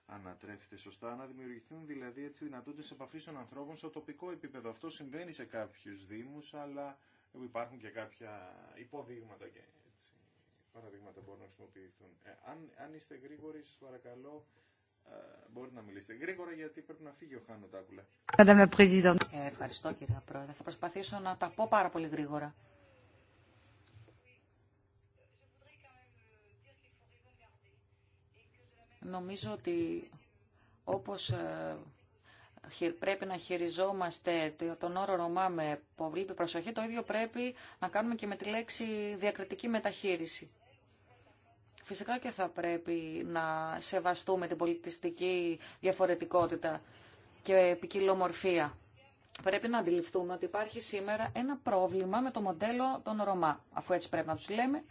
ανατρέφεται σωστά, να δημιουργηθούν δηλαδή έτσι δυνατότητες επαφή των ανθρώπων στο τοπικό επίπεδο. Αυτό συμβαίνει σε κάποιους δήμους, αλλά υπάρχουν και κάποια υποδείγματα και έτσι, παραδείγματα μπορούν να χρησιμοποιηθούν. Ε, αν, αν είστε γρήγοροι, σας παρακαλώ, ε, μπορείτε να μιλήσετε γρήγορα γιατί πρέπει να φύγει ο Χάνο Τάκουλα. Ε, ευχαριστώ κύριε Πρόεδρε. Θα προσπαθήσω να τα πω πάρα πολύ γρήγορα. Νομίζω ότι όπως ε, πρέπει να χειριζόμαστε τον όρο Ρωμά με προσοχή, το ίδιο πρέπει να κάνουμε και με τη λέξη διακριτική μεταχείριση. Φυσικά και θα πρέπει να σεβαστούμε την πολιτιστική διαφορετικότητα και ποικιλομορφία. Πρέπει να αντιληφθούμε ότι υπάρχει σήμερα ένα πρόβλημα με το μοντέλο των Ρωμά, αφού έτσι πρέπει να τους λέμε,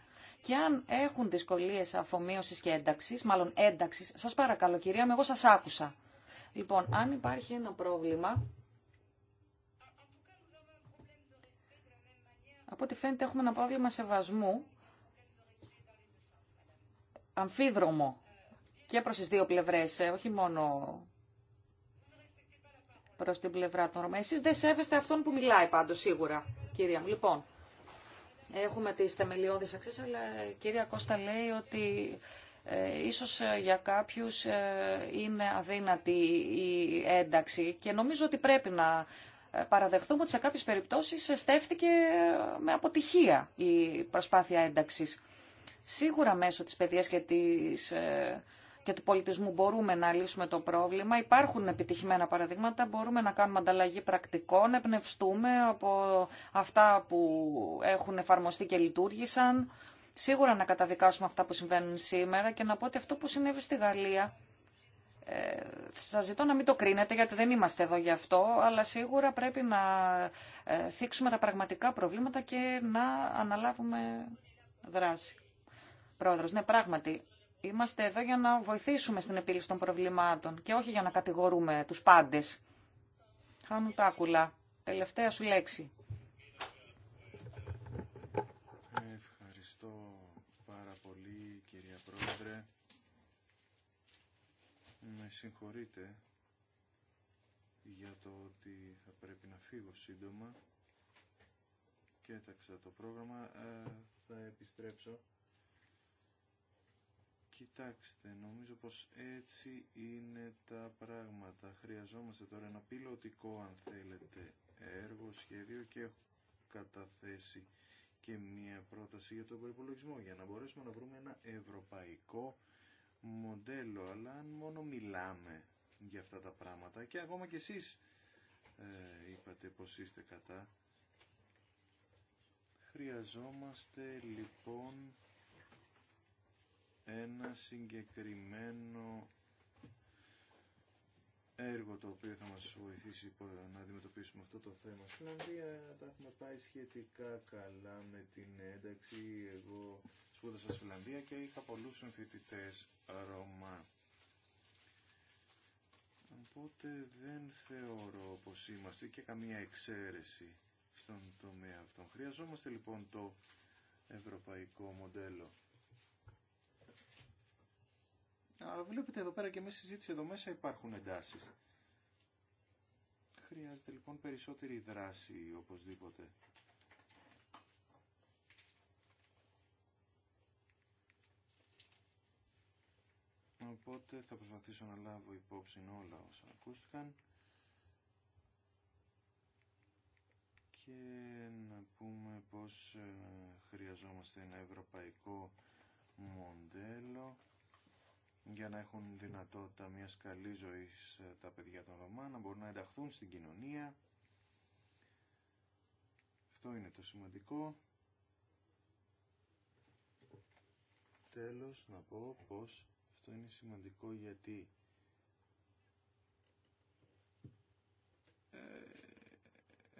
και αν έχουν δυσκολίες αφομοίωσης και ένταξης, μάλλον ένταξης, σας παρακαλώ κυρία μου, εγώ σας άκουσα. Λοιπόν, αν υπάρχει ένα πρόβλημα, από ό,τι φαίνεται έχουμε ένα πρόβλημα σεβασμού, αμφίδρομο και προς τις δύο πλευρές, ε, όχι μόνο προς την πλευρά των Ρωμαίων. Εσείς δεν σέβεστε αυτόν που μιλάει πάντως σίγουρα, κυρία μου. Λοιπόν, Έχουμε τις θεμελιώδεις αξίες, αλλά η ε, κυρία Κώστα λέει ότι ε, ίσως ε, για κάποιους ε, είναι αδύνατη η ένταξη και νομίζω ότι πρέπει να παραδεχθούμε ότι σε κάποιες περιπτώσεις στέφθηκε με αποτυχία η προσπάθεια ένταξης. Σίγουρα μέσω της παιδείας και της και του πολιτισμού μπορούμε να λύσουμε το πρόβλημα. Υπάρχουν επιτυχημένα παραδείγματα, μπορούμε να κάνουμε ανταλλαγή πρακτικών, να εμπνευστούμε από αυτά που έχουν εφαρμοστεί και λειτουργήσαν. Σίγουρα να καταδικάσουμε αυτά που συμβαίνουν σήμερα και να πω ότι αυτό που συνέβη στη Γαλλία ε, σας ζητώ να μην το κρίνετε γιατί δεν είμαστε εδώ γι' αυτό, αλλά σίγουρα πρέπει να ε, θίξουμε τα πραγματικά προβλήματα και να αναλάβουμε δράση. Πρόεδρος, ναι πράγματι, Είμαστε εδώ για να βοηθήσουμε στην επίλυση των προβλημάτων και όχι για να κατηγορούμε τους πάντες. Χάνου τάκουλα. Τελευταία σου λέξη. Ευχαριστώ πάρα πολύ κυρία Πρόεδρε. Με συγχωρείτε για το ότι θα πρέπει να φύγω σύντομα. Κέταξα το πρόγραμμα. Ε, θα επιστρέψω. Κοιτάξτε, νομίζω πως έτσι είναι τα πράγματα. Χρειαζόμαστε τώρα ένα πιλωτικό, αν θέλετε, έργο, σχέδιο και έχω καταθέσει και μία πρόταση για τον προπολογισμό για να μπορέσουμε να βρούμε ένα ευρωπαϊκό μοντέλο. Αλλά αν μόνο μιλάμε για αυτά τα πράγματα και ακόμα κι εσείς ε, είπατε πως είστε κατά, χρειαζόμαστε λοιπόν ένα συγκεκριμένο έργο το οποίο θα μας βοηθήσει να αντιμετωπίσουμε αυτό το θέμα. Στην Ανδία τα έχουμε πάει σχετικά καλά με την ένταξη. Εγώ σπούδασα στη Φιλανδία και είχα πολλούς συμφοιτητές Ρωμά. Οπότε δεν θεωρώ πως είμαστε και καμία εξαίρεση στον τομέα αυτόν. Χρειαζόμαστε λοιπόν το ευρωπαϊκό μοντέλο βλέπετε εδώ πέρα και μέσα συζήτηση εδώ μέσα υπάρχουν εντάσεις. Χρειάζεται λοιπόν περισσότερη δράση οπωσδήποτε. Οπότε θα προσπαθήσω να λάβω υπόψη όλα όσα ακούστηκαν και να πούμε πως ε, χρειαζόμαστε ένα ευρωπαϊκό μοντέλο για να έχουν δυνατότητα μια καλή ζωή τα παιδιά των Ρωμά, να μπορούν να ενταχθούν στην κοινωνία. Αυτό είναι το σημαντικό. Τέλος να πω πως αυτό είναι σημαντικό γιατί ε,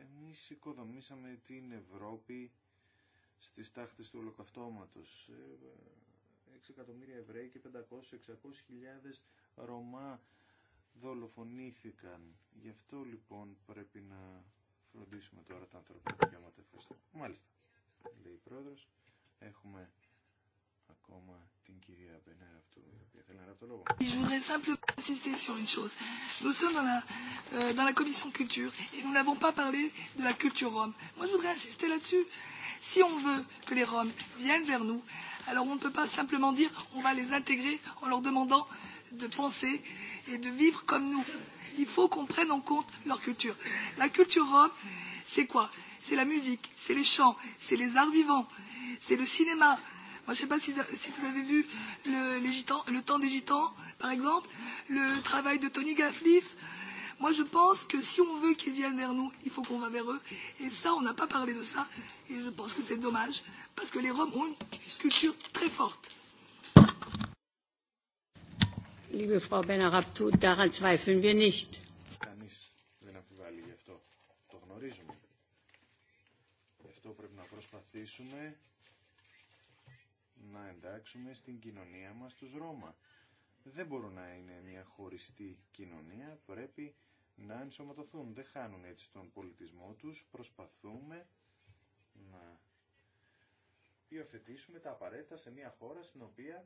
εμείς οικοδομήσαμε την Ευρώπη στις τάχτες του ολοκαυτώματος. Ε, 6 εκατομμύρια Εβραίοι και 500-600 χιλιάδες Ρωμά δολοφονήθηκαν. Γι' αυτό λοιπόν πρέπει να φροντίσουμε τώρα τα ανθρώπινα δικαιώματα. Ευχαριστώ. Μάλιστα, λέει η πρόεδρος. Έχουμε ακόμα την κυρία Μπενέρα αυτού, η οποία θέλει να γράφει το λόγο. Je voudrais simplement insister sur une chose. Nous sommes dans la, euh, dans la commission culture et nous n'avons pas parlé de la culture rome. Moi, je voudrais insister là-dessus. Si on veut que les Roms viennent vers nous, alors on ne peut pas simplement dire on va les intégrer en leur demandant de penser et de vivre comme nous. Il faut qu'on prenne en compte leur culture. La culture Rome, c'est quoi C'est la musique, c'est les chants, c'est les arts vivants, c'est le cinéma. Moi, je ne sais pas si, si vous avez vu le, les gitans, le temps des gitans, par exemple, le travail de Tony Gaffliffe, Moi, je pense que si on veut qu'ils viennent vers nous, il faut qu'on va vers eux. Et ça, on n'a pas parlé de ça. Et je pense que c'est dommage, parce que les Roms ont une culture très forte. Liebe Frau Benarabtou, daran zweifeln wir nicht. δεν αμφιβάλλει γι' αυτό. Το γνωρίζουμε. Γι' αυτό πρέπει να προσπαθήσουμε να εντάξουμε στην κοινωνία μας τους Ρώμα. Δεν μπορούν να είναι μια χωριστή κοινωνία, πρέπει να ενσωματωθούν. Δεν χάνουν έτσι τον πολιτισμό τους. Προσπαθούμε να υιοθετήσουμε τα απαραίτητα σε μια χώρα στην οποία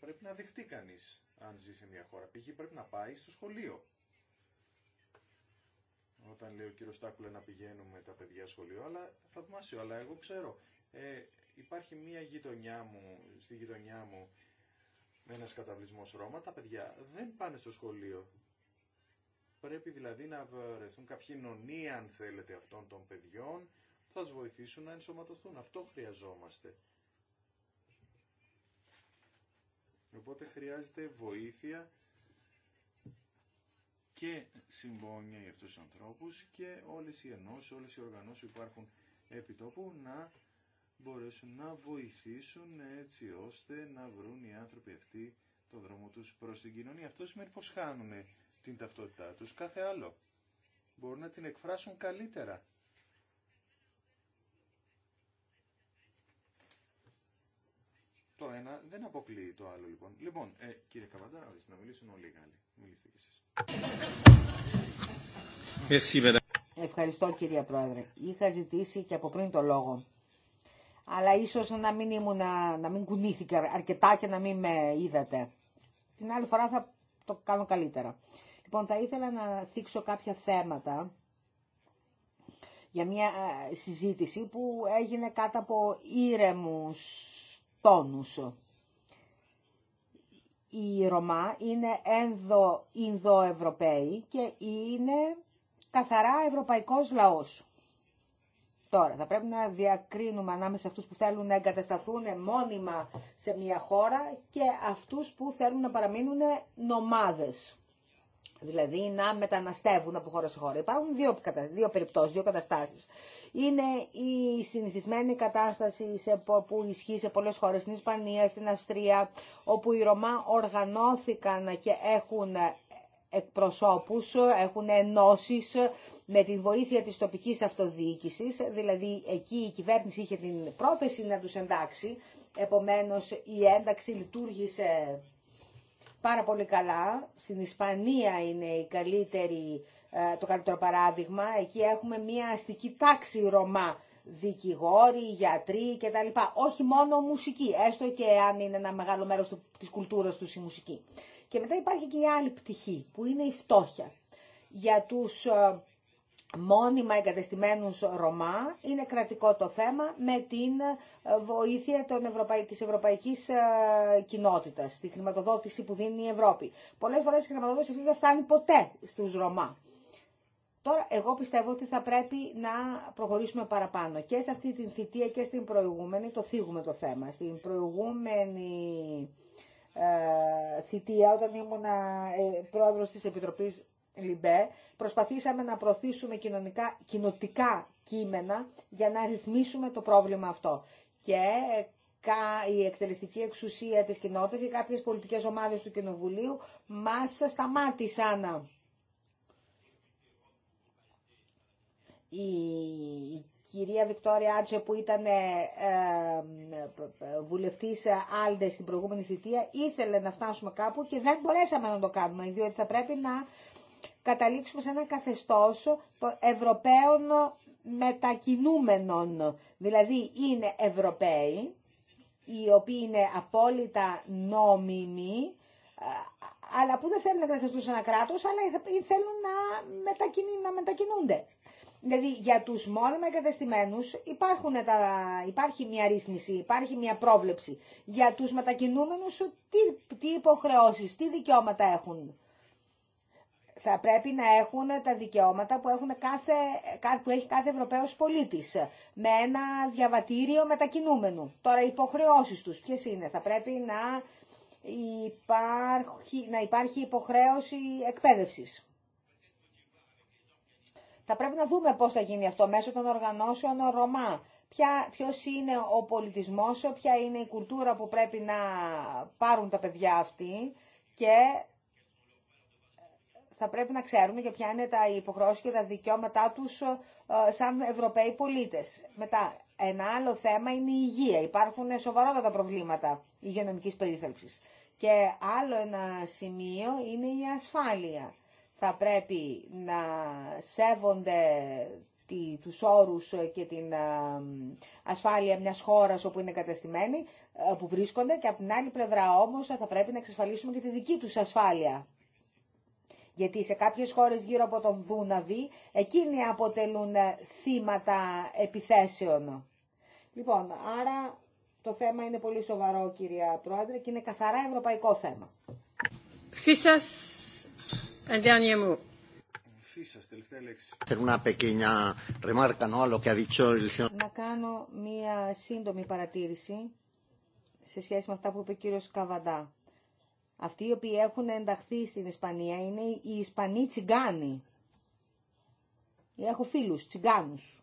πρέπει να δεχτεί κανείς αν ζει σε μια χώρα. Π.χ. πρέπει να πάει στο σχολείο. Όταν λέει ο κύριο Στάκουλα να πηγαίνουμε τα παιδιά σχολείο, αλλά θαυμάσιο, αλλά εγώ ξέρω. Ε, υπάρχει μια γειτονιά μου, στη γειτονιά μου, ένα καταβλισμός Ρώμα, τα παιδιά δεν πάνε στο σχολείο. Πρέπει δηλαδή να βρεθούν κάποιοι νονοί, αν θέλετε, αυτών των παιδιών, που θα τους βοηθήσουν να ενσωματωθούν. Αυτό χρειαζόμαστε. Οπότε χρειάζεται βοήθεια και συμπόνια για αυτούς τους ανθρώπους και όλες οι ενώσεις, όλες οι οργανώσεις που υπάρχουν επί τόπου να μπορέσουν να βοηθήσουν έτσι ώστε να βρουν οι άνθρωποι αυτοί το δρόμο τους προς την κοινωνία. Αυτό σημαίνει πως χάνουμε την ταυτότητά τους, κάθε άλλο. Μπορούν να την εκφράσουν καλύτερα. Το ένα δεν αποκλείει το άλλο λοιπόν. Λοιπόν, ε, κύριε Καβαντά, ορίστε να μιλήσουν όλοι οι Γάλλοι. Μιλήστε εσείς. Ευχαριστώ κύριε Πρόεδρε. Είχα ζητήσει και από πριν το λόγο. Αλλά ίσως να μην, ήμουν, να μην κουνήθηκε αρκετά και να μην με είδατε. Την άλλη φορά θα το κάνω καλύτερα. Λοιπόν, θα ήθελα να θίξω κάποια θέματα για μια ε, συζήτηση που έγινε κάτω από ήρεμους τόνους. Η Ρωμά είναι ενδο, και είναι καθαρά ευρωπαϊκός λαός. Τώρα, θα πρέπει να διακρίνουμε ανάμεσα αυτούς που θέλουν να εγκατασταθούν μόνιμα σε μια χώρα και αυτούς που θέλουν να παραμείνουν νομάδες δηλαδή να μεταναστεύουν από χώρα σε χώρα. Υπάρχουν δύο, δύο περιπτώσεις, δύο καταστάσεις. Είναι η συνηθισμένη κατάσταση σε, που ισχύει σε πολλέ χώρε στην Ισπανία, στην Αυστρία, όπου οι Ρωμά οργανώθηκαν και έχουν εκπροσώπους, έχουν ενώσεις με τη βοήθεια της τοπικής αυτοδιοίκησης, δηλαδή εκεί η κυβέρνηση είχε την πρόθεση να τους εντάξει, επομένως η ένταξη λειτουργήσε πάρα πολύ καλά. Στην Ισπανία είναι η καλύτερη, ε, το καλύτερο παράδειγμα. Εκεί έχουμε μια αστική τάξη Ρωμά δικηγόροι, γιατροί κτλ. Όχι μόνο μουσική, έστω και αν είναι ένα μεγάλο μέρος του, της κουλτούρας τους η μουσική. Και μετά υπάρχει και η άλλη πτυχή, που είναι η φτώχεια. Για τους ε, μόνιμα εγκατεστημένους Ρωμά. Είναι κρατικό το θέμα με την ε, βοήθεια των Ευρωπαϊ... της ευρωπαϊκής ε, κοινότητας, τη χρηματοδότηση που δίνει η Ευρώπη. Πολλές φορές η χρηματοδότηση αυτή δεν φτάνει ποτέ στους Ρωμά. Τώρα, εγώ πιστεύω ότι θα πρέπει να προχωρήσουμε παραπάνω. Και σε αυτή την θητεία και στην προηγούμενη, το θίγουμε το θέμα. Στην προηγούμενη ε, θητεία, όταν ήμουν ε, πρόεδρος της Επιτροπής Λιμπέ, προσπαθήσαμε να προωθήσουμε κοινωνικά, κοινοτικά κείμενα για να ρυθμίσουμε το πρόβλημα αυτό. Και η εκτελεστική εξουσία της κοινότητας και κάποιες πολιτικές ομάδες του Κοινοβουλίου μας σταμάτησαν. Η κυρία Βικτόρια Άτσε που ήταν ε, ε, βουλευτής Άλντε στην προηγούμενη θητεία ήθελε να φτάσουμε κάπου και δεν μπορέσαμε να το κάνουμε διότι θα πρέπει να καταλήξουμε σε ένα καθεστώς Ευρωπαίων μετακινούμενων. Δηλαδή είναι Ευρωπαίοι, οι οποίοι είναι απόλυτα νόμιμοι, ε, αλλά που δεν θέλουν να κατασταθούν σε ένα κράτος, αλλά θέλουν να, μετακινούν, μετακινούνται. Δηλαδή για τους μόνιμα εγκατεστημένους υπάρχουν τα, υπάρχει μια ρύθμιση, υπάρχει μια πρόβλεψη. Για τους μετακινούμενους τι, τι υποχρεώσεις, τι δικαιώματα έχουν θα πρέπει να έχουν τα δικαιώματα που, έχουν κάθε, που έχει κάθε Ευρωπαίος πολίτης με ένα διαβατήριο μετακινούμενου. Τώρα οι υποχρεώσεις τους ποιες είναι. Θα πρέπει να υπάρχει, να υπάρχει υποχρέωση εκπαίδευσης. Θα πρέπει να δούμε πώς θα γίνει αυτό μέσω των οργανώσεων Ρωμά. Ποια, ποιος είναι ο πολιτισμός, ποια είναι η κουλτούρα που πρέπει να πάρουν τα παιδιά αυτοί και θα πρέπει να ξέρουμε για ποια είναι τα υποχρεώσει και τα δικαιώματά του ε, σαν Ευρωπαίοι πολίτε. Μετά, ένα άλλο θέμα είναι η υγεία. Υπάρχουν σοβαρότατα προβλήματα υγειονομική περίθαλψης. Και άλλο ένα σημείο είναι η ασφάλεια. Θα πρέπει να σέβονται τους όρους και την ε, ασφάλεια μιας χώρας όπου είναι κατεστημένοι, ε, που βρίσκονται και από την άλλη πλευρά όμως θα πρέπει να εξασφαλίσουμε και τη δική τους ασφάλεια γιατί σε κάποιες χώρες γύρω από τον Δούναβη, εκείνοι αποτελούν ε, θύματα επιθέσεων. Λοιπόν, άρα το θέμα είναι πολύ σοβαρό, κυρία Πρόεδρε, και είναι καθαρά ευρωπαϊκό θέμα. Φύσας, τελευταία λέξη. Να κάνω μία σύντομη παρατήρηση σε σχέση με αυτά που είπε ο κύριος Καβαντά. Αυτοί οι οποίοι έχουν ενταχθεί στην Ισπανία είναι οι Ισπανοί τσιγκάνοι. Έχω φίλους τσιγκάνους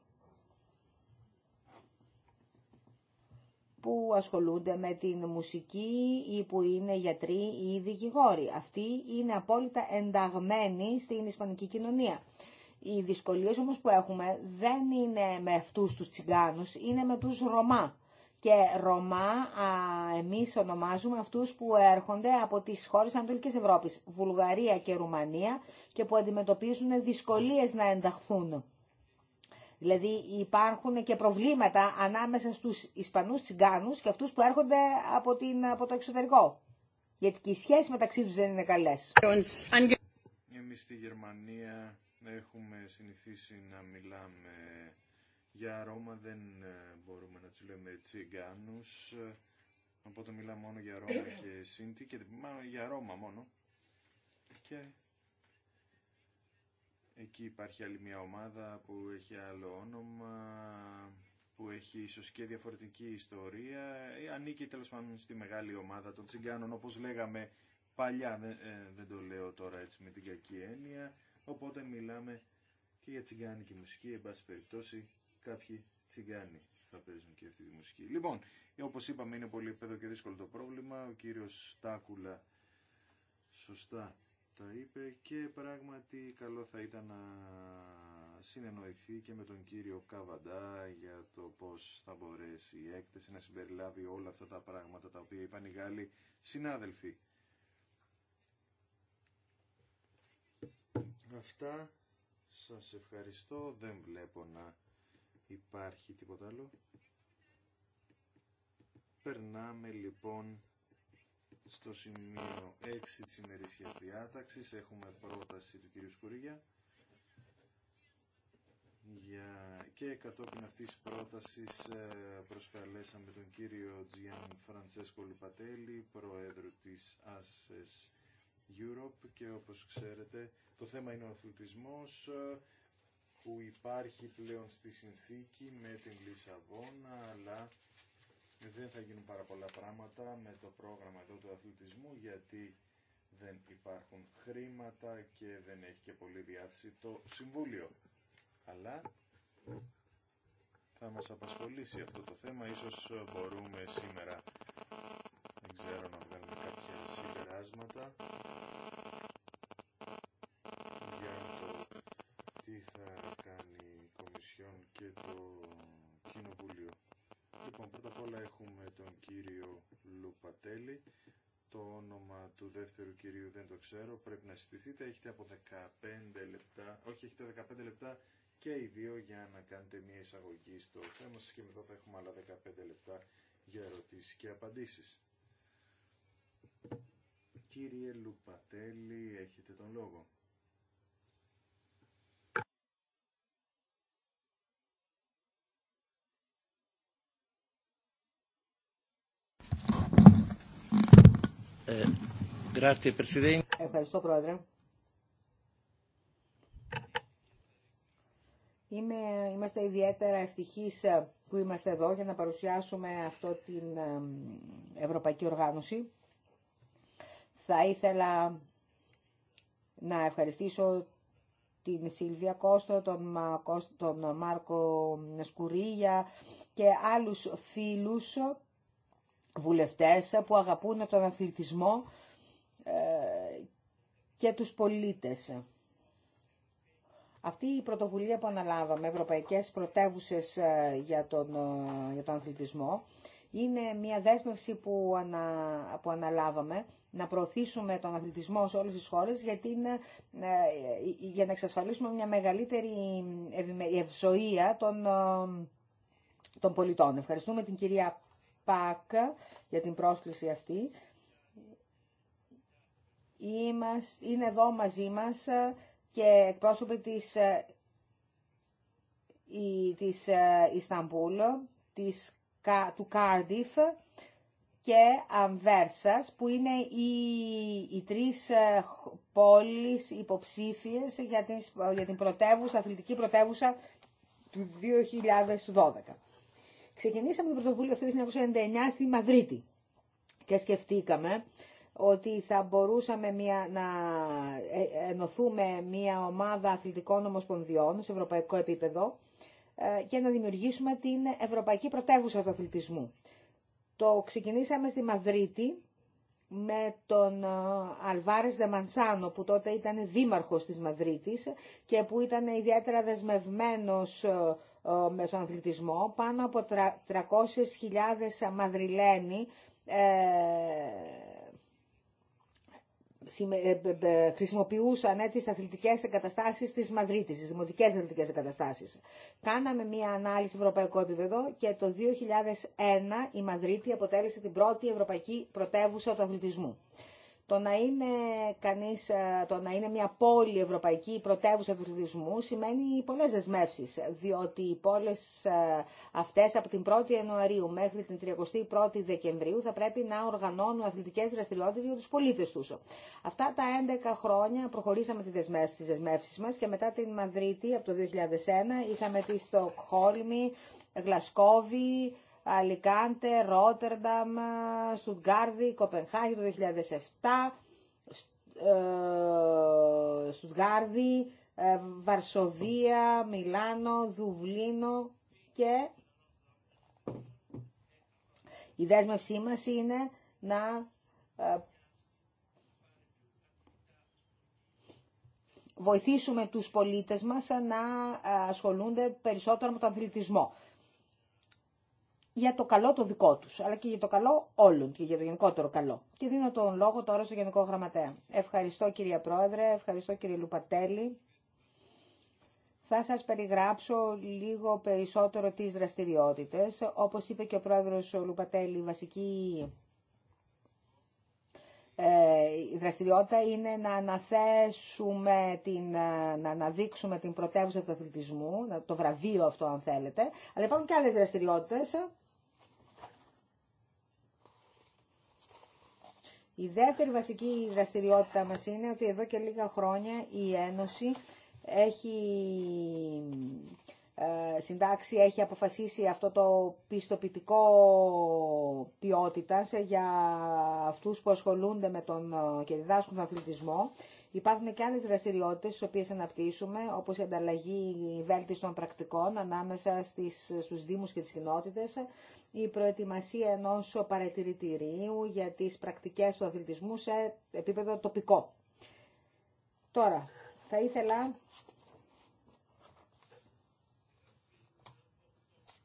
που ασχολούνται με την μουσική ή που είναι γιατροί ή δικηγόροι. Αυτοί είναι απόλυτα ενταγμένοι στην ισπανική κοινωνία. Οι δυσκολίες όμως που έχουμε δεν είναι με αυτούς τους τσιγκάνους, είναι με τους Ρωμά. Και Ρωμά α, εμείς ονομάζουμε αυτούς που έρχονται από τις χώρες Ανατολικής Ευρώπης, Βουλγαρία και Ρουμανία και που αντιμετωπίζουν δυσκολίες να ενταχθούν. Δηλαδή υπάρχουν και προβλήματα ανάμεσα στους Ισπανούς τσιγκάνους και αυτούς που έρχονται από, από το εξωτερικό. Γιατί και οι σχέσεις μεταξύ τους δεν είναι καλές. Εμείς στη Γερμανία έχουμε συνηθίσει να μιλάμε για Ρώμα δεν ε, μπορούμε να του λέμε τσιγκάνους, ε, οπότε μιλάμε μόνο για Ρώμα ε. και Σύντη και μάλλον για Ρώμα μόνο. Και εκεί υπάρχει άλλη μια ομάδα που έχει άλλο όνομα, που έχει ίσως και διαφορετική ιστορία, ανήκει τέλος πάντων στη μεγάλη ομάδα των τσιγκάνων όπως λέγαμε παλιά, δεν, το λέω τώρα έτσι με την κακή έννοια, οπότε μιλάμε και για τσιγκάνικη μουσική, εν πάση περιπτώσει κάποιοι τσιγκάνοι θα παίζουν και αυτή τη μουσική. Λοιπόν, όπως είπαμε είναι πολύ επέδο και δύσκολο το πρόβλημα. Ο κύριος Στάκουλα σωστά τα είπε και πράγματι καλό θα ήταν να συνεννοηθεί και με τον κύριο Καβαντά για το πώς θα μπορέσει η έκθεση να συμπεριλάβει όλα αυτά τα πράγματα τα οποία είπαν οι Γάλλοι συνάδελφοι. Αυτά σας ευχαριστώ. Δεν βλέπω να υπάρχει τίποτα άλλο. Περνάμε λοιπόν στο σημείο 6 της ημερήσιας διάταξης. Έχουμε πρόταση του κύριου Σκουρίγια για... και κατόπιν αυτής της πρότασης ε, προσκαλέσαμε τον κύριο Τζιάν Φραντσέσκο Λιπατέλη, Προέδρου της ΑΣΕΣ Europe και όπως ξέρετε το θέμα είναι ο αθλητισμός ε, που υπάρχει πλέον στη συνθήκη με την Λισαβόνα, αλλά δεν θα γίνουν πάρα πολλά πράγματα με το πρόγραμμα εδώ του αθλητισμού, γιατί δεν υπάρχουν χρήματα και δεν έχει και πολύ διάθεση το Συμβούλιο. Αλλά θα μας απασχολήσει αυτό το θέμα. Ίσως μπορούμε σήμερα, δεν ξέρω, να βγάλουμε κάποια συμπεράσματα τι θα κάνει η Κομισιόν και το Κοινοβούλιο. Λοιπόν, πρώτα απ' όλα έχουμε τον κύριο Λουπατέλη. Το όνομα του δεύτερου κυρίου δεν το ξέρω. Πρέπει να συστηθείτε. Έχετε από 15 λεπτά, όχι έχετε 15 λεπτά και οι δύο για να κάνετε μια εισαγωγή στο θέμα σας και μετά θα έχουμε άλλα 15 λεπτά για ερωτήσεις και απαντήσεις. Κύριε Λουπατέλη, έχετε τον λόγο. Ευχαριστώ, Πρόεδρε. είμαστε ιδιαίτερα ευτυχείς που είμαστε εδώ για να παρουσιάσουμε αυτό την Ευρωπαϊκή Οργάνωση. Θα ήθελα να ευχαριστήσω την Σίλβια Κώστο, τον, τον Μάρκο Σκουρίγια και άλλους φίλους βουλευτές που αγαπούν τον αθλητισμό ε, και τους πολίτες. Αυτή η πρωτοβουλία που αναλάβαμε, Ευρωπαϊκές Πρωτεύουσες ε, για τον, ε, για τον Αθλητισμό, είναι μια δέσμευση που, ανα, που αναλάβαμε να προωθήσουμε τον αθλητισμό σε όλες τις χώρες γιατί είναι, για να εξασφαλίσουμε μια μεγαλύτερη ευσοία των, των πολιτών. Ευχαριστούμε την κυρία ΠΑΚ για την πρόσκληση αυτή. Είναι εδώ μαζί μας και εκπρόσωποι της, ε, της ε, Ισταμπούλ, της, του Κάρντιφ και Αμβέρσας, που είναι οι, οι τρεις ε, πόλεις υποψήφιες για την, για την πρωτεύουσα, αθλητική πρωτεύουσα του 2012. Ξεκινήσαμε την πρωτοβουλία αυτό το 1999 στη Μαδρίτη και σκεφτήκαμε ότι θα μπορούσαμε μια, να ε, ενωθούμε μια ομάδα αθλητικών ομοσπονδιών σε ευρωπαϊκό επίπεδο και ε, να δημιουργήσουμε την Ευρωπαϊκή Πρωτεύουσα του Αθλητισμού. Το ξεκινήσαμε στη Μαδρίτη με τον ε, Αλβάρες Δεμανσάνο που τότε ήταν δήμαρχος της Μαδρίτης και που ήταν ιδιαίτερα δεσμευμένος ε, με τον αθλητισμό. Πάνω από 300.000 μαδριλένοι ε, ε, χρησιμοποιούσαν τις αθλητικές εγκαταστάσεις της Μαδρίτης, τις δημοτικές αθλητικές εγκαταστάσεις. Κάναμε μία ανάλυση ευρωπαϊκό επίπεδο και το 2001 η Μαδρίτη αποτέλεσε την πρώτη ευρωπαϊκή πρωτεύουσα του αθλητισμού. Το να είναι, κανείς, ε, το να είναι μια πόλη ευρωπαϊκή πρωτεύουσα του αθλητισμού σημαίνει πολλές δεσμεύσεις, διότι οι πόλεις ε, αυτές από την 1η Ιανουαρίου μέχρι την 31η Δεκεμβρίου θα πρέπει να οργανώνουν αθλητικές δραστηριότητες για τους πολίτες τους. Αυτά τα 11 χρόνια προχωρήσαμε τις δεσμεύσεις, τις μας και μετά την Μαδρίτη από το 2001 είχαμε τη Στοκχόλμη, Γλασκόβη, Αλικάντε, Ρότερνταμ, Στουτγκάρδη, Κοπενχάγη το 2007, ε, Στουτγκάρδη, ε, Βαρσοβία, Μιλάνο, Δουβλίνο και η δέσμευσή μας είναι να ε, βοηθήσουμε τους πολίτες μας να ασχολούνται περισσότερο με τον αθλητισμό για το καλό το δικό τους, αλλά και για το καλό όλων και για το γενικότερο καλό. Και δίνω τον λόγο τώρα στο Γενικό Γραμματέα. Ευχαριστώ κύριε Πρόεδρε, ευχαριστώ κύριε Λουπατέλη. Θα σας περιγράψω λίγο περισσότερο τις δραστηριότητες. Όπως είπε και ο Πρόεδρος Λουπατέλη, η βασική ε, η δραστηριότητα είναι να αναθέσουμε, την, να αναδείξουμε την πρωτεύουσα του αθλητισμού, το βραβείο αυτό αν θέλετε, αλλά υπάρχουν και άλλες δραστηριότητες Η δεύτερη βασική δραστηριότητα μας είναι ότι εδώ και λίγα χρόνια η Ένωση έχει ε, συντάξει, έχει αποφασίσει αυτό το πιστοποιητικό ποιότητας για αυτούς που ασχολούνται με τον ε, και διδάσκουν τον αθλητισμό Υπάρχουν και άλλες δραστηριότητες τις οποίες αναπτύσσουμε, όπως η ανταλλαγή βέλτιστων πρακτικών ανάμεσα στις, στους Δήμους και τις κοινότητες, η προετοιμασία ενός παρατηρητηρίου για τις πρακτικές του αθλητισμού σε επίπεδο τοπικό. Τώρα, θα ήθελα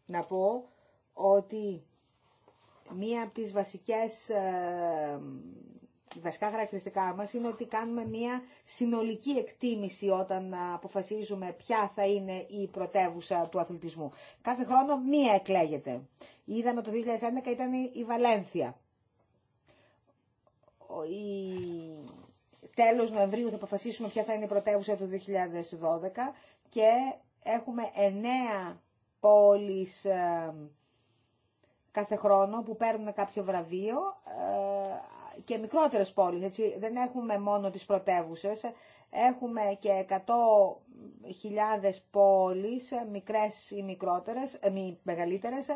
να πω ότι μία από τις βασικές ε, βασικά χαρακτηριστικά μας είναι ότι κάνουμε μια συνολική εκτίμηση όταν αποφασίζουμε ποια θα είναι η πρωτεύουσα του αθλητισμού. Κάθε χρόνο μία εκλέγεται. Είδαμε το 2011 ήταν η Βαλένθια. Η... Τέλος Νοεμβρίου θα αποφασίσουμε ποια θα είναι η πρωτεύουσα του 2012 και έχουμε εννέα πόλεις ε, κάθε χρόνο που παίρνουν κάποιο βραβείο. Ε, και μικρότερες πόλεις, δεν έχουμε μόνο τις πρωτεύουσε. έχουμε και 100.000 πόλεις, μικρές ή μικρότερες, ε, μη μεγαλύτερες,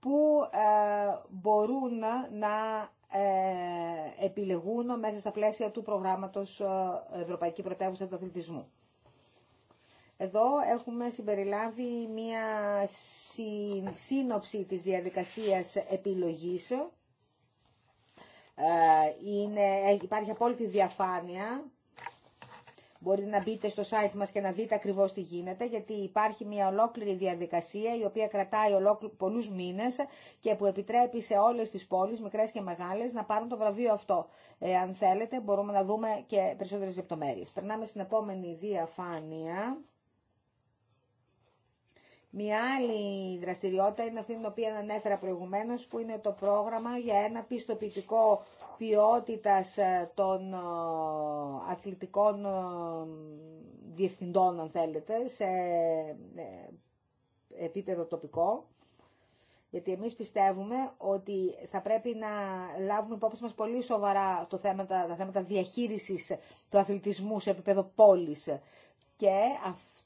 που ε, μπορούν να ε, επιλεγούν μέσα στα πλαίσια του προγράμματος Ευρωπαϊκή Πρωτεύουσα του Αθλητισμού. Εδώ έχουμε συμπεριλάβει μία σύνοψη της διαδικασίας επιλογής ε, είναι, υπάρχει απόλυτη διαφάνεια. Μπορείτε να μπείτε στο site μας και να δείτε ακριβώς τι γίνεται, γιατί υπάρχει μια ολόκληρη διαδικασία η οποία κρατάει πολλού πολλούς μήνες και που επιτρέπει σε όλες τις πόλεις, μικρές και μεγάλες, να πάρουν το βραβείο αυτό. Ε, αν θέλετε μπορούμε να δούμε και περισσότερες λεπτομέρειες. Περνάμε στην επόμενη διαφάνεια. Μια άλλη δραστηριότητα είναι αυτή την οποία ανέφερα προηγουμένως, που είναι το πρόγραμμα για ένα πιστοποιητικό ποιότητας ε, των ε, αθλητικών ε, διευθυντών, αν θέλετε, σε επίπεδο τοπικό. Γιατί εμείς πιστεύουμε ότι θα πρέπει να λάβουμε υπόψη μας πολύ σοβαρά το θέμα, τα θέματα διαχείρισης του αθλητισμού σε επίπεδο πόλης. Και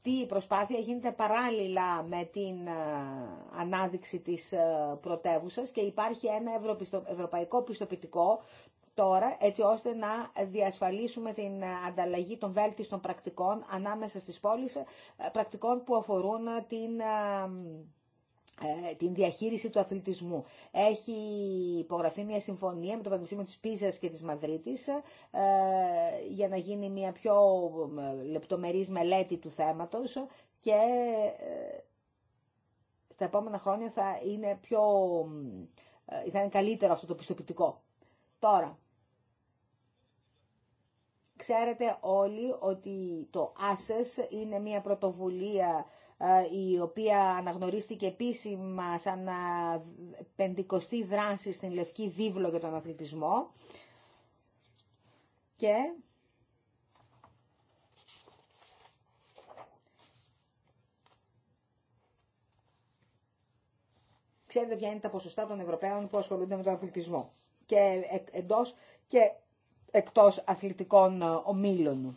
αυτή η προσπάθεια γίνεται παράλληλα με την ε, ανάδειξη της ε, πρωτεύουσας και υπάρχει ένα ευρωπαϊκό πιστοποιητικό τώρα έτσι ώστε να διασφαλίσουμε την ε, ανταλλαγή των βέλτιστων πρακτικών ανάμεσα στις πόλεις, πρακτικών που αφορούν την ε, την διαχείριση του αθλητισμού. Έχει υπογραφεί μια συμφωνία με το Πανεπιστήμιο της Πίζας και της Μαδρίτης ε, για να γίνει μια πιο λεπτομερής μελέτη του θέματος και ε, τα επόμενα χρόνια θα είναι, πιο, θα είναι καλύτερο αυτό το πιστοποιητικό. Τώρα, ξέρετε όλοι ότι το ASES είναι μια πρωτοβουλία ε, η οποία αναγνωρίστηκε επίσημα σαν ε, πεντηκοστή δράση στην Λευκή Βίβλο για τον αθλητισμό. Και ξέρετε ποια είναι τα ποσοστά των Ευρωπαίων που ασχολούνται με τον αθλητισμό και εντός και εκτός αθλητικών ομίλων.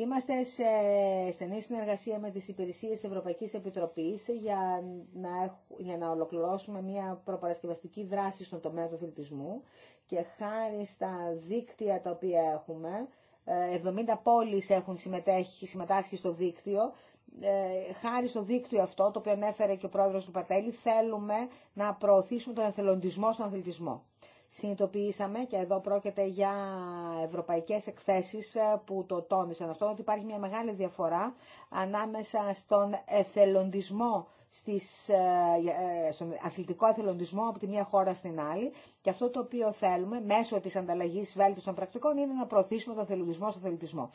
Είμαστε σε στενή συνεργασία με τις υπηρεσίες Ευρωπαϊκής Επιτροπής για να, να ολοκληρώσουμε μια προπαρασκευαστική δράση στον τομέα του αθλητισμού και χάρη στα δίκτυα τα οποία έχουμε, 70 ε, πόλεις έχουν συμμετάσχει στο δίκτυο, ε, χάρη στο δίκτυο αυτό, το οποίο ανέφερε και ο πρόεδρος του Πατέλη, θέλουμε να προωθήσουμε τον εθελοντισμό στον αθλητισμό συνειδητοποιήσαμε και εδώ πρόκειται για ευρωπαϊκές εκθέσεις ε, που το τόνισαν αυτό ότι υπάρχει μια μεγάλη διαφορά ανάμεσα στον εθελοντισμό στις, ε, ε, στον αθλητικό εθελοντισμό από τη μία χώρα στην άλλη και αυτό το οποίο θέλουμε μέσω της ανταλλαγής βέλτιστων πρακτικών είναι να προωθήσουμε τον εθελοντισμό στον αθλητισμό.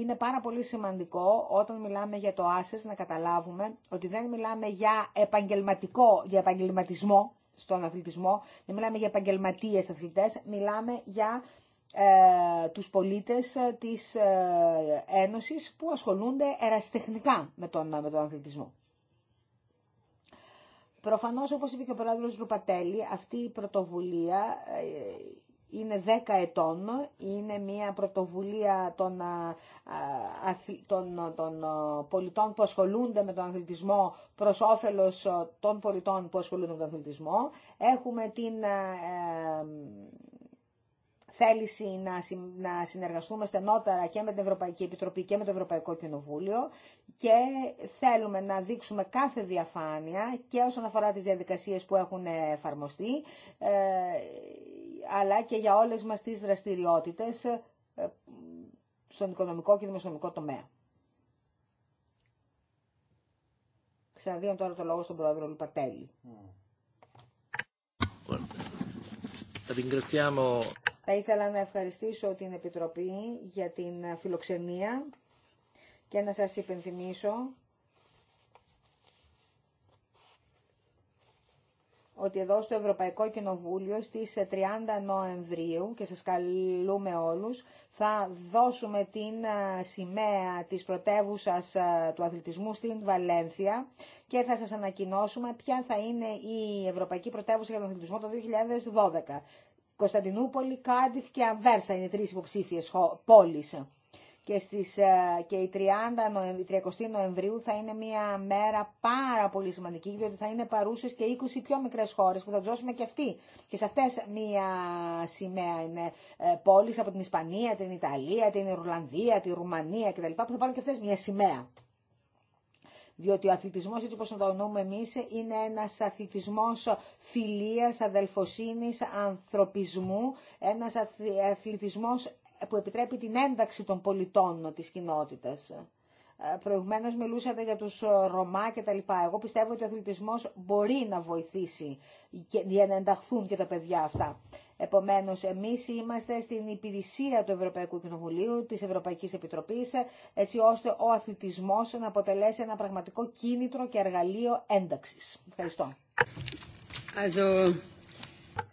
Είναι πάρα πολύ σημαντικό όταν μιλάμε για το ΆΣΕΣ να καταλάβουμε ότι δεν μιλάμε για επαγγελματικό, για επαγγελματισμό στον αθλητισμό, δεν μιλάμε για επαγγελματίε αθλητές, μιλάμε για ε, τους πολίτες ε, της ε, Ένωσης που ασχολούνται ερασιτεχνικά με τον, με τον αθλητισμό. Προφανώς, όπως είπε και ο πρόεδρος Ρουπατέλη, αυτή η πρωτοβουλία ε, είναι 10 ετών, είναι μια πρωτοβουλία των, των, των πολιτών που ασχολούνται με τον αθλητισμό προς όφελος των πολιτών που ασχολούνται με τον αθλητισμό. Έχουμε την θέληση να, να συνεργαστούμε στενότερα και με την Ευρωπαϊκή Επιτροπή και με το Ευρωπαϊκό Κοινοβούλιο και θέλουμε να δείξουμε κάθε διαφάνεια και όσον αφορά τις διαδικασίες που έχουν εφαρμοστεί ε, αλλά και για όλες μας τις δραστηριότητες ε, στον οικονομικό και δημοσιονομικό τομέα. Ξαναδείω τώρα το λόγο στον πρόεδρο Λουπατέλη. Θα ήθελα να ευχαριστήσω την Επιτροπή για την φιλοξενία και να σας υπενθυμίσω ότι εδώ στο Ευρωπαϊκό Κοινοβούλιο στις 30 ε, Νοεμβρίου και σας καλούμε όλους θα δώσουμε την ε, σημαία της πρωτεύουσας ε, του αθλητισμού στην Βαλένθια και θα σας ανακοινώσουμε ποια θα είναι η Ευρωπαϊκή Πρωτεύουσα για τον Αθλητισμό το 2012. Κωνσταντινούπολη, Κάντιθ και αβέρσα είναι τρεις υποψήφιες πόλεις και, στις, ε, και η 30 Νοεμβρίου, 30 Νοεμβρίου θα είναι μια μέρα πάρα πολύ σημαντική, διότι θα είναι παρούσες και 20 πιο μικρές χώρες που θα δώσουμε και αυτοί. Και σε αυτές μια σημαία είναι ε, πόλεις από την Ισπανία, την Ιταλία, την Ιρλανδία, τη Ρουμανία κτλ. που θα πάρουν και αυτές μια σημαία. Διότι ο αθλητισμό έτσι όπως τον εννοούμε εμεί είναι ένα αθλητισμός φιλία, αδελφόσύνη ανθρωπισμού, ένα αθλητισμός που επιτρέπει την ένταξη των πολιτών της κοινότητας. Ε, προηγουμένως μιλούσατε για τους ε, Ρωμά και τα λοιπά. Εγώ πιστεύω ότι ο αθλητισμός μπορεί να βοηθήσει για να ενταχθούν και τα παιδιά αυτά. Επομένως, εμείς είμαστε στην υπηρεσία του Ευρωπαϊκού Κοινοβουλίου, της Ευρωπαϊκής Επιτροπής, ε, έτσι ώστε ο αθλητισμός να αποτελέσει ένα πραγματικό κίνητρο και εργαλείο ένταξης. Ευχαριστώ.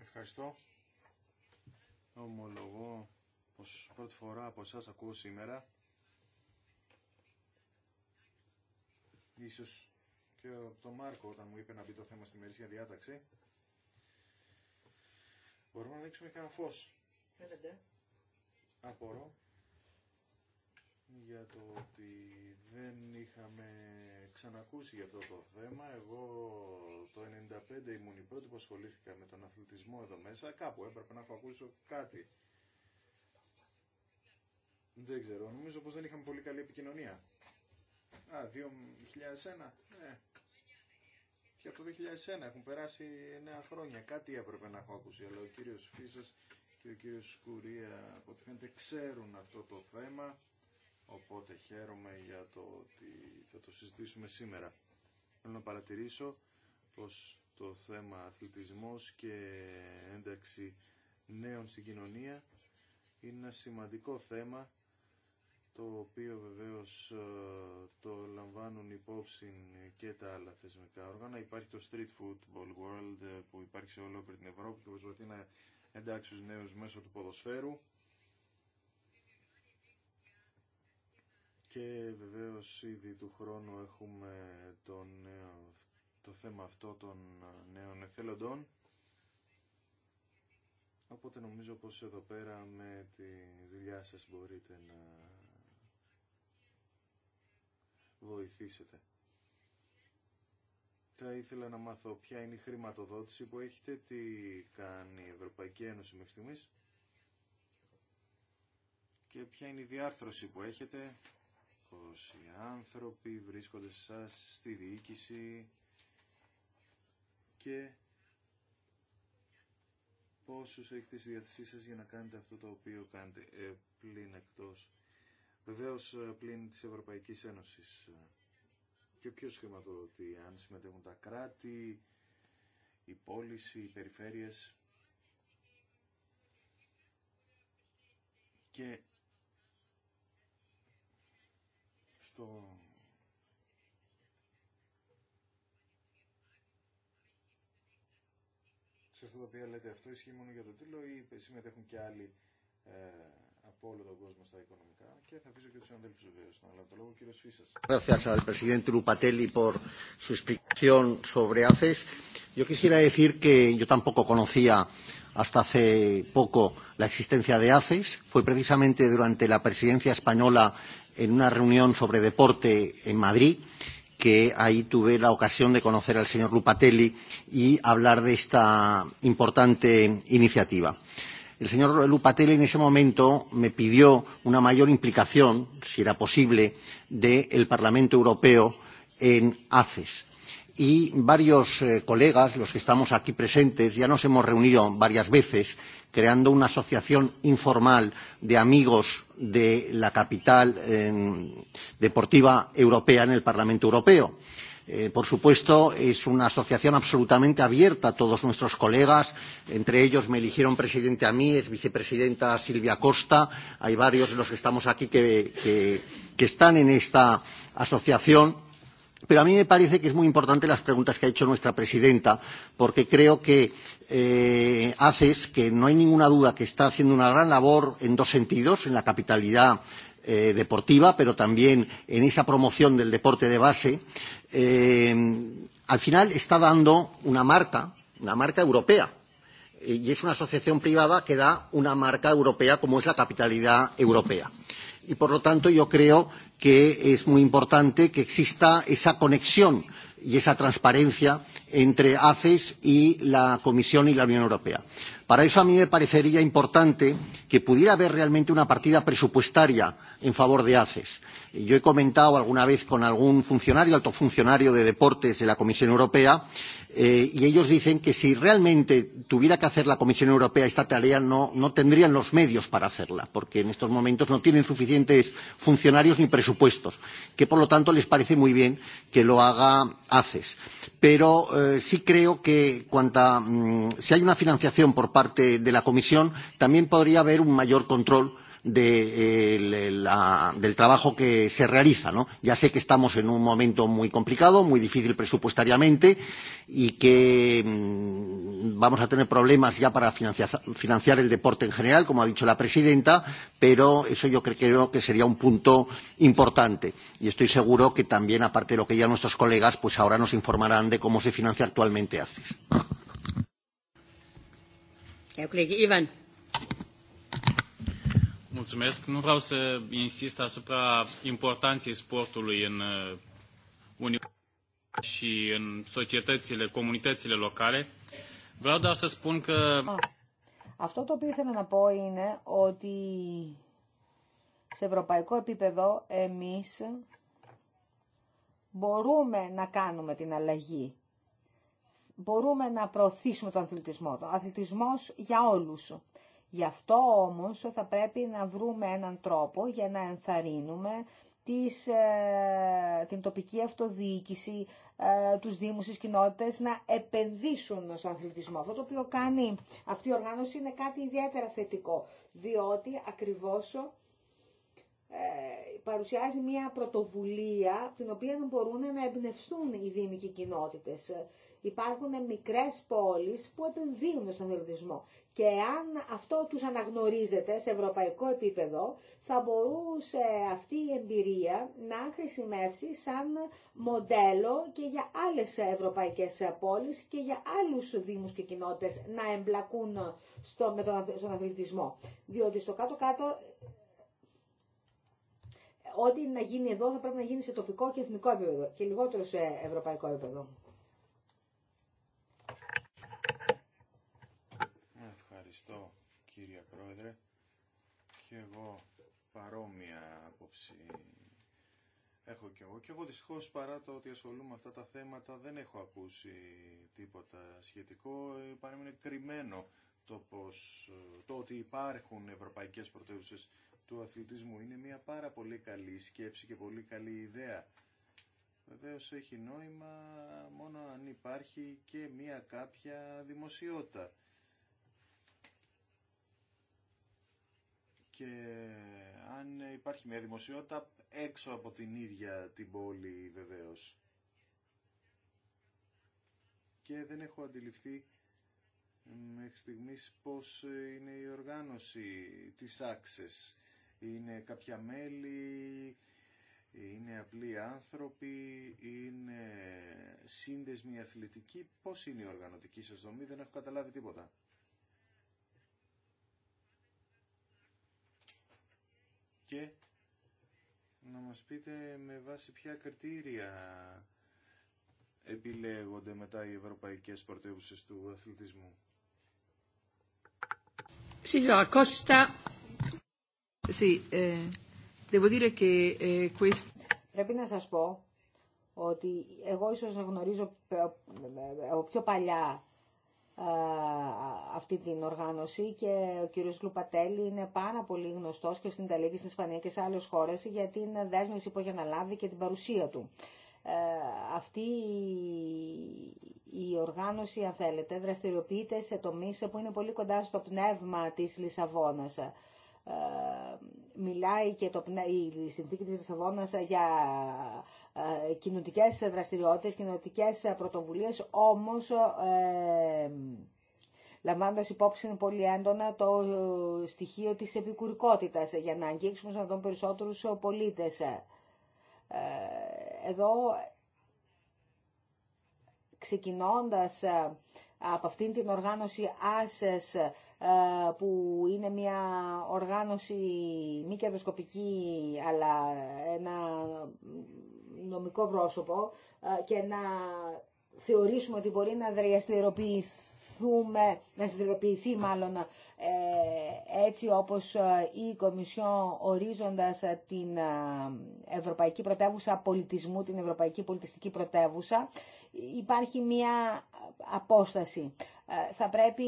Ευχαριστώ. Ομολογώ πρώτη φορά από εσάς ακούω σήμερα, ίσως και τον Μάρκο όταν μου είπε να μπει το θέμα στη μερίσια διάταξη, μπορούμε να ανοίξουμε κανένα φως. θέλετε Απορώ για το ότι δεν είχαμε ξανακούσει για αυτό το θέμα. Εγώ το 95 ήμουν η πρώτη που ασχολήθηκα με τον αθλητισμό εδώ μέσα. Κάπου έπρεπε να έχω ακούσει κάτι δεν ξέρω, νομίζω πως δεν είχαμε πολύ καλή επικοινωνία. Α, 2001, ναι. Και από το 2001 έχουν περάσει 9 χρόνια. Κάτι έπρεπε να έχω ακούσει, αλλά ο κύριος Φίσας και ο κύριος Σκουρία από ό,τι φαίνεται ξέρουν αυτό το θέμα. Οπότε χαίρομαι για το ότι θα το συζητήσουμε σήμερα. Θέλω να παρατηρήσω πως το θέμα αθλητισμός και ένταξη νέων στην κοινωνία είναι ένα σημαντικό θέμα το οποίο βεβαίως ε, το λαμβάνουν υπόψη και τα άλλα θεσμικά όργανα. Υπάρχει το Street Football World ε, που υπάρχει σε ολόκληρη την Ευρώπη και προσπαθεί να εντάξει τους νέους μέσω του ποδοσφαίρου. Και βεβαίως ήδη του χρόνου έχουμε το, νέο, το θέμα αυτό των ε, νέων εθελοντών. Οπότε νομίζω πως εδώ πέρα με τη δουλειά σας μπορείτε να βοηθήσετε. Θα ήθελα να μάθω ποια είναι η χρηματοδότηση που έχετε, τι κάνει η Ευρωπαϊκή Ένωση μέχρι στιγμής και ποια είναι η διάρθρωση που έχετε, πως άνθρωποι βρίσκονται σας στη διοίκηση και πόσους έχετε στη διάθεσή σας για να κάνετε αυτό το οποίο κάνετε ε, πλην εκτός Βεβαίως ε, πλην της Ευρωπαϊκής Ένωσης. Και ποιος χρηματοδοτεί, αν συμμετέχουν τα κράτη, η πώληση, οι περιφέρειες. Και στο σε αυτό το οποίο λέτε αυτό ισχύει μόνο για το τίλο ή συμμετέχουν και άλλοι ε, από όλο τον κόσμο στα οικονομικά και θα αφήσω και να το λόγο. Gracias al presidente Lupatelli por su explicación sobre ACES. Yo quisiera decir que yo tampoco conocía hasta hace poco la existencia de ACES. Fue precisamente durante la presidencia española en una reunión sobre deporte en Madrid que ahí tuve la ocasión de conocer al señor Lupatelli y hablar de esta importante iniciativa. El señor Lupatel en ese momento me pidió una mayor implicación, si era posible, del Parlamento Europeo en ACES. Y varios colegas, los que estamos aquí presentes, ya nos hemos reunido varias veces creando una asociación informal de amigos de la capital deportiva europea en el Parlamento Europeo Por supuesto, es una asociación absolutamente abierta a todos nuestros colegas. Entre ellos me eligieron presidente a mí, es vicepresidenta Silvia Costa. Hay varios de los que estamos aquí que están en esta asociación. Pero a mí me parece que es muy importante las preguntas que ha hecho nuestra presidenta, porque creo que haces que no hay ninguna duda que está haciendo una gran labor en dos sentidos, en la capitalidad deportiva, pero también en esa promoción del deporte de base, al final está dando una marca, una marca europea. Y es una asociación privada que da una marca europea como es la capitalidad europea. Y por lo tanto yo creo que es muy importante que exista esa conexión y esa transparencia entre ACES y la Comisión y la Unión Europea. Para eso a mí me parecería importante que pudiera haber realmente una partida presupuestaria en favor de ACES Yo he comentado alguna vez con algún funcionario, alto funcionario de deportes de la Comisión Europea, y ellos dicen que si realmente tuviera que hacer la Comisión Europea esta tarea no tendrían los medios para hacerla, porque en estos momentos no tienen suficientes funcionarios ni presupuestos, que por lo tanto les parece muy bien que lo haga ACES. Pero sí creo que cuanta si hay una financiación por parte de la Comisión, también podría haber un mayor control de la del trabajo que se realiza no ya sé que estamos en un momento muy complicado muy difícil presupuestariamente y que vamos a tener problemas ya para financiar el deporte en general como ha dicho la presidenta pero eso yo creo que sería un punto importante y estoy seguro que también aparte de lo que ya nuestros colegas pues ahora nos informarán de cómo se financia actualmente ACES. Mulțumesc. Nu vreau să insist asupra importanței sportului în uh, Uniunea și în societățile, comunitățile locale. Vreau doar să spun că... Ah. Αυτό το οποίο ήθελα να πω είναι ότι σε ευρωπαϊκό επίπεδο εμείς μπορούμε να κάνουμε την αλλαγή. Μπορούμε να προωθήσουμε τον αθλητισμό. Ο αθλητισμός για όλους. Γι' αυτό όμως θα πρέπει να βρούμε έναν τρόπο για να ενθαρρύνουμε της, ε, την τοπική αυτοδιοίκηση, ε, τους δήμους, τις κοινότητες να επενδύσουν στον αθλητισμό. Αυτό το οποίο κάνει αυτή η οργάνωση είναι κάτι ιδιαίτερα θετικό, διότι ακριβώς ε, παρουσιάζει μια πρωτοβουλία την οποία μπορούν να εμπνευστούν οι δήμοι και οι κοινότητες. Υπάρχουν μικρές πόλεις που επενδύουν στον αθλητισμό και αν αυτό τους αναγνωρίζεται σε ευρωπαϊκό επίπεδο, θα μπορούσε αυτή η εμπειρία να χρησιμεύσει σαν μοντέλο και για άλλες ευρωπαϊκές πόλεις και για άλλους δήμους και κοινότητες να εμπλακούν στο, με τον, στον αθλητισμό. Διότι στο κάτω-κάτω ό,τι να γίνει εδώ θα πρέπει να γίνει σε τοπικό και εθνικό επίπεδο και λιγότερο σε ευρωπαϊκό επίπεδο. Ευχαριστώ κύριε Πρόεδρε και εγώ παρόμοια άποψη έχω κι εγώ. Και εγώ δυστυχώς παρά το ότι ασχολούμαι αυτά τα θέματα δεν έχω ακούσει τίποτα σχετικό. Ε, Παρέμεινε κρυμμένο το, πως, το ότι υπάρχουν ευρωπαϊκές πρωτεύουσες του αθλητισμού. Είναι μια πάρα πολύ καλή σκέψη και πολύ καλή ιδέα. Βεβαίω έχει νόημα μόνο αν υπάρχει και μια κάποια δημοσιότητα. και αν υπάρχει μια δημοσιότητα έξω από την ίδια την πόλη βεβαίως. Και δεν έχω αντιληφθεί μέχρι στιγμής πώς είναι η οργάνωση της άξες. Είναι κάποια μέλη, είναι απλοί άνθρωποι, είναι σύνδεσμοι αθλητικοί. Πώς είναι η οργανωτική σας δομή, δεν έχω καταλάβει τίποτα. και να μας πείτε με βάση ποια κριτήρια επιλέγονται μετά οι ευρωπαϊκές πρωτεύουσες του αθλητισμού. Eh, eh, Πρέπει να σας πω ότι εγώ ίσως γνωρίζω πιο παλιά αυτή την οργάνωση και ο κύριος Λουπατέλη είναι πάρα πολύ γνωστός και στην Ιταλία και στην Ισπανία και σε άλλες χώρες για την δέσμευση που έχει αναλάβει και την παρουσία του. Ε, αυτή η οργάνωση, αν θέλετε, δραστηριοποιείται σε τομείς που είναι πολύ κοντά στο πνεύμα της Λισαβόνας. Ε, μιλάει και το, η συνθήκη της Λισαβόνας για ε, κοινωτικές δραστηριότητες, κοινωτικές πρωτοβουλίες, όμως ε, λαμβάνοντας υπόψη πολύ έντονα το στοιχείο της επικουρικότητας για να αγγίξουμε σαν τον περισσότερους πολίτες. Ε, εδώ ξεκινώντας ε, από αυτήν την οργάνωση ΆΣΕΣ που είναι μια οργάνωση μη κερδοσκοπική αλλά ένα νομικό πρόσωπο ε, και να θεωρήσουμε ότι μπορεί να δραστηριοποιηθούμε, να δραστηριοποιηθεί μάλλον ε, έτσι όπως ε, η Κομισιόν ορίζοντας την Ευρωπαϊκή Πρωτεύουσα Πολιτισμού, την Ευρωπαϊκή Πολιτιστική Πρωτεύουσα, υπάρχει μία απόσταση. Θα πρέπει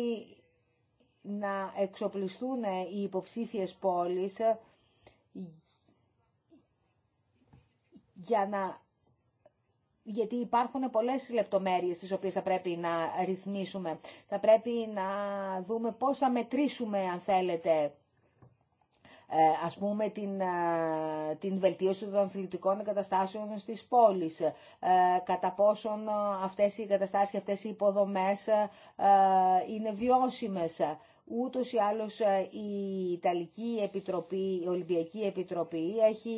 να εξοπλιστούν οι υποψήφιες πόλεις για να... γιατί υπάρχουν πολλές λεπτομέρειες τις οποίες θα πρέπει να ρυθμίσουμε. Θα πρέπει να δούμε πώς θα μετρήσουμε, αν θέλετε, ε, ας πούμε την, ε, την βελτίωση των αθλητικών εγκαταστάσεων στις πόλεις, ε, κατά πόσον αυτές οι εγκαταστάσεις και αυτές οι υποδομές είναι βιώσιμες. Ούτως ή άλλως ε, η Ιταλική Επιτροπή, η Ολυμπιακή Επιτροπή έχει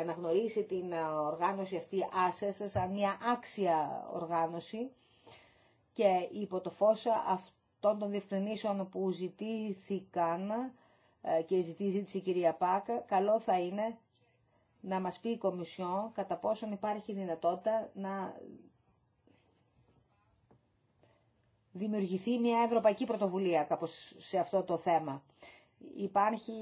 αναγνωρίσει την ε, οργάνωση αυτή άσες σαν μια άξια οργάνωση και υπό το φως αυτών των διευκρινήσεων που ζητήθηκαν ε, και ζητήθηκε η κυρία Πάκ, καλό θα είναι να μας πει η Κομισιόν κατά πόσον υπάρχει δυνατότητα να δημιουργηθεί μια ευρωπαϊκή πρωτοβουλία κάπως σε αυτό το θέμα. Υπάρχει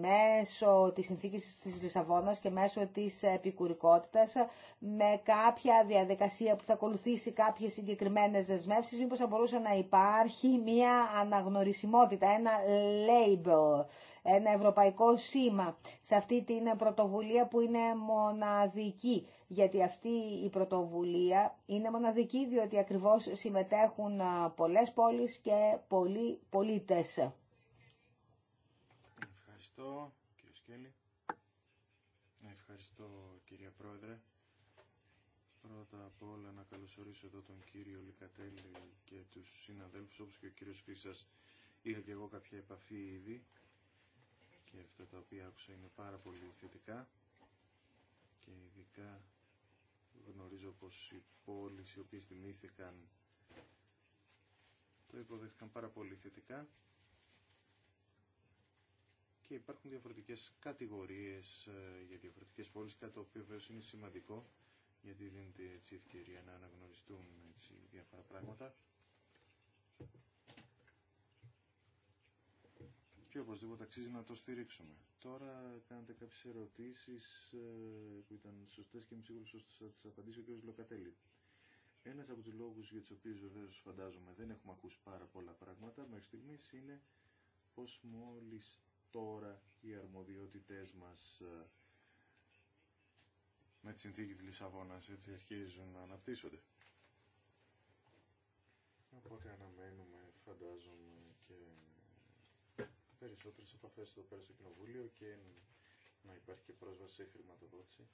μέσω της συνθήκης της Λισαβόνας και μέσω της επικουρικότητας με κάποια διαδικασία που θα ακολουθήσει κάποιες συγκεκριμένες δεσμεύσεις μήπως θα μπορούσε να υπάρχει μια αναγνωρισιμότητα, ένα label ένα ευρωπαϊκό σήμα σε αυτή την πρωτοβουλία που είναι μοναδική. Γιατί αυτή η πρωτοβουλία είναι μοναδική διότι ακριβώς συμμετέχουν πολλές πόλεις και πολλοί πολίτες. Ευχαριστώ κύριε Σκέλη. Ευχαριστώ κύριε Πρόεδρε. Πρώτα απ' όλα να καλωσορίσω εδώ τον κύριο Λικατέλη και τους συναδέλφους όπως και ο κύριος Φίσας. Είχα και εγώ κάποια επαφή ήδη και αυτά τα οποία άκουσα είναι πάρα πολύ θετικά και ειδικά γνωρίζω πως οι πόλεις οι οποίες θυμήθηκαν το υποδέχτηκαν πάρα πολύ θετικά και υπάρχουν διαφορετικές κατηγορίες ε, για διαφορετικές πόλεις, κάτι το οποίο βέβαια είναι σημαντικό γιατί δίνεται έτσι ευκαιρία να αναγνωριστούν έτσι διάφορα πράγματα. και οπωσδήποτε αξίζει να το στηρίξουμε. Τώρα κάνετε κάποιες ερωτήσεις ε, που ήταν σωστές και είμαι σίγουρος ότι θα τις απαντήσει ο κ. Λοκατέλη. Ένας από τους λόγους για τους οποίους βεβαίως φαντάζομαι δεν έχουμε ακούσει πάρα πολλά πράγματα μέχρι στιγμής είναι πως μόλις τώρα οι αρμοδιότητές μας ε, με τη συνθήκη της Λισαβόνας έτσι αρχίζουν να αναπτύσσονται. Οπότε αναμένουμε φαντάζομαι περισσότερες επαφές εδώ πέρα στο Κοινοβούλιο και να υπάρχει και πρόσβαση σε χρηματοδότηση.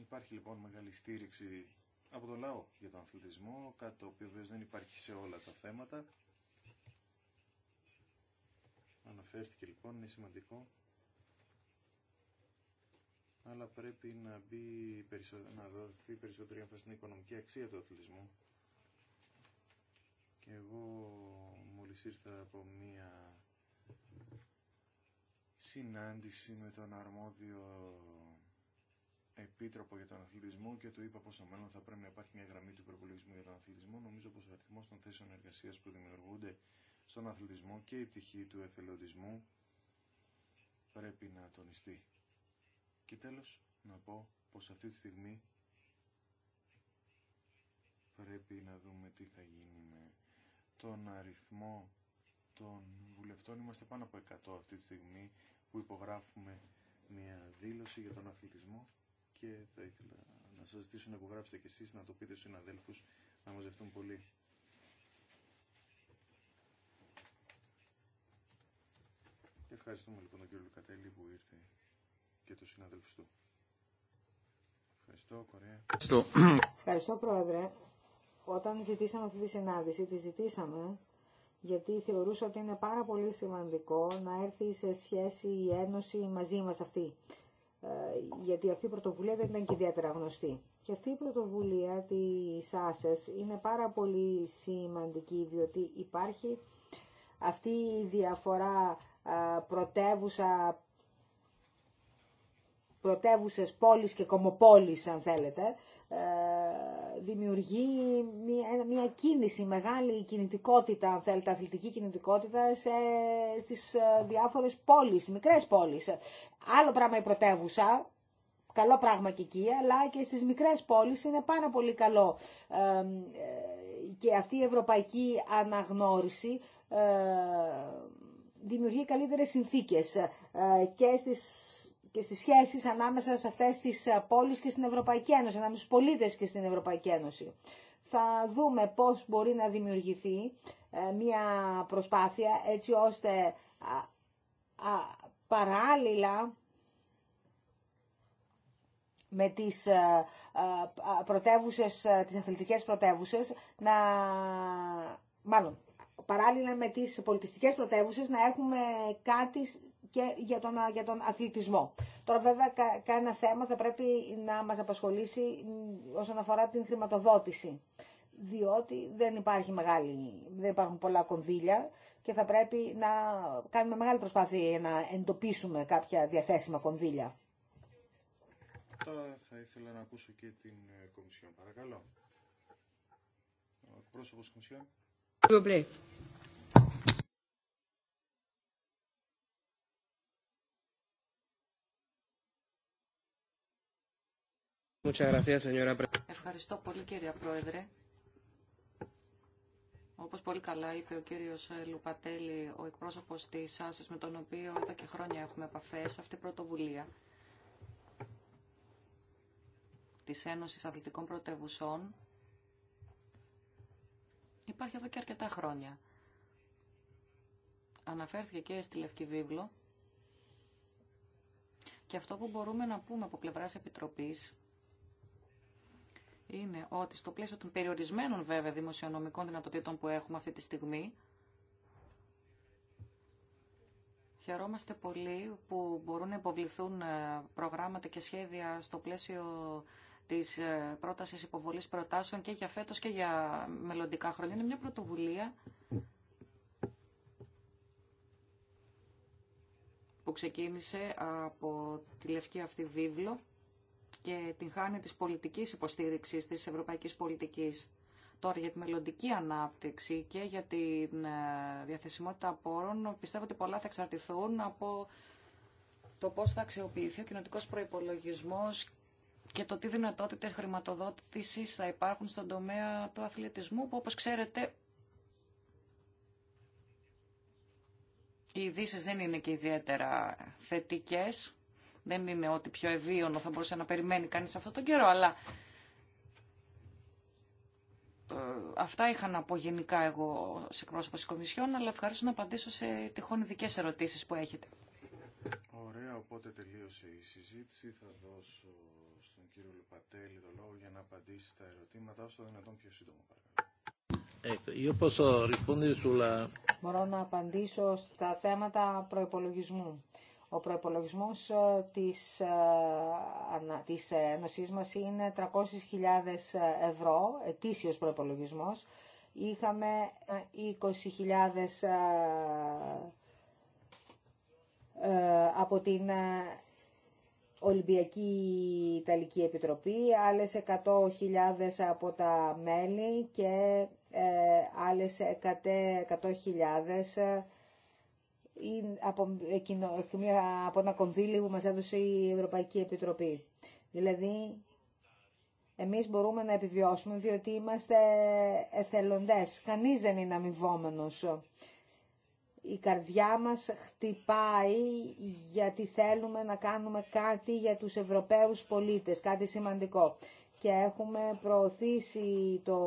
Υπάρχει λοιπόν μεγάλη στήριξη από τον λαό για τον αθλητισμό, κάτι το οποίο δεν υπάρχει σε όλα τα θέματα. Αναφέρθηκε λοιπόν, είναι σημαντικό, αλλά πρέπει να, μπει να δοθεί περισσότερη έμφαση στην οικονομική αξία του αθλητισμού. εγώ μόλις ήρθα από μία συνάντηση με τον αρμόδιο επίτροπο για τον αθλητισμό και του είπα πως στο μέλλον θα πρέπει να υπάρχει μια γραμμή του προπολογισμού για τον αθλητισμό. Νομίζω πως ο αριθμό των θέσεων εργασίας που δημιουργούνται στον αθλητισμό και η πτυχή του εθελοντισμού πρέπει να τονιστεί. Και τέλος να πω πως αυτή τη στιγμή πρέπει να δούμε τι θα γίνει τον αριθμό των βουλευτών. Είμαστε πάνω από 100 αυτή τη στιγμή που υπογράφουμε μια δήλωση για τον αθλητισμό και θα ήθελα να σας ζητήσω να υπογράψετε κι εσείς, να το πείτε στους συναδέλφους, να μαζευτούν πολύ. Ευχαριστούμε λοιπόν τον κύριο Λουκατέλη που ήρθε και τους συναδέλφους του. Ευχαριστώ, Κορέα. Ευχαριστώ, Πρόεδρε. Όταν ζητήσαμε αυτή τη συνάντηση, τη ζητήσαμε γιατί θεωρούσα ότι είναι πάρα πολύ σημαντικό να έρθει σε σχέση η Ένωση μαζί μας αυτή. Ε, γιατί αυτή η πρωτοβουλία δεν ήταν και ιδιαίτερα γνωστή. Και αυτή η πρωτοβουλία της ΆΣΕΣ είναι πάρα πολύ σημαντική, διότι υπάρχει αυτή η διαφορά ε, πρωτεύουσα πρωτεύουσες πόλεις και κομοπόλεις αν θέλετε, ε, δημιουργεί μια, μια κίνηση, μεγάλη κινητικότητα, αν θέλετε, αθλητική κινητικότητα σε, στις ε, διάφορες πόλεις, μικρές πόλεις. Άλλο πράγμα η πρωτεύουσα, καλό πράγμα και εκεί, αλλά και στις μικρές πόλεις είναι πάρα πολύ καλό. Ε, και αυτή η ευρωπαϊκή αναγνώριση δημιουργεί καλύτερες συνθήκες και στις και στις σχέσεις ανάμεσα σε αυτές τις ε, πόλεις και στην Ευρωπαϊκή Ένωση, ανάμεσα στους πολίτες και στην Ευρωπαϊκή Ένωση. Θα δούμε πώς μπορεί να δημιουργηθεί ε, μια προσπάθεια έτσι ώστε παράλληλα με τις ε, πρωτεύουσες, τις αθλητικές πρωτεύουσες, να, μάλλον παράλληλα με τις πολιτιστικές πρωτεύουσες να έχουμε κάτι και για τον, για τον αθλητισμό. Τώρα βέβαια κανένα θέμα θα πρέπει να μας απασχολήσει όσον αφορά την χρηματοδότηση διότι δεν, υπάρχει μεγάλη, δεν υπάρχουν πολλά κονδύλια και θα πρέπει να κάνουμε μεγάλη προσπάθεια για να εντοπίσουμε κάποια διαθέσιμα κονδύλια. θα ήθελα να ακούσω και την ε, Κομισιόν, παρακαλώ. Ο πρόσωπος Κομισιόν. Ευχαριστώ πολύ κύριε Πρόεδρε. Όπως πολύ καλά είπε ο κύριος ε, Λουπατέλη, ο εκπρόσωπος της ΆΣΕΣ με τον οποίο εδώ και χρόνια έχουμε επαφές, αυτή η πρωτοβουλία της Ένωσης Αθλητικών Πρωτεύουσών υπάρχει εδώ και αρκετά χρόνια. Αναφέρθηκε και στη Λευκή Βίβλο και αυτό που μπορούμε να πούμε από πλευράς Επιτροπής είναι ότι στο πλαίσιο των περιορισμένων βέβαια δημοσιονομικών δυνατοτήτων που έχουμε αυτή τη στιγμή, Χαιρόμαστε πολύ που μπορούν να υποβληθούν ε, προγράμματα και σχέδια στο πλαίσιο της ε, πρότασης υποβολής προτάσεων και για φέτος και για μελλοντικά χρόνια. Είναι μια πρωτοβουλία που ξεκίνησε από τη λευκή αυτή βίβλο και την χάνει της πολιτικής υποστήριξης της ευρωπαϊκής πολιτικής τώρα για τη μελλοντική ανάπτυξη και για τη ε, διαθεσιμότητα πόρων πιστεύω ότι πολλά θα εξαρτηθούν από το πώς θα αξιοποιηθεί ο κοινωτικό προϋπολογισμός και το τι δυνατότητες χρηματοδότησης θα υπάρχουν στον τομέα του αθλητισμού που όπως ξέρετε οι ειδήσει δεν είναι και ιδιαίτερα θετικές δεν είναι ότι πιο ευίωνο θα μπορούσε να περιμένει κανείς αυτόν τον καιρό, αλλά ε, αυτά είχα να πω γενικά εγώ σε εκπρόσωπο της Κομισιόν, αλλά ευχαριστώ να απαντήσω σε τυχόν ειδικέ ερωτήσεις που έχετε. Ωραία, οπότε τελείωσε η συζήτηση. Θα δώσω στον κύριο Λουπατέλη το λόγο για να απαντήσει στα ερωτήματα, όσο δυνατόν πιο σύντομα ε, Μπορώ να απαντήσω στα θέματα προϋπολογισμού. Ο προϋπολογισμός ε, της, ε, της Ένωσής μας είναι 300.000 ευρώ, ετήσιος προϋπολογισμός. Είχαμε 20.000 ε, από την Ολυμπιακή Ιταλική Επιτροπή, άλλες 100.000 από τα μέλη και άλλες 100.000 από, από ένα κονδύλι που μας έδωσε η Ευρωπαϊκή Επιτροπή. Δηλαδή, εμείς μπορούμε να επιβιώσουμε διότι είμαστε εθελοντές. Κανείς δεν είναι αμοιβόμενος. Η καρδιά μας χτυπάει γιατί θέλουμε να κάνουμε κάτι για τους Ευρωπαίους πολίτες, κάτι σημαντικό και έχουμε προωθήσει το,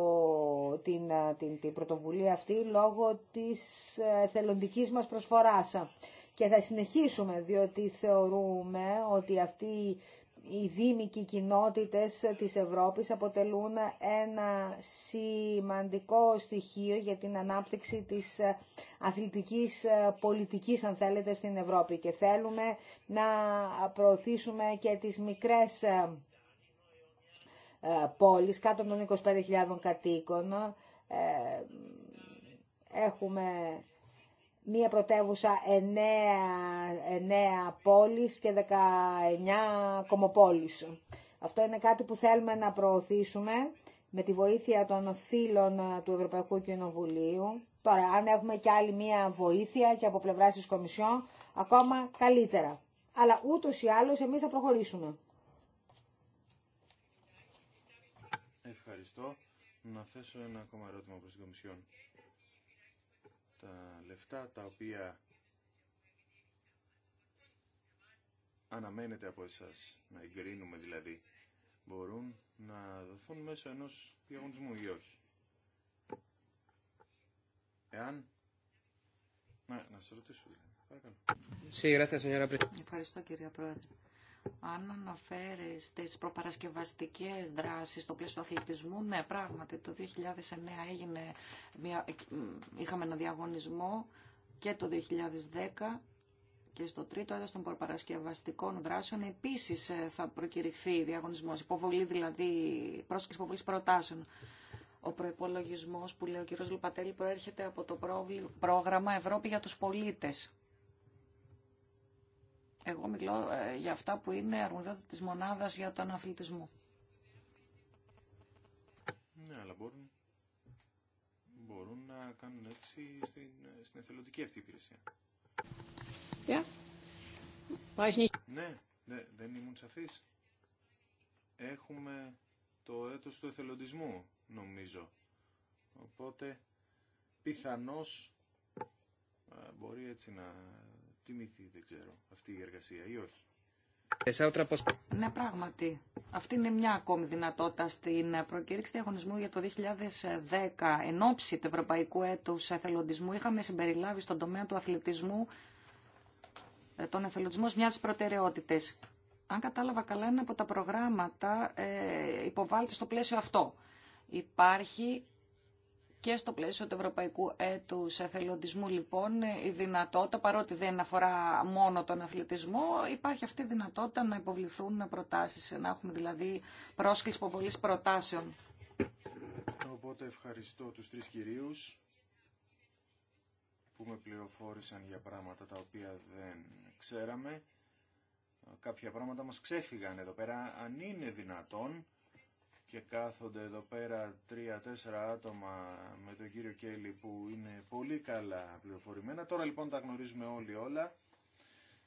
την, την, την πρωτοβουλία αυτή λόγω της θελοντικής μας προσφοράς. Και θα συνεχίσουμε διότι θεωρούμε ότι αυτοί οι δήμοι κοινότητες της Ευρώπης αποτελούν ένα σημαντικό στοιχείο για την ανάπτυξη της αθλητικής πολιτικής, αν θέλετε, στην Ευρώπη. Και θέλουμε να προωθήσουμε και τις μικρές ε, πόλεις κάτω των 25.000 κατοίκων. Ε, έχουμε μία πρωτεύουσα 9, 9 πόλεις και 19 κομοπόλεις. Αυτό είναι κάτι που θέλουμε να προωθήσουμε με τη βοήθεια των φίλων του Ευρωπαϊκού Κοινοβουλίου. Τώρα, αν έχουμε και άλλη μία βοήθεια και από πλευράς της Κομισιόν, ακόμα καλύτερα. Αλλά ούτως ή άλλως εμείς θα προχωρήσουμε. Ευχαριστώ. Να θέσω ένα ακόμα ερώτημα προς την Κομισιόν. Τα λεφτά τα οποία αναμένεται από εσάς να εγκρίνουμε δηλαδή μπορούν να δοθούν μέσω ενός διαγωνισμού ή όχι. Εάν... Να, να σας ρωτήσω. Δηλαδή. Παρακαλώ. Ευχαριστώ κυρία Πρόεδρε. Αν αναφέρεις τις προπαρασκευαστικές δράσεις στο πλαίσιο του αθλητισμού, ναι, πράγματι το 2009 έγινε μια, είχαμε ένα διαγωνισμό και το 2010 και στο τρίτο έτος των προπαρασκευαστικών δράσεων επίσης ε, θα προκηρυχθεί διαγωνισμός, υποβολή δηλαδή, πρόσκληση υποβολής προτάσεων. Ο προπολογισμό που λέει ο κ. Λουπατέλη προέρχεται από το πρόγραμμα Ευρώπη για τους πολίτες εγώ μιλώ ε, για αυτά που είναι αρμοδιότητα της μονάδας για τον αθλητισμό. Ναι, αλλά μπορούν, μπορούν να κάνουν έτσι στην, στην εθελοντική αυτή υπηρεσία. Yeah. Ναι, ναι, δεν ήμουν σαφής. Έχουμε το έτος του εθελοντισμού, νομίζω. Οπότε, πιθανώς ε, μπορεί έτσι να δεν ξέρω, αυτή η εργασία ή όχι. Ναι, πράγματι. Αυτή είναι μια ακόμη δυνατότητα στην προκήρυξη διαγωνισμού για το 2010. Εν ώψη του Ευρωπαϊκού Έτου Εθελοντισμού είχαμε συμπεριλάβει στον τομέα του αθλητισμού ε, τον εθελοντισμό μια από τις Αν κατάλαβα καλά, ένα από τα προγράμματα ε, υποβάλλεται στο πλαίσιο αυτό. Υπάρχει και στο πλαίσιο του Ευρωπαϊκού Έτου Εθελοντισμού λοιπόν η δυνατότητα, παρότι δεν αφορά μόνο τον αθλητισμό, υπάρχει αυτή η δυνατότητα να υποβληθούν προτάσεις, να έχουμε δηλαδή πρόσκληση υποβολή προτάσεων. Οπότε ευχαριστώ τους τρεις κυρίους που με πληροφόρησαν για πράγματα τα οποία δεν ξέραμε. Κάποια πράγματα μας ξέφυγαν εδώ πέρα. Αν είναι δυνατόν, και κάθονται εδώ πέρα τρία-τέσσερα άτομα με τον κύριο Κέλλη που είναι πολύ καλά πληροφορημένα. Τώρα λοιπόν τα γνωρίζουμε όλοι όλα.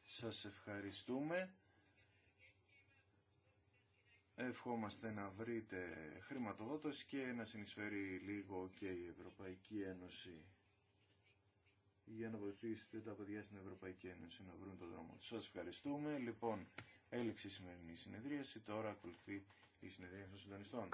Σας ευχαριστούμε. Ευχόμαστε να βρείτε χρηματοδότηση και να συνεισφέρει λίγο και η Ευρωπαϊκή Ένωση για να βοηθήσετε τα παιδιά στην Ευρωπαϊκή Ένωση να βρουν τον δρόμο του. Σας ευχαριστούμε. Λοιπόν, έληξε η σημερινή συνεδρίαση. Τώρα ακολουθεί η συνεδρία των συντονιστών.